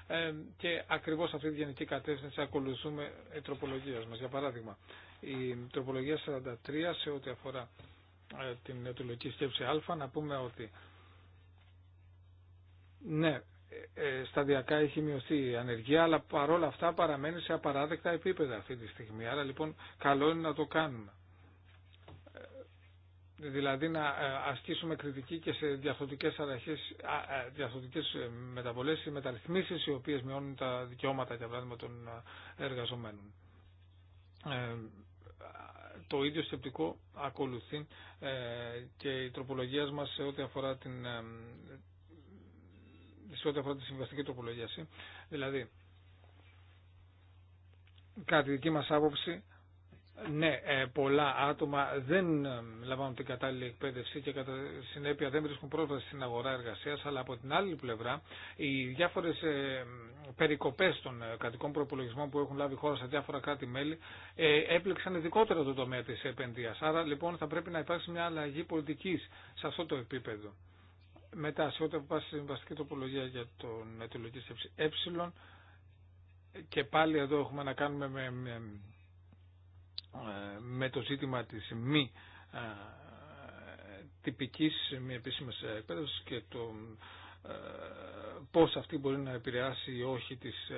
ε, και ακριβώς αυτή τη γενική κατεύθυνση ακολουθούμε τροπολογία μας. Για παράδειγμα, η τροπολογία 43 σε ό,τι αφορά την νεοτολογική σκέψη α, να πούμε ότι ναι, σταδιακά έχει μειωθεί η ανεργία, αλλά παρόλα αυτά παραμένει σε απαράδεκτα επίπεδα αυτή τη στιγμή. Άρα λοιπόν καλό είναι να το κάνουμε δηλαδή να ε, ασκήσουμε κριτική και σε διαφορετικές αλλαγές, ε, διαφορετικές ε, μεταβολές ή μεταρρυθμίσεις οι οποίες μειώνουν τα δικαιώματα για παράδειγμα των εργαζομένων. το ίδιο σκεπτικό ακολουθεί και η τροπολογία μας σε ό,τι αφορά την σε ό,τι αφορά τη συμβαστική τροπολογία. Δηλαδή, κατά δική μας άποψη, ναι, ε, πολλά άτομα δεν ε, λαμβάνουν την κατάλληλη εκπαίδευση και κατά συνέπεια δεν βρίσκουν πρόσβαση στην αγορά εργασία, αλλά από την άλλη πλευρά οι διάφορε περικοπέ των ε, κατοικών προπολογισμών που έχουν λάβει η χώρα σε διάφορα κράτη-μέλη έπλεξαν ειδικότερα το τομέα τη επενδύα. Άρα λοιπόν θα πρέπει να υπάρξει μια αλλαγή πολιτική σε αυτό το επίπεδο. Μετά, σε ό,τι αφορά στη συμβαστική τοπολογία για τον αιτιολογή ε, και πάλι εδώ έχουμε να κάνουμε με ε, με το ζήτημα της μη ε, τυπικής μη επίσημης εκπαίδευσης και το ε, πώς αυτή μπορεί να επηρεάσει ή όχι τις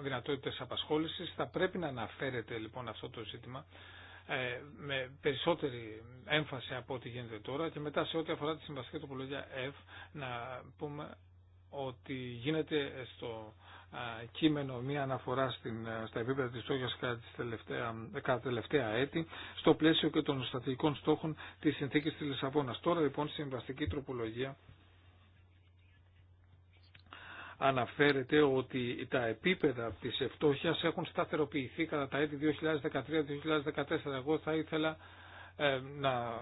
δυνατότητες απασχόλησης. Θα πρέπει να αναφέρεται λοιπόν αυτό το ζήτημα με περισσότερη έμφαση από ό,τι γίνεται τώρα και μετά σε ό,τι αφορά τη συμβαστική τοπολογία F να πούμε ότι γίνεται στο κείμενο, μία αναφορά στην, ε, στα επίπεδα της Τόγιας κατά, τις ε, τελευταία, έτη, στο πλαίσιο και των στατικών στόχων της συνθήκης της Λισαβόνας. Τώρα λοιπόν συμβαστική τροπολογία αναφέρεται ότι τα επίπεδα της φτώχειας έχουν σταθεροποιηθεί κατά τα έτη 2013-2014. Εγώ θα ήθελα ε, να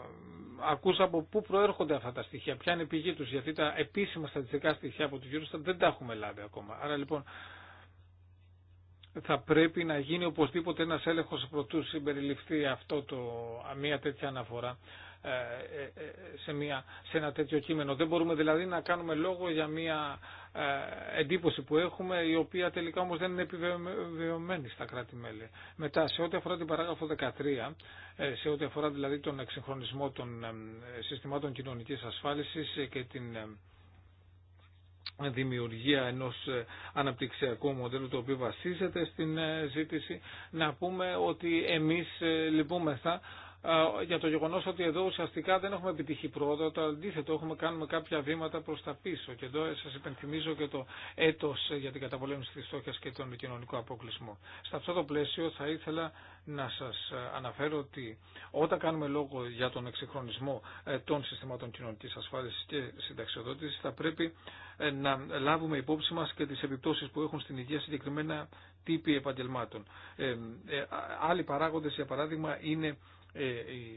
ακούσα από πού προέρχονται αυτά τα στοιχεία, ποια είναι η πηγή τους, γιατί τα επίσημα στατιστικά στοιχεία από τον Eurostat δεν τα έχουμε λάβει ακόμα. Άρα λοιπόν θα πρέπει να γίνει οπωσδήποτε ένας έλεγχος προτού συμπεριληφθεί αυτό το, μια τέτοια αναφορά ε, ε, ε, σε, μια, σε ένα τέτοιο κείμενο. Δεν μπορούμε δηλαδή να κάνουμε λόγο για μια εντύπωση που έχουμε η οποία τελικά όμως δεν είναι επιβεβαιωμένη στα κράτη-μέλη. Μετά σε ό,τι αφορά την παράγραφο 13, σε ό,τι αφορά δηλαδή τον εξυγχρονισμό των συστημάτων κοινωνικής ασφάλισης και την δημιουργία ενός αναπτυξιακού μοντέλου το οποίο βασίζεται στην ζήτηση να πούμε ότι εμείς λυπούμεθα για το γεγονό ότι εδώ ουσιαστικά δεν έχουμε επιτυχεί πρόοδο, το αντίθετο έχουμε κάνουμε κάποια βήματα προ τα πίσω. Και εδώ σα υπενθυμίζω και το έτο για την καταπολέμηση τη φτώχεια και τον κοινωνικό αποκλεισμό. Σε αυτό το πλαίσιο θα ήθελα να σα αναφέρω ότι όταν κάνουμε λόγο για τον εξυγχρονισμό ε, των συστημάτων κοινωνική ασφάλιση και συνταξιοδότηση, θα πρέπει ε, να λάβουμε υπόψη μα και τι επιπτώσει που έχουν στην υγεία συγκεκριμένα τύποι επαγγελμάτων. Ε, άλλοι παράγοντε, για παράδειγμα, είναι ε,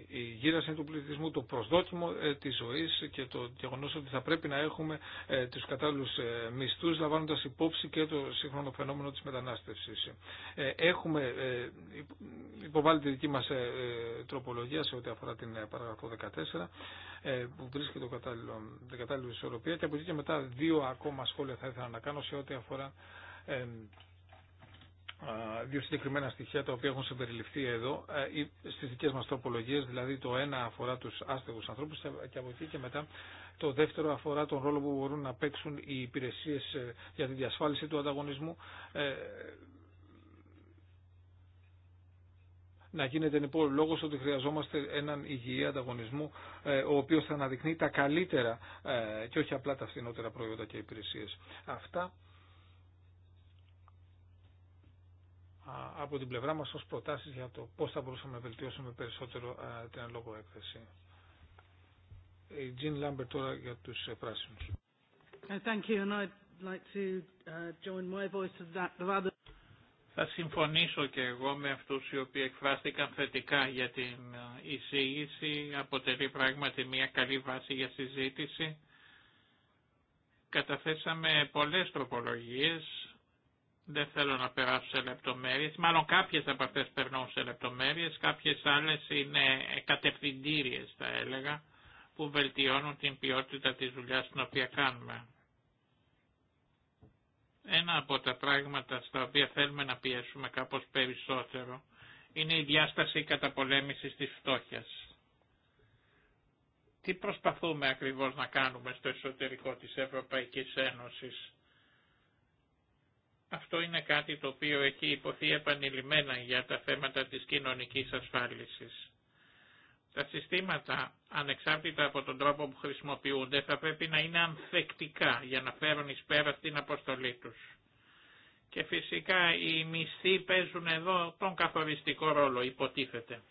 η γύραση του πληθυσμού, το προσδόκιμο ε, της ζωής και το γεγονός ότι θα πρέπει να έχουμε ε, τους κατάλληλους μισθούς λαμβάνοντας υπόψη και το σύγχρονο φαινόμενο της μετανάστευσης. Έχουμε υποβάλει τη δική μας τροπολογία σε ό,τι αφορά την παραγραφό 14 που βρίσκεται το κατάλληλο, την κατάλληλη ισορροπία και από εκεί και μετά δύο ακόμα σχόλια θα ήθελα να κάνω σε ό,τι αφορά δύο συγκεκριμένα στοιχεία τα οποία έχουν συμπεριληφθεί εδώ ε, στις δικές μας τροπολογίες, δηλαδή το ένα αφορά τους άστεγους ανθρώπους και από εκεί και μετά το δεύτερο αφορά τον ρόλο που μπορούν να παίξουν οι υπηρεσίες ε, για τη διασφάλιση του ανταγωνισμού ε, να γίνεται λοιπόν λόγος ότι χρειαζόμαστε έναν υγιή ανταγωνισμό ο οποίος θα αναδεικνύει τα καλύτερα και όχι απλά τα φθηνότερα προϊόντα και υπηρεσίες. Αυτά από την πλευρά μας ως προτάσεις για το πώς θα μπορούσαμε να βελτιώσουμε περισσότερο την αλόγω έκθεση. Η Τζιν Lambert τώρα για τους ε, πράσινους. Θα συμφωνήσω και εγώ με αυτούς οι οποίοι εκφράστηκαν θετικά για την ε, εισήγηση. Αποτελεί πράγματι μια καλή βάση για συζήτηση. Καταθέσαμε πολλές τροπολογίες δεν θέλω να περάσω σε λεπτομέρειες, μάλλον κάποιες από αυτές περνούν σε λεπτομέρειες, κάποιες άλλες είναι κατευθυντήριες θα έλεγα, που βελτιώνουν την ποιότητα της δουλειάς την οποία κάνουμε. Ένα από τα πράγματα στα οποία θέλουμε να πιέσουμε κάπως περισσότερο είναι η διάσταση καταπολέμησης της φτώχειας. Τι προσπαθούμε ακριβώς να κάνουμε στο εσωτερικό της Ευρωπαϊκής Ένωσης αυτό είναι κάτι το οποίο έχει υποθεί επανειλημμένα για τα θέματα της κοινωνικής ασφάλισης. Τα συστήματα, ανεξάρτητα από τον τρόπο που χρησιμοποιούνται, θα πρέπει να είναι ανθεκτικά για να φέρουν εις πέρα στην αποστολή τους. Και φυσικά οι μισθοί παίζουν εδώ τον καθοριστικό ρόλο, υποτίθεται.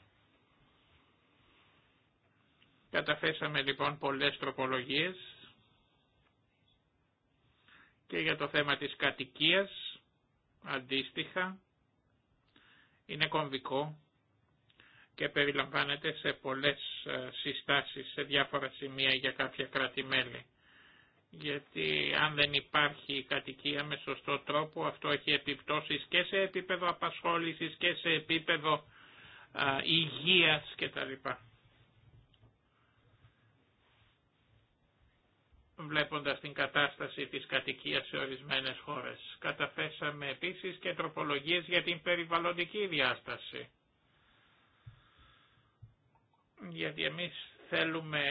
Καταφέσαμε λοιπόν πολλές τροπολογίες και για το θέμα της κατοικίας αντίστοιχα είναι κομβικό και περιλαμβάνεται σε πολλές ε, συστάσεις σε διάφορα σημεία για κάποια κράτη-μέλη. Γιατί αν δεν υπάρχει κατοικία με σωστό τρόπο αυτό έχει επιπτώσεις και σε επίπεδο απασχόλησης και σε επίπεδο υγείας κτλ. βλέποντας την κατάσταση της κατοικίας σε ορισμένες χώρες. Καταθέσαμε επίσης και τροπολογίες για την περιβαλλοντική διάσταση. Γιατί εμείς θέλουμε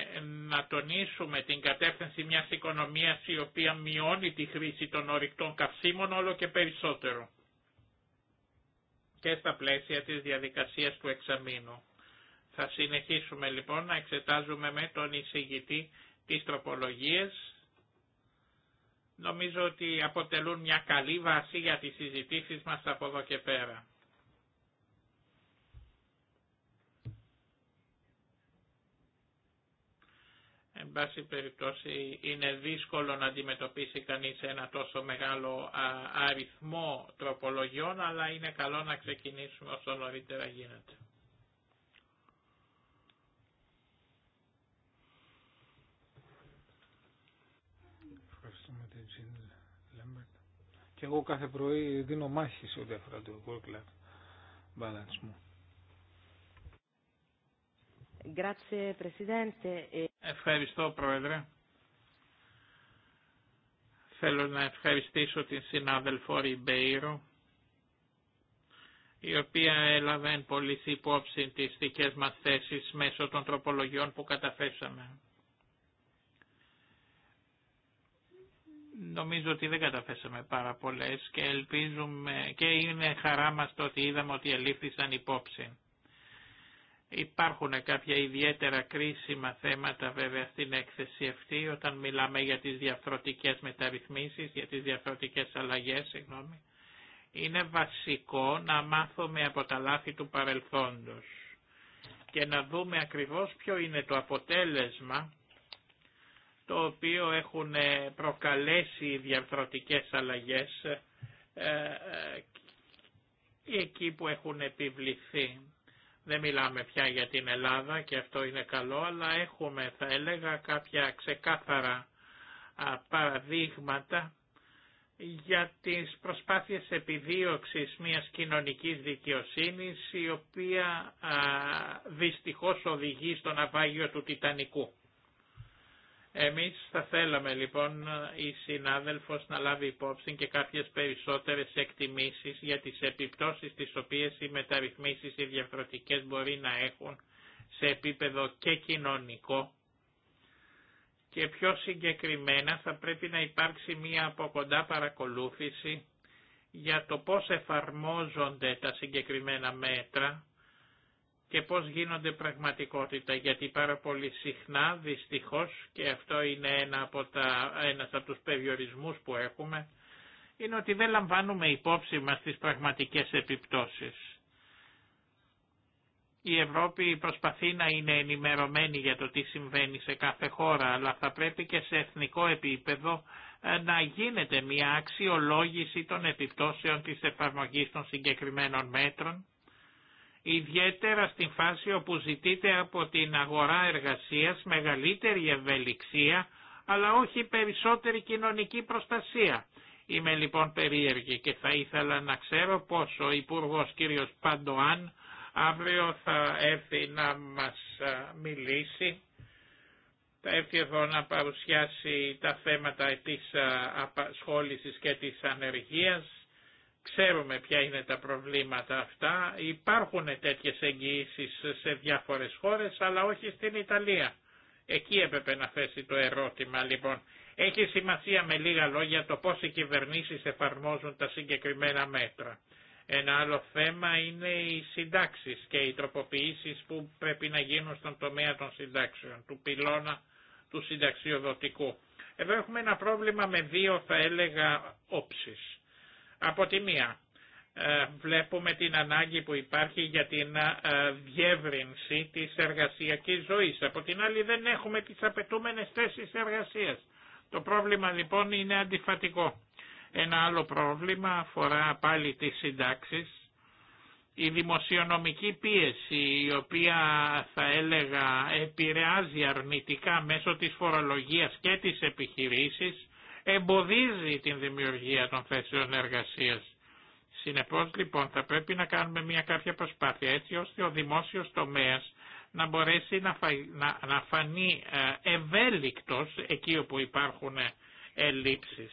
να τονίσουμε την κατεύθυνση μιας οικονομίας η οποία μειώνει τη χρήση των ορυκτών καυσίμων όλο και περισσότερο και στα πλαίσια της διαδικασίας του εξαμήνου. Θα συνεχίσουμε λοιπόν να εξετάζουμε με τον εισηγητή τις τροπολογίες νομίζω ότι αποτελούν μια καλή βάση για τις συζητήσεις μας από εδώ και πέρα. Εν πάση περιπτώσει είναι δύσκολο να αντιμετωπίσει κανείς ένα τόσο μεγάλο αριθμό τροπολογιών, αλλά είναι καλό να ξεκινήσουμε όσο νωρίτερα γίνεται. Και εγώ κάθε πρωί δίνω μάχη σε ό,τι αφορά το work-life balance μου. Ευχαριστώ, Πρόεδρε. Θέλω να ευχαριστήσω την συνάδελφο Ριμπέιρο, η οποία έλαβε εν πολύ υπόψη τις δικές μας θέσεις μέσω των τροπολογιών που καταθέσαμε. νομίζω ότι δεν καταθέσαμε πάρα πολλέ και ελπίζουμε και είναι χαρά μας το ότι είδαμε ότι ελήφθησαν υπόψη. Υπάρχουν κάποια ιδιαίτερα κρίσιμα θέματα βέβαια στην έκθεση αυτή όταν μιλάμε για τις διαφθρωτικές μεταρρυθμίσεις, για τις διαφθρωτικές αλλαγές, Είναι βασικό να μάθουμε από τα λάθη του παρελθόντος και να δούμε ακριβώς ποιο είναι το αποτέλεσμα το οποίο έχουν ε, προκαλέσει διαρθρωτικές αλλαγές ε, ε, εκεί που έχουν επιβληθεί. Δεν μιλάμε πια για την Ελλάδα και αυτό είναι καλό, αλλά έχουμε θα έλεγα κάποια ξεκάθαρα παραδείγματα για τις προσπάθειες επιδίωξης μιας κοινωνικής δικαιοσύνης η οποία δυστυχώς οδηγεί στο ναυάγιο του Τιτανικού. Εμείς θα θέλαμε λοιπόν η συνάδελφος να λάβει υπόψη και κάποιες περισσότερες εκτιμήσεις για τις επιπτώσεις τις οποίες οι μεταρρυθμίσεις οι διαφορετικές μπορεί να έχουν σε επίπεδο και κοινωνικό και πιο συγκεκριμένα θα πρέπει να υπάρξει μία από κοντά παρακολούθηση για το πώς εφαρμόζονται τα συγκεκριμένα μέτρα και πώς γίνονται πραγματικότητα, γιατί πάρα πολύ συχνά δυστυχώς και αυτό είναι ένα από τα, ένας από τους περιορισμούς που έχουμε, είναι ότι δεν λαμβάνουμε υπόψη μας τις πραγματικές επιπτώσεις. Η Ευρώπη προσπαθεί να είναι ενημερωμένη για το τι συμβαίνει σε κάθε χώρα, αλλά θα πρέπει και σε εθνικό επίπεδο ε, να γίνεται μια αξιολόγηση των επιπτώσεων της εφαρμογής των συγκεκριμένων μέτρων ιδιαίτερα στην φάση όπου ζητείται από την αγορά εργασίας μεγαλύτερη ευελιξία, αλλά όχι περισσότερη κοινωνική προστασία. Είμαι λοιπόν περίεργη και θα ήθελα να ξέρω πώς ο Υπουργός κύριος Παντοάν αύριο θα έρθει να μας μιλήσει. Θα έρθει εδώ να παρουσιάσει τα θέματα της απασχόλησης και της ανεργίας Ξέρουμε ποια είναι τα προβλήματα αυτά. Υπάρχουν τέτοιες εγγυήσει σε διάφορες χώρες, αλλά όχι στην Ιταλία. Εκεί έπρεπε να θέσει το ερώτημα λοιπόν. Έχει σημασία με λίγα λόγια το πώς οι κυβερνήσεις εφαρμόζουν τα συγκεκριμένα μέτρα. Ένα άλλο θέμα είναι οι συντάξει και οι τροποποιήσεις που πρέπει να γίνουν στον τομέα των συντάξεων, του πυλώνα του συνταξιοδοτικού. Εδώ έχουμε ένα πρόβλημα με δύο θα έλεγα όψεις. Από τη μία, ε, βλέπουμε την ανάγκη που υπάρχει για την ε, διεύρυνση της εργασιακής ζωής. Από την άλλη δεν έχουμε τις απαιτούμενες θέσεις εργασίας. Το πρόβλημα λοιπόν είναι αντιφατικό. Ένα άλλο πρόβλημα αφορά πάλι τις συντάξεις. Η δημοσιονομική πίεση η οποία θα έλεγα επηρεάζει αρνητικά μέσω της φορολογίας και της επιχειρήσης εμποδίζει την δημιουργία των θέσεων εργασίας. Συνεπώς λοιπόν θα πρέπει να κάνουμε μια κάποια προσπάθεια έτσι ώστε ο δημόσιος τομέας να μπορέσει να, να... φανεί ε, ευέλικτος εκεί όπου υπάρχουν ε, ελλείψεις.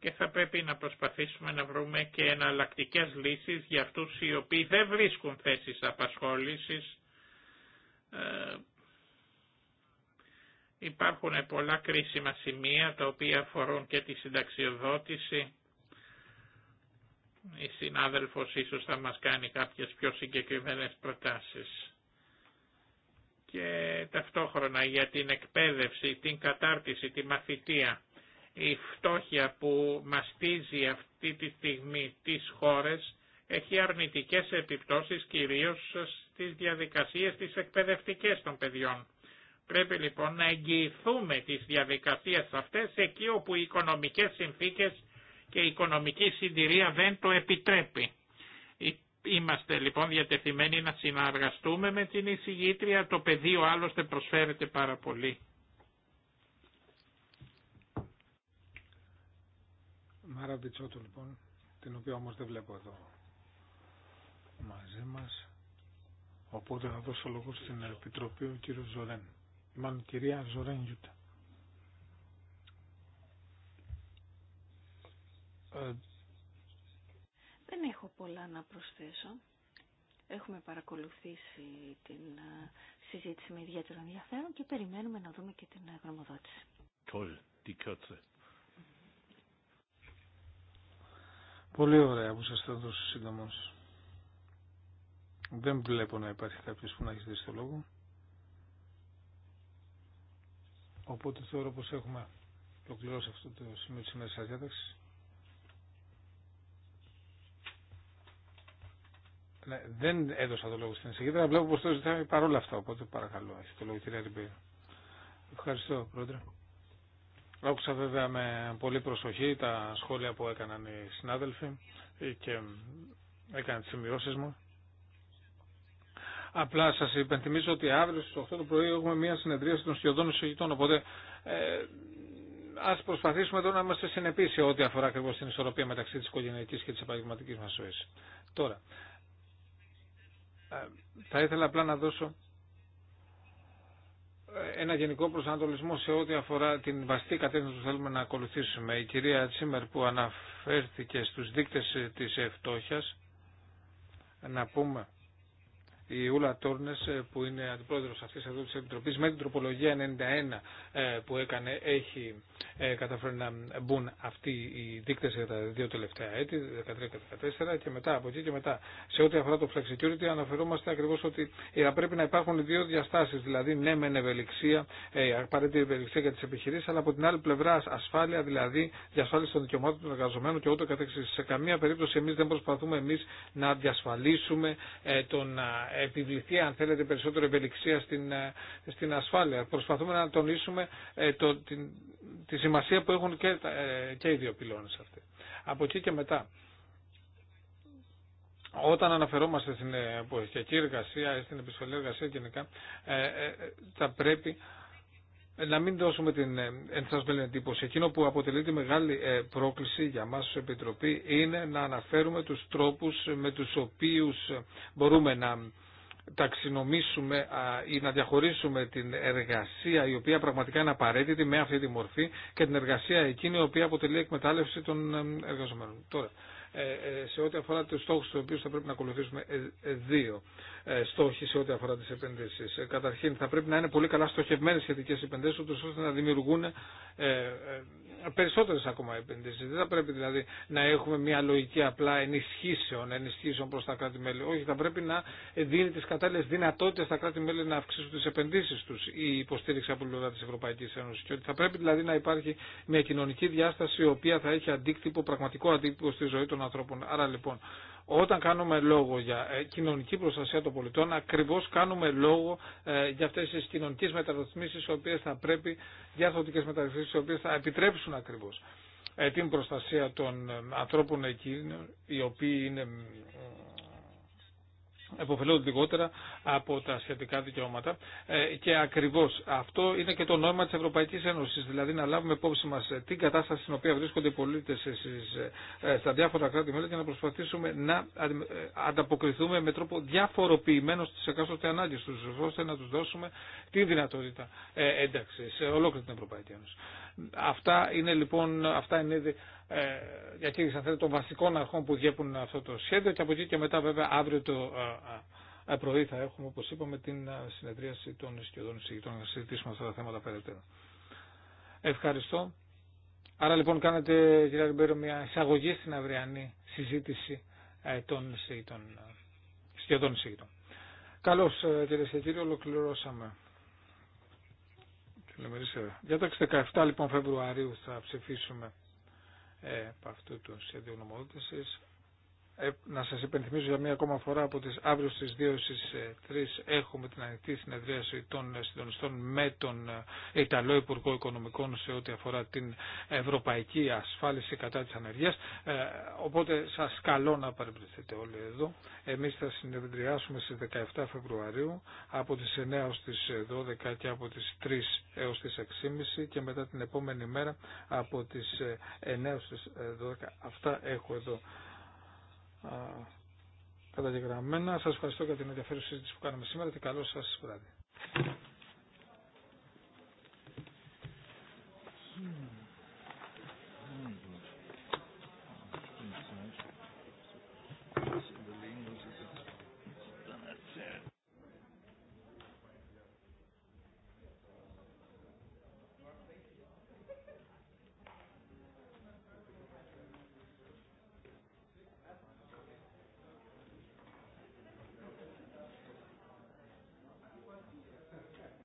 Και θα πρέπει να προσπαθήσουμε να βρούμε και εναλλακτικέ λύσεις για αυτούς οι οποίοι δεν βρίσκουν θέσεις απασχόλησης ε, Υπάρχουν πολλά κρίσιμα σημεία τα οποία αφορούν και τη συνταξιοδότηση. Η συνάδελφος ίσως θα μας κάνει κάποιες πιο συγκεκριμένες προτάσεις. Και ταυτόχρονα για την εκπαίδευση, την κατάρτιση, τη μαθητεία, η φτώχεια που μαστίζει αυτή τη στιγμή τις χώρες έχει αρνητικές επιπτώσεις κυρίως στις διαδικασίες της εκπαιδευτικές των παιδιών Πρέπει λοιπόν να εγγυηθούμε τις διαδικασίες αυτές εκεί όπου οι οικονομικές συνθήκες και η οικονομική συντηρία δεν το επιτρέπει. Ε, είμαστε λοιπόν διατεθειμένοι να συνεργαστούμε με την εισηγήτρια, το πεδίο άλλωστε προσφέρεται πάρα πολύ. Μάρα λοιπόν, την οποία όμως δεν βλέπω εδώ μαζί μας, οπότε θα δώσω λόγο στην Επιτροπή ο κύριος Ζωρέν κυρία ε, Δεν έχω πολλά να προσθέσω. Έχουμε παρακολουθήσει την ε, συζήτηση με ιδιαίτερο ενδιαφέρον και περιμένουμε να δούμε και την ε, γνωμοδότηση. Πολύ ωραία που σας θα δώσω σύντομος. Δεν βλέπω να υπάρχει κάποιος που να έχει δει στο λόγο. Οπότε θεωρώ πως έχουμε ολοκληρώσει αυτό το σημείο της σημερινής διάταξης. Ναι, δεν έδωσα το λόγο στην εισηγήτρια, βλέπω πως το ζητάει παρόλα αυτά, οπότε παρακαλώ, έχει το λόγο κυρία Ευχαριστώ, Πρόεδρε. Άκουσα βέβαια με πολύ προσοχή τα σχόλια που έκαναν οι συνάδελφοι και ε, έκαναν τις σημειώσεις μου. Απλά σα υπενθυμίζω ότι αύριο στι 8 το πρωί έχουμε μια συνεδρία των σχεδόν εισηγητών. Οπότε ε, α προσπαθήσουμε εδώ να είμαστε συνεπεί σε ό,τι αφορά ακριβώ την ισορροπία μεταξύ τη οικογενειακή και τη επαγγελματική μα ζωή. Τώρα, ε, θα ήθελα απλά να δώσω ε, ένα γενικό προσανατολισμό σε ό,τι αφορά την βαστή κατεύθυνση που θέλουμε να ακολουθήσουμε. Η κυρία Τσίμερ που αναφέρθηκε στους δείκτες της φτώχεια, να πούμε η Ούλα Τόρνε, ε, που είναι αντιπρόεδρος αυτής εδώ της Επιτροπής με την τροπολογία 91 ε, που έκανε έχει ε, καταφέρει να μπουν αυτοί οι δείκτε για τα δύο τελευταία έτη, 13 και 14 και μετά από εκεί και μετά. Σε ό,τι αφορά το flex security αναφερόμαστε ακριβώς ότι θα πρέπει να υπάρχουν δύο διαστάσει, δηλαδή ναι μεν ευελιξία, απαραίτητη ευελιξία για τι επιχειρήσει, αλλά από την άλλη πλευρά ασφάλεια, δηλαδή διασφάλιση των δικαιωμάτων των εργαζομένων και ούτω καθεξή. Σε καμία περίπτωση εμεί δεν προσπαθούμε εμεί να διασφαλίσουμε τον επιβληθεί αν θέλετε περισσότερο ευελιξία στην, ε, στην ασφάλεια. Προσπαθούμε να τονίσουμε ε, το, την, τη σημασία που έχουν και, ε, και οι δύο πυλώνες αυτοί. Από εκεί και μετά. Όταν αναφερόμαστε στην εποχιακή εργασία ή στην επισφαλή εργασία γενικά, θα πρέπει να μην δώσουμε την ενθασμένη εντύπωση. Εκείνο που αποτελεί τη μεγάλη πρόκληση για μας ως Επιτροπή είναι να αναφέρουμε τους τρόπους με τους οποίους μπορούμε να ταξινομήσουμε ή να διαχωρίσουμε την εργασία η οποία πραγματικά είναι απαραίτητη με αυτή τη μορφή και την εργασία εκείνη η οποία αποτελεί εκμετάλλευση των ε, εργαζομένων. Τώρα, ε, ε, σε ό,τι αφορά τους στόχους του οποίου θα πρέπει να ακολουθήσουμε δύο στόχοι σε ό,τι αφορά τις επενδύσεις. Καταρχήν θα πρέπει να είναι πολύ καλά στοχευμένες σχετικές επενδύσεις ώστε να δημιουργούν Περισσότερε ακόμα επενδύσει. Δεν θα πρέπει δηλαδή να έχουμε μια λογική απλά ενισχύσεων, ενισχύσεων προς τα κράτη-μέλη. Όχι, θα πρέπει να δίνει τι κατάλληλε δυνατότητε στα κράτη-μέλη να αυξήσουν τι επενδύσει του η υποστήριξη από πλευρά τη Ευρωπαϊκή Ένωση. Και ότι θα πρέπει δηλαδή να υπάρχει μια κοινωνική διάσταση η οποία θα έχει αντίκτυπο, πραγματικό αντίκτυπο στη ζωή των ανθρώπων. Άρα λοιπόν όταν κάνουμε λόγο για ε, κοινωνική προστασία των πολιτών, ακριβώ κάνουμε λόγο ε, για αυτέ τι κοινωνικέ μεταρρυθμίσεις οι οποίε θα πρέπει, διαθωτικέ μεταρρυθμίσεις, οι οποίε θα επιτρέψουν ακριβώ ε, την προστασία των ανθρώπων εκείνων οι οποίοι είναι εποφελούνται λιγότερα από τα σχετικά δικαιώματα ε, και ακριβώ αυτό είναι και το νόημα τη Ευρωπαϊκή Ένωση, δηλαδή να λάβουμε υπόψη μα ε, την κατάσταση στην οποία βρίσκονται οι πολίτες ε, στα διάφορα κράτη-μέλη και να προσπαθήσουμε να ανταποκριθούμε με τρόπο διαφοροποιημένο στι εκάστοτε ανάγκε του, ώστε να του δώσουμε τη δυνατότητα ένταξη σε ολόκληρη την Ευρωπαϊκή Ένωση. Αυτά είναι λοιπόν, αυτά είναι ήδη διακήρυξη των βασικών αρχών που διέπουν αυτό το σχέδιο και από εκεί και μετά βέβαια αύριο το πρωί θα έχουμε, όπως είπαμε, την συνεδρίαση των σκιωδών εισηγητών να συζητήσουμε αυτά τα θέματα περαιτέρω. Ευχαριστώ. Άρα λοιπόν κάνετε, κυρία Ριμπέρο, μια εισαγωγή στην αυριανή συζήτηση ε, των εισηγητών, εισηγητών. Καλώς, ε, κυρίε και κύριοι, ολοκληρώσαμε. Για τα 17 λοιπόν Φεβρουαρίου θα ψηφίσουμε ε, από αυτού του σχεδίου νομοδότησης. Ε, να σας υπενθυμίζω για μία ακόμα φορά από τις αύριο στι 2 στις 3 ε, έχουμε την ανοιχτή συνεδρίαση των ε, συντονιστών με τον Ιταλό Υπουργό Οικονομικών σε ό,τι αφορά την ευρωπαϊκή ασφάλιση κατά της ανεργίας. Οπότε σας καλώ να παρεμπληθείτε όλοι εδώ. Εμείς θα συνεδριάσουμε στις 17 Φεβρουαρίου από τις 9 ως τις 12 και από τις 3 έως τις 6.30 και μετά την επόμενη μέρα από τις 9 ως τις 12. Αυτά έχω εδώ καταγεγραμμένα. Σας ευχαριστώ για την ενδιαφέρουσα συζήτηση που κάναμε σήμερα και καλό σας βράδυ.